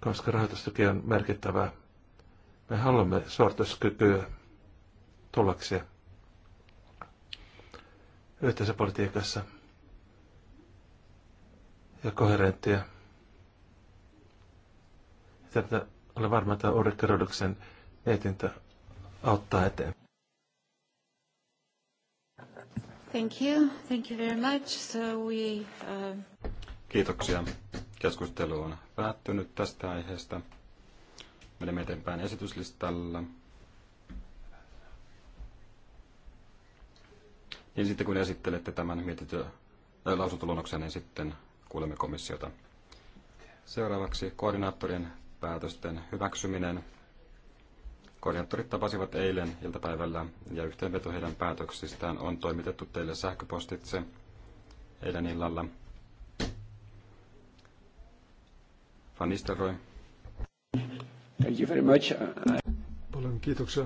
koska rahoitustuki on merkittävää. Me haluamme suorituskykyä tullakseen yhteisöpolitiikassa ja koherenttia. Tätä olen varma, että Ulrikka Roduksen mietintö auttaa eteen. Thank you. Thank you very much. So we, uh... Kiitoksia. Keskustelu on päättynyt tästä aiheesta. Menemme eteenpäin esityslistalla. Niin sitten kun esittelette tämän mietitö äh, lausuntoluonnoksen, niin sitten kuulemme komissiota. Seuraavaksi koordinaattorien päätösten hyväksyminen. Koordinaattorit tapasivat eilen iltapäivällä ja yhteenveto heidän päätöksistään on toimitettu teille sähköpostitse eilen illalla – Thank you very much. Paljon kiitoksia.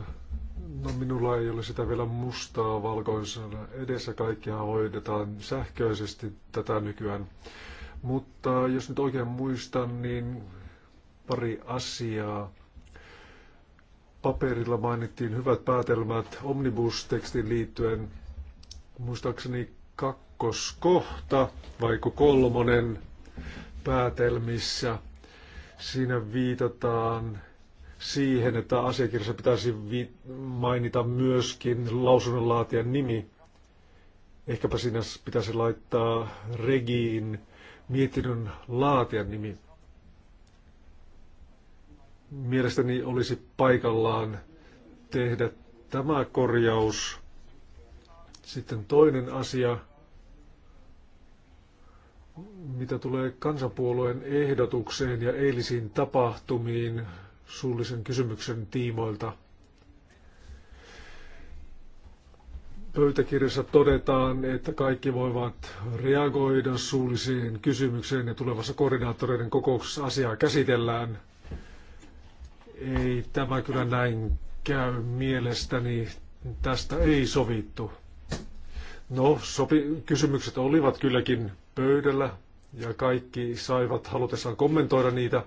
No minulla ei ole sitä vielä mustaa valkoisena edessä. Kaikkia hoidetaan sähköisesti tätä nykyään. Mutta jos nyt oikein muistan, niin pari asiaa. Paperilla mainittiin hyvät päätelmät omnibus tekstin liittyen. Muistaakseni kakkoskohta, vaiko kolmonen päätelmissä Siinä viitataan siihen, että asiakirjassa pitäisi mainita myöskin lausunnonlaatijan nimi. Ehkäpä siinä pitäisi laittaa Regiin mietinnön laatijan nimi. Mielestäni olisi paikallaan tehdä tämä korjaus. Sitten toinen asia mitä tulee kansanpuolueen ehdotukseen ja eilisiin tapahtumiin suullisen kysymyksen tiimoilta. Pöytäkirjassa todetaan, että kaikki voivat reagoida suulliseen kysymykseen ja tulevassa koordinaattoreiden kokouksessa asiaa käsitellään. Ei tämä kyllä näin käy mielestäni. Tästä ei sovittu. No, sopi- kysymykset olivat kylläkin pöydällä ja kaikki saivat halutessaan kommentoida niitä.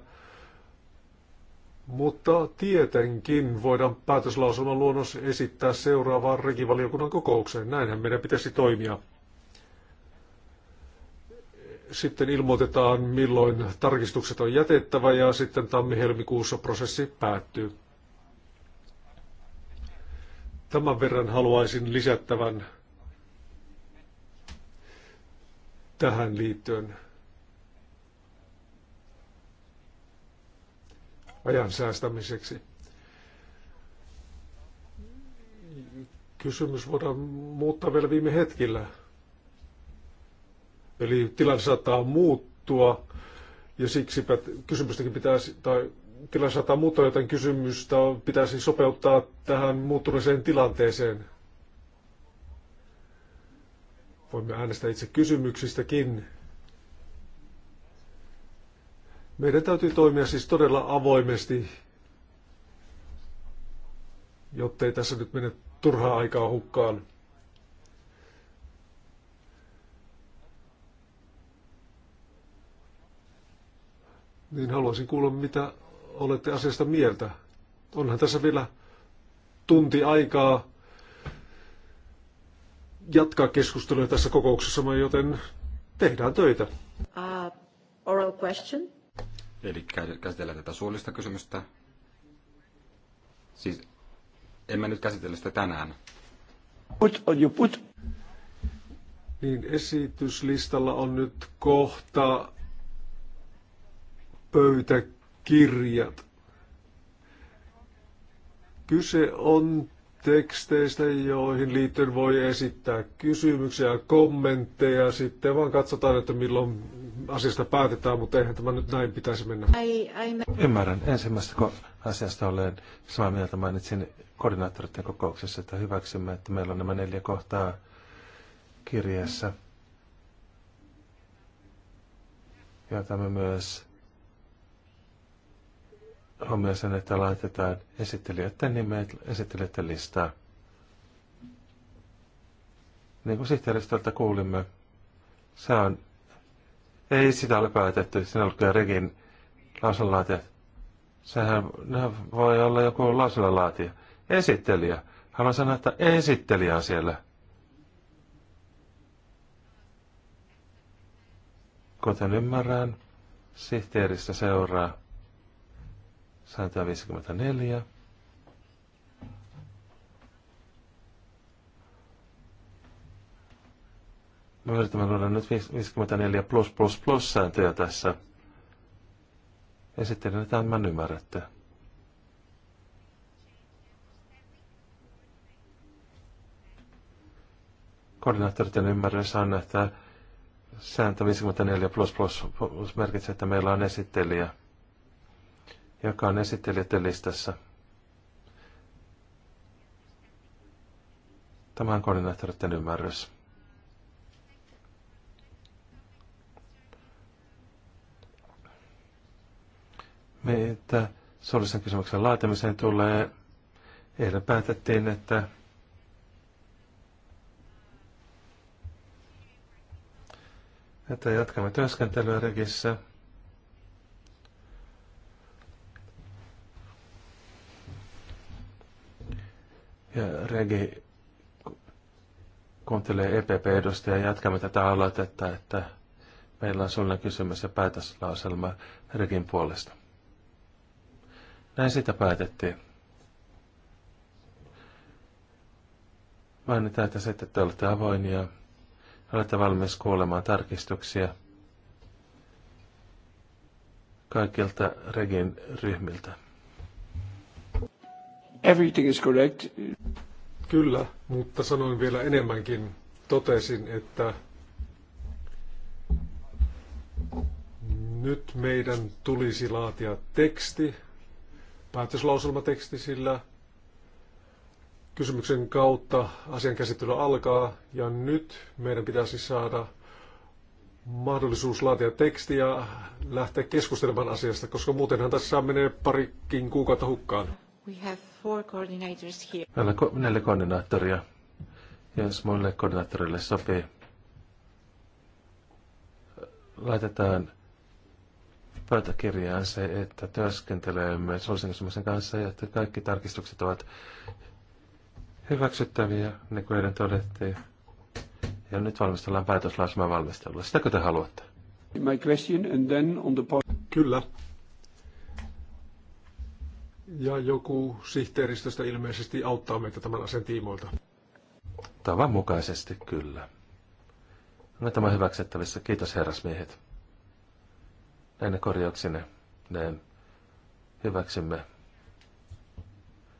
Mutta tietenkin voidaan päätöslausunnon luonnos esittää seuraavaan regivaliokunnan kokoukseen. Näinhän meidän pitäisi toimia. Sitten ilmoitetaan, milloin tarkistukset on jätettävä ja sitten tammi-helmikuussa prosessi päättyy. Tämän verran haluaisin lisättävän tähän liittyen. ajan säästämiseksi. Kysymys voidaan muuttaa vielä viime hetkillä. Eli tilanne saattaa muuttua ja siksi kysymystäkin pitäisi, tai tilanne saattaa muuttua, joten kysymystä pitäisi sopeuttaa tähän muuttuneeseen tilanteeseen. Voimme äänestää itse kysymyksistäkin. Meidän täytyy toimia siis todella avoimesti, jottei tässä nyt mene turhaa aikaa hukkaan. Niin haluaisin kuulla, mitä olette asiasta mieltä. Onhan tässä vielä tunti aikaa jatkaa keskustelua tässä kokouksessa, joten tehdään töitä. Uh, oral question. Eli käsitellään tätä suullista kysymystä. Siis emme nyt käsitellä sitä tänään. Put on you put. Niin esityslistalla on nyt kohta pöytäkirjat. Kyse on teksteistä, joihin liittyen voi esittää kysymyksiä ja kommentteja. Sitten vaan katsotaan, että milloin asiasta päätetään, mutta eihän tämä nyt näin pitäisi mennä. I, Ymmärrän. Ensimmäistä asiasta olen samaa mieltä. Mainitsin koordinaattoreiden kokouksessa, että hyväksymme, että meillä on nämä neljä kohtaa kirjeessä. Ja tämä myös huomioon sen, että laitetaan esittelijöiden nimet, esittelijöiden listaa. Niin kuin sihteeristöltä kuulimme, se on, ei sitä ole päätetty, siinä lukee Regin lausenlaatijat. Sehän ne voi olla joku lausenlaatija. Esittelijä. Haluan sanoa, että esittelijä on siellä. Kuten ymmärrän, sihteeristä seuraa 154. Me yritämme luoda nyt 54 plus plus plus sääntöjä tässä. Ja sitten ne tämän ymmärrätte. Koordinaattoriten ymmärrys on, että sääntö 54 plus plus merkitsee, että meillä on esittelijä joka on esittelijöiden listassa. Tämä on koordinaattoreiden ymmärrys. Meitä suullisen kysymyksen laatimiseen tulee. Eilen päätettiin, että että jatkamme työskentelyä rekissä. ja Regi kuuntelee EPP-edustajia ja jatkamme tätä aloitetta, että meillä on sulle kysymys ja päätöslauselma Regin puolesta. Näin sitä päätettiin. Mainitaan, että se, että te olette avoinia, olette valmis kuulemaan tarkistuksia kaikilta Regin ryhmiltä. Everything is correct. Kyllä, mutta sanoin vielä enemmänkin. Totesin, että nyt meidän tulisi laatia teksti, päätöslauselmateksti, sillä kysymyksen kautta asian käsittely alkaa ja nyt meidän pitäisi saada mahdollisuus laatia teksti ja lähteä keskustelemaan asiasta, koska muutenhan tässä menee parikin kuukautta hukkaan. We have four coordinators here. Meillä on neljä koordinaattoria. Jos muille koordinaattorille sopii, laitetaan pöytäkirjaan se, että työskentelemme suosingusmisen kanssa ja että kaikki tarkistukset ovat hyväksyttäviä, niin kuin eilen todettiin. Ja nyt valmistellaan päätöslausuman valmistelua. Sitäkö te haluatte? My question and then on the... Kyllä. Ja joku sihteeristöstä ilmeisesti auttaa meitä tämän asian tiimoilta. Tavan mukaisesti kyllä. No tämä hyväksyttävissä. Kiitos herrasmiehet. Näin ne korjauksine. Näin hyväksymme.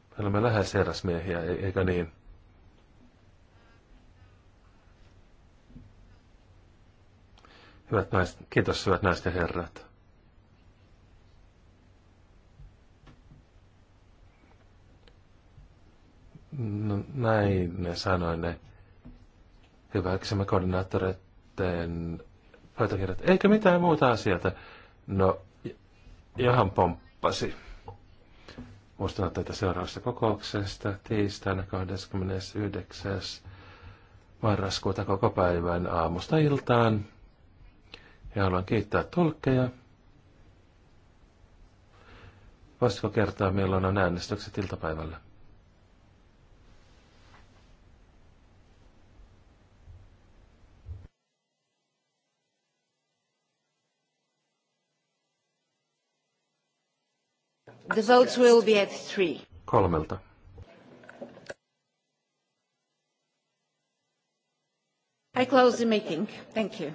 Me olemme lähes herrasmiehiä, eikö niin? Hyvät naiset, kiitos hyvät naiset ja herrat. No, näin sanoi ne hyväksymme koordinaattoreiden pöytäkirjat. Eikö mitään muuta asiaa? No, Johan pomppasi. Muistan tätä seuraavasta kokouksesta tiistaina 29. marraskuuta koko päivän aamusta iltaan. Ja haluan kiittää tulkkeja. Voisitko kertoa, milloin on äänestykset iltapäivällä? The votes will be at three. Kolmelta. I close the meeting. Thank you.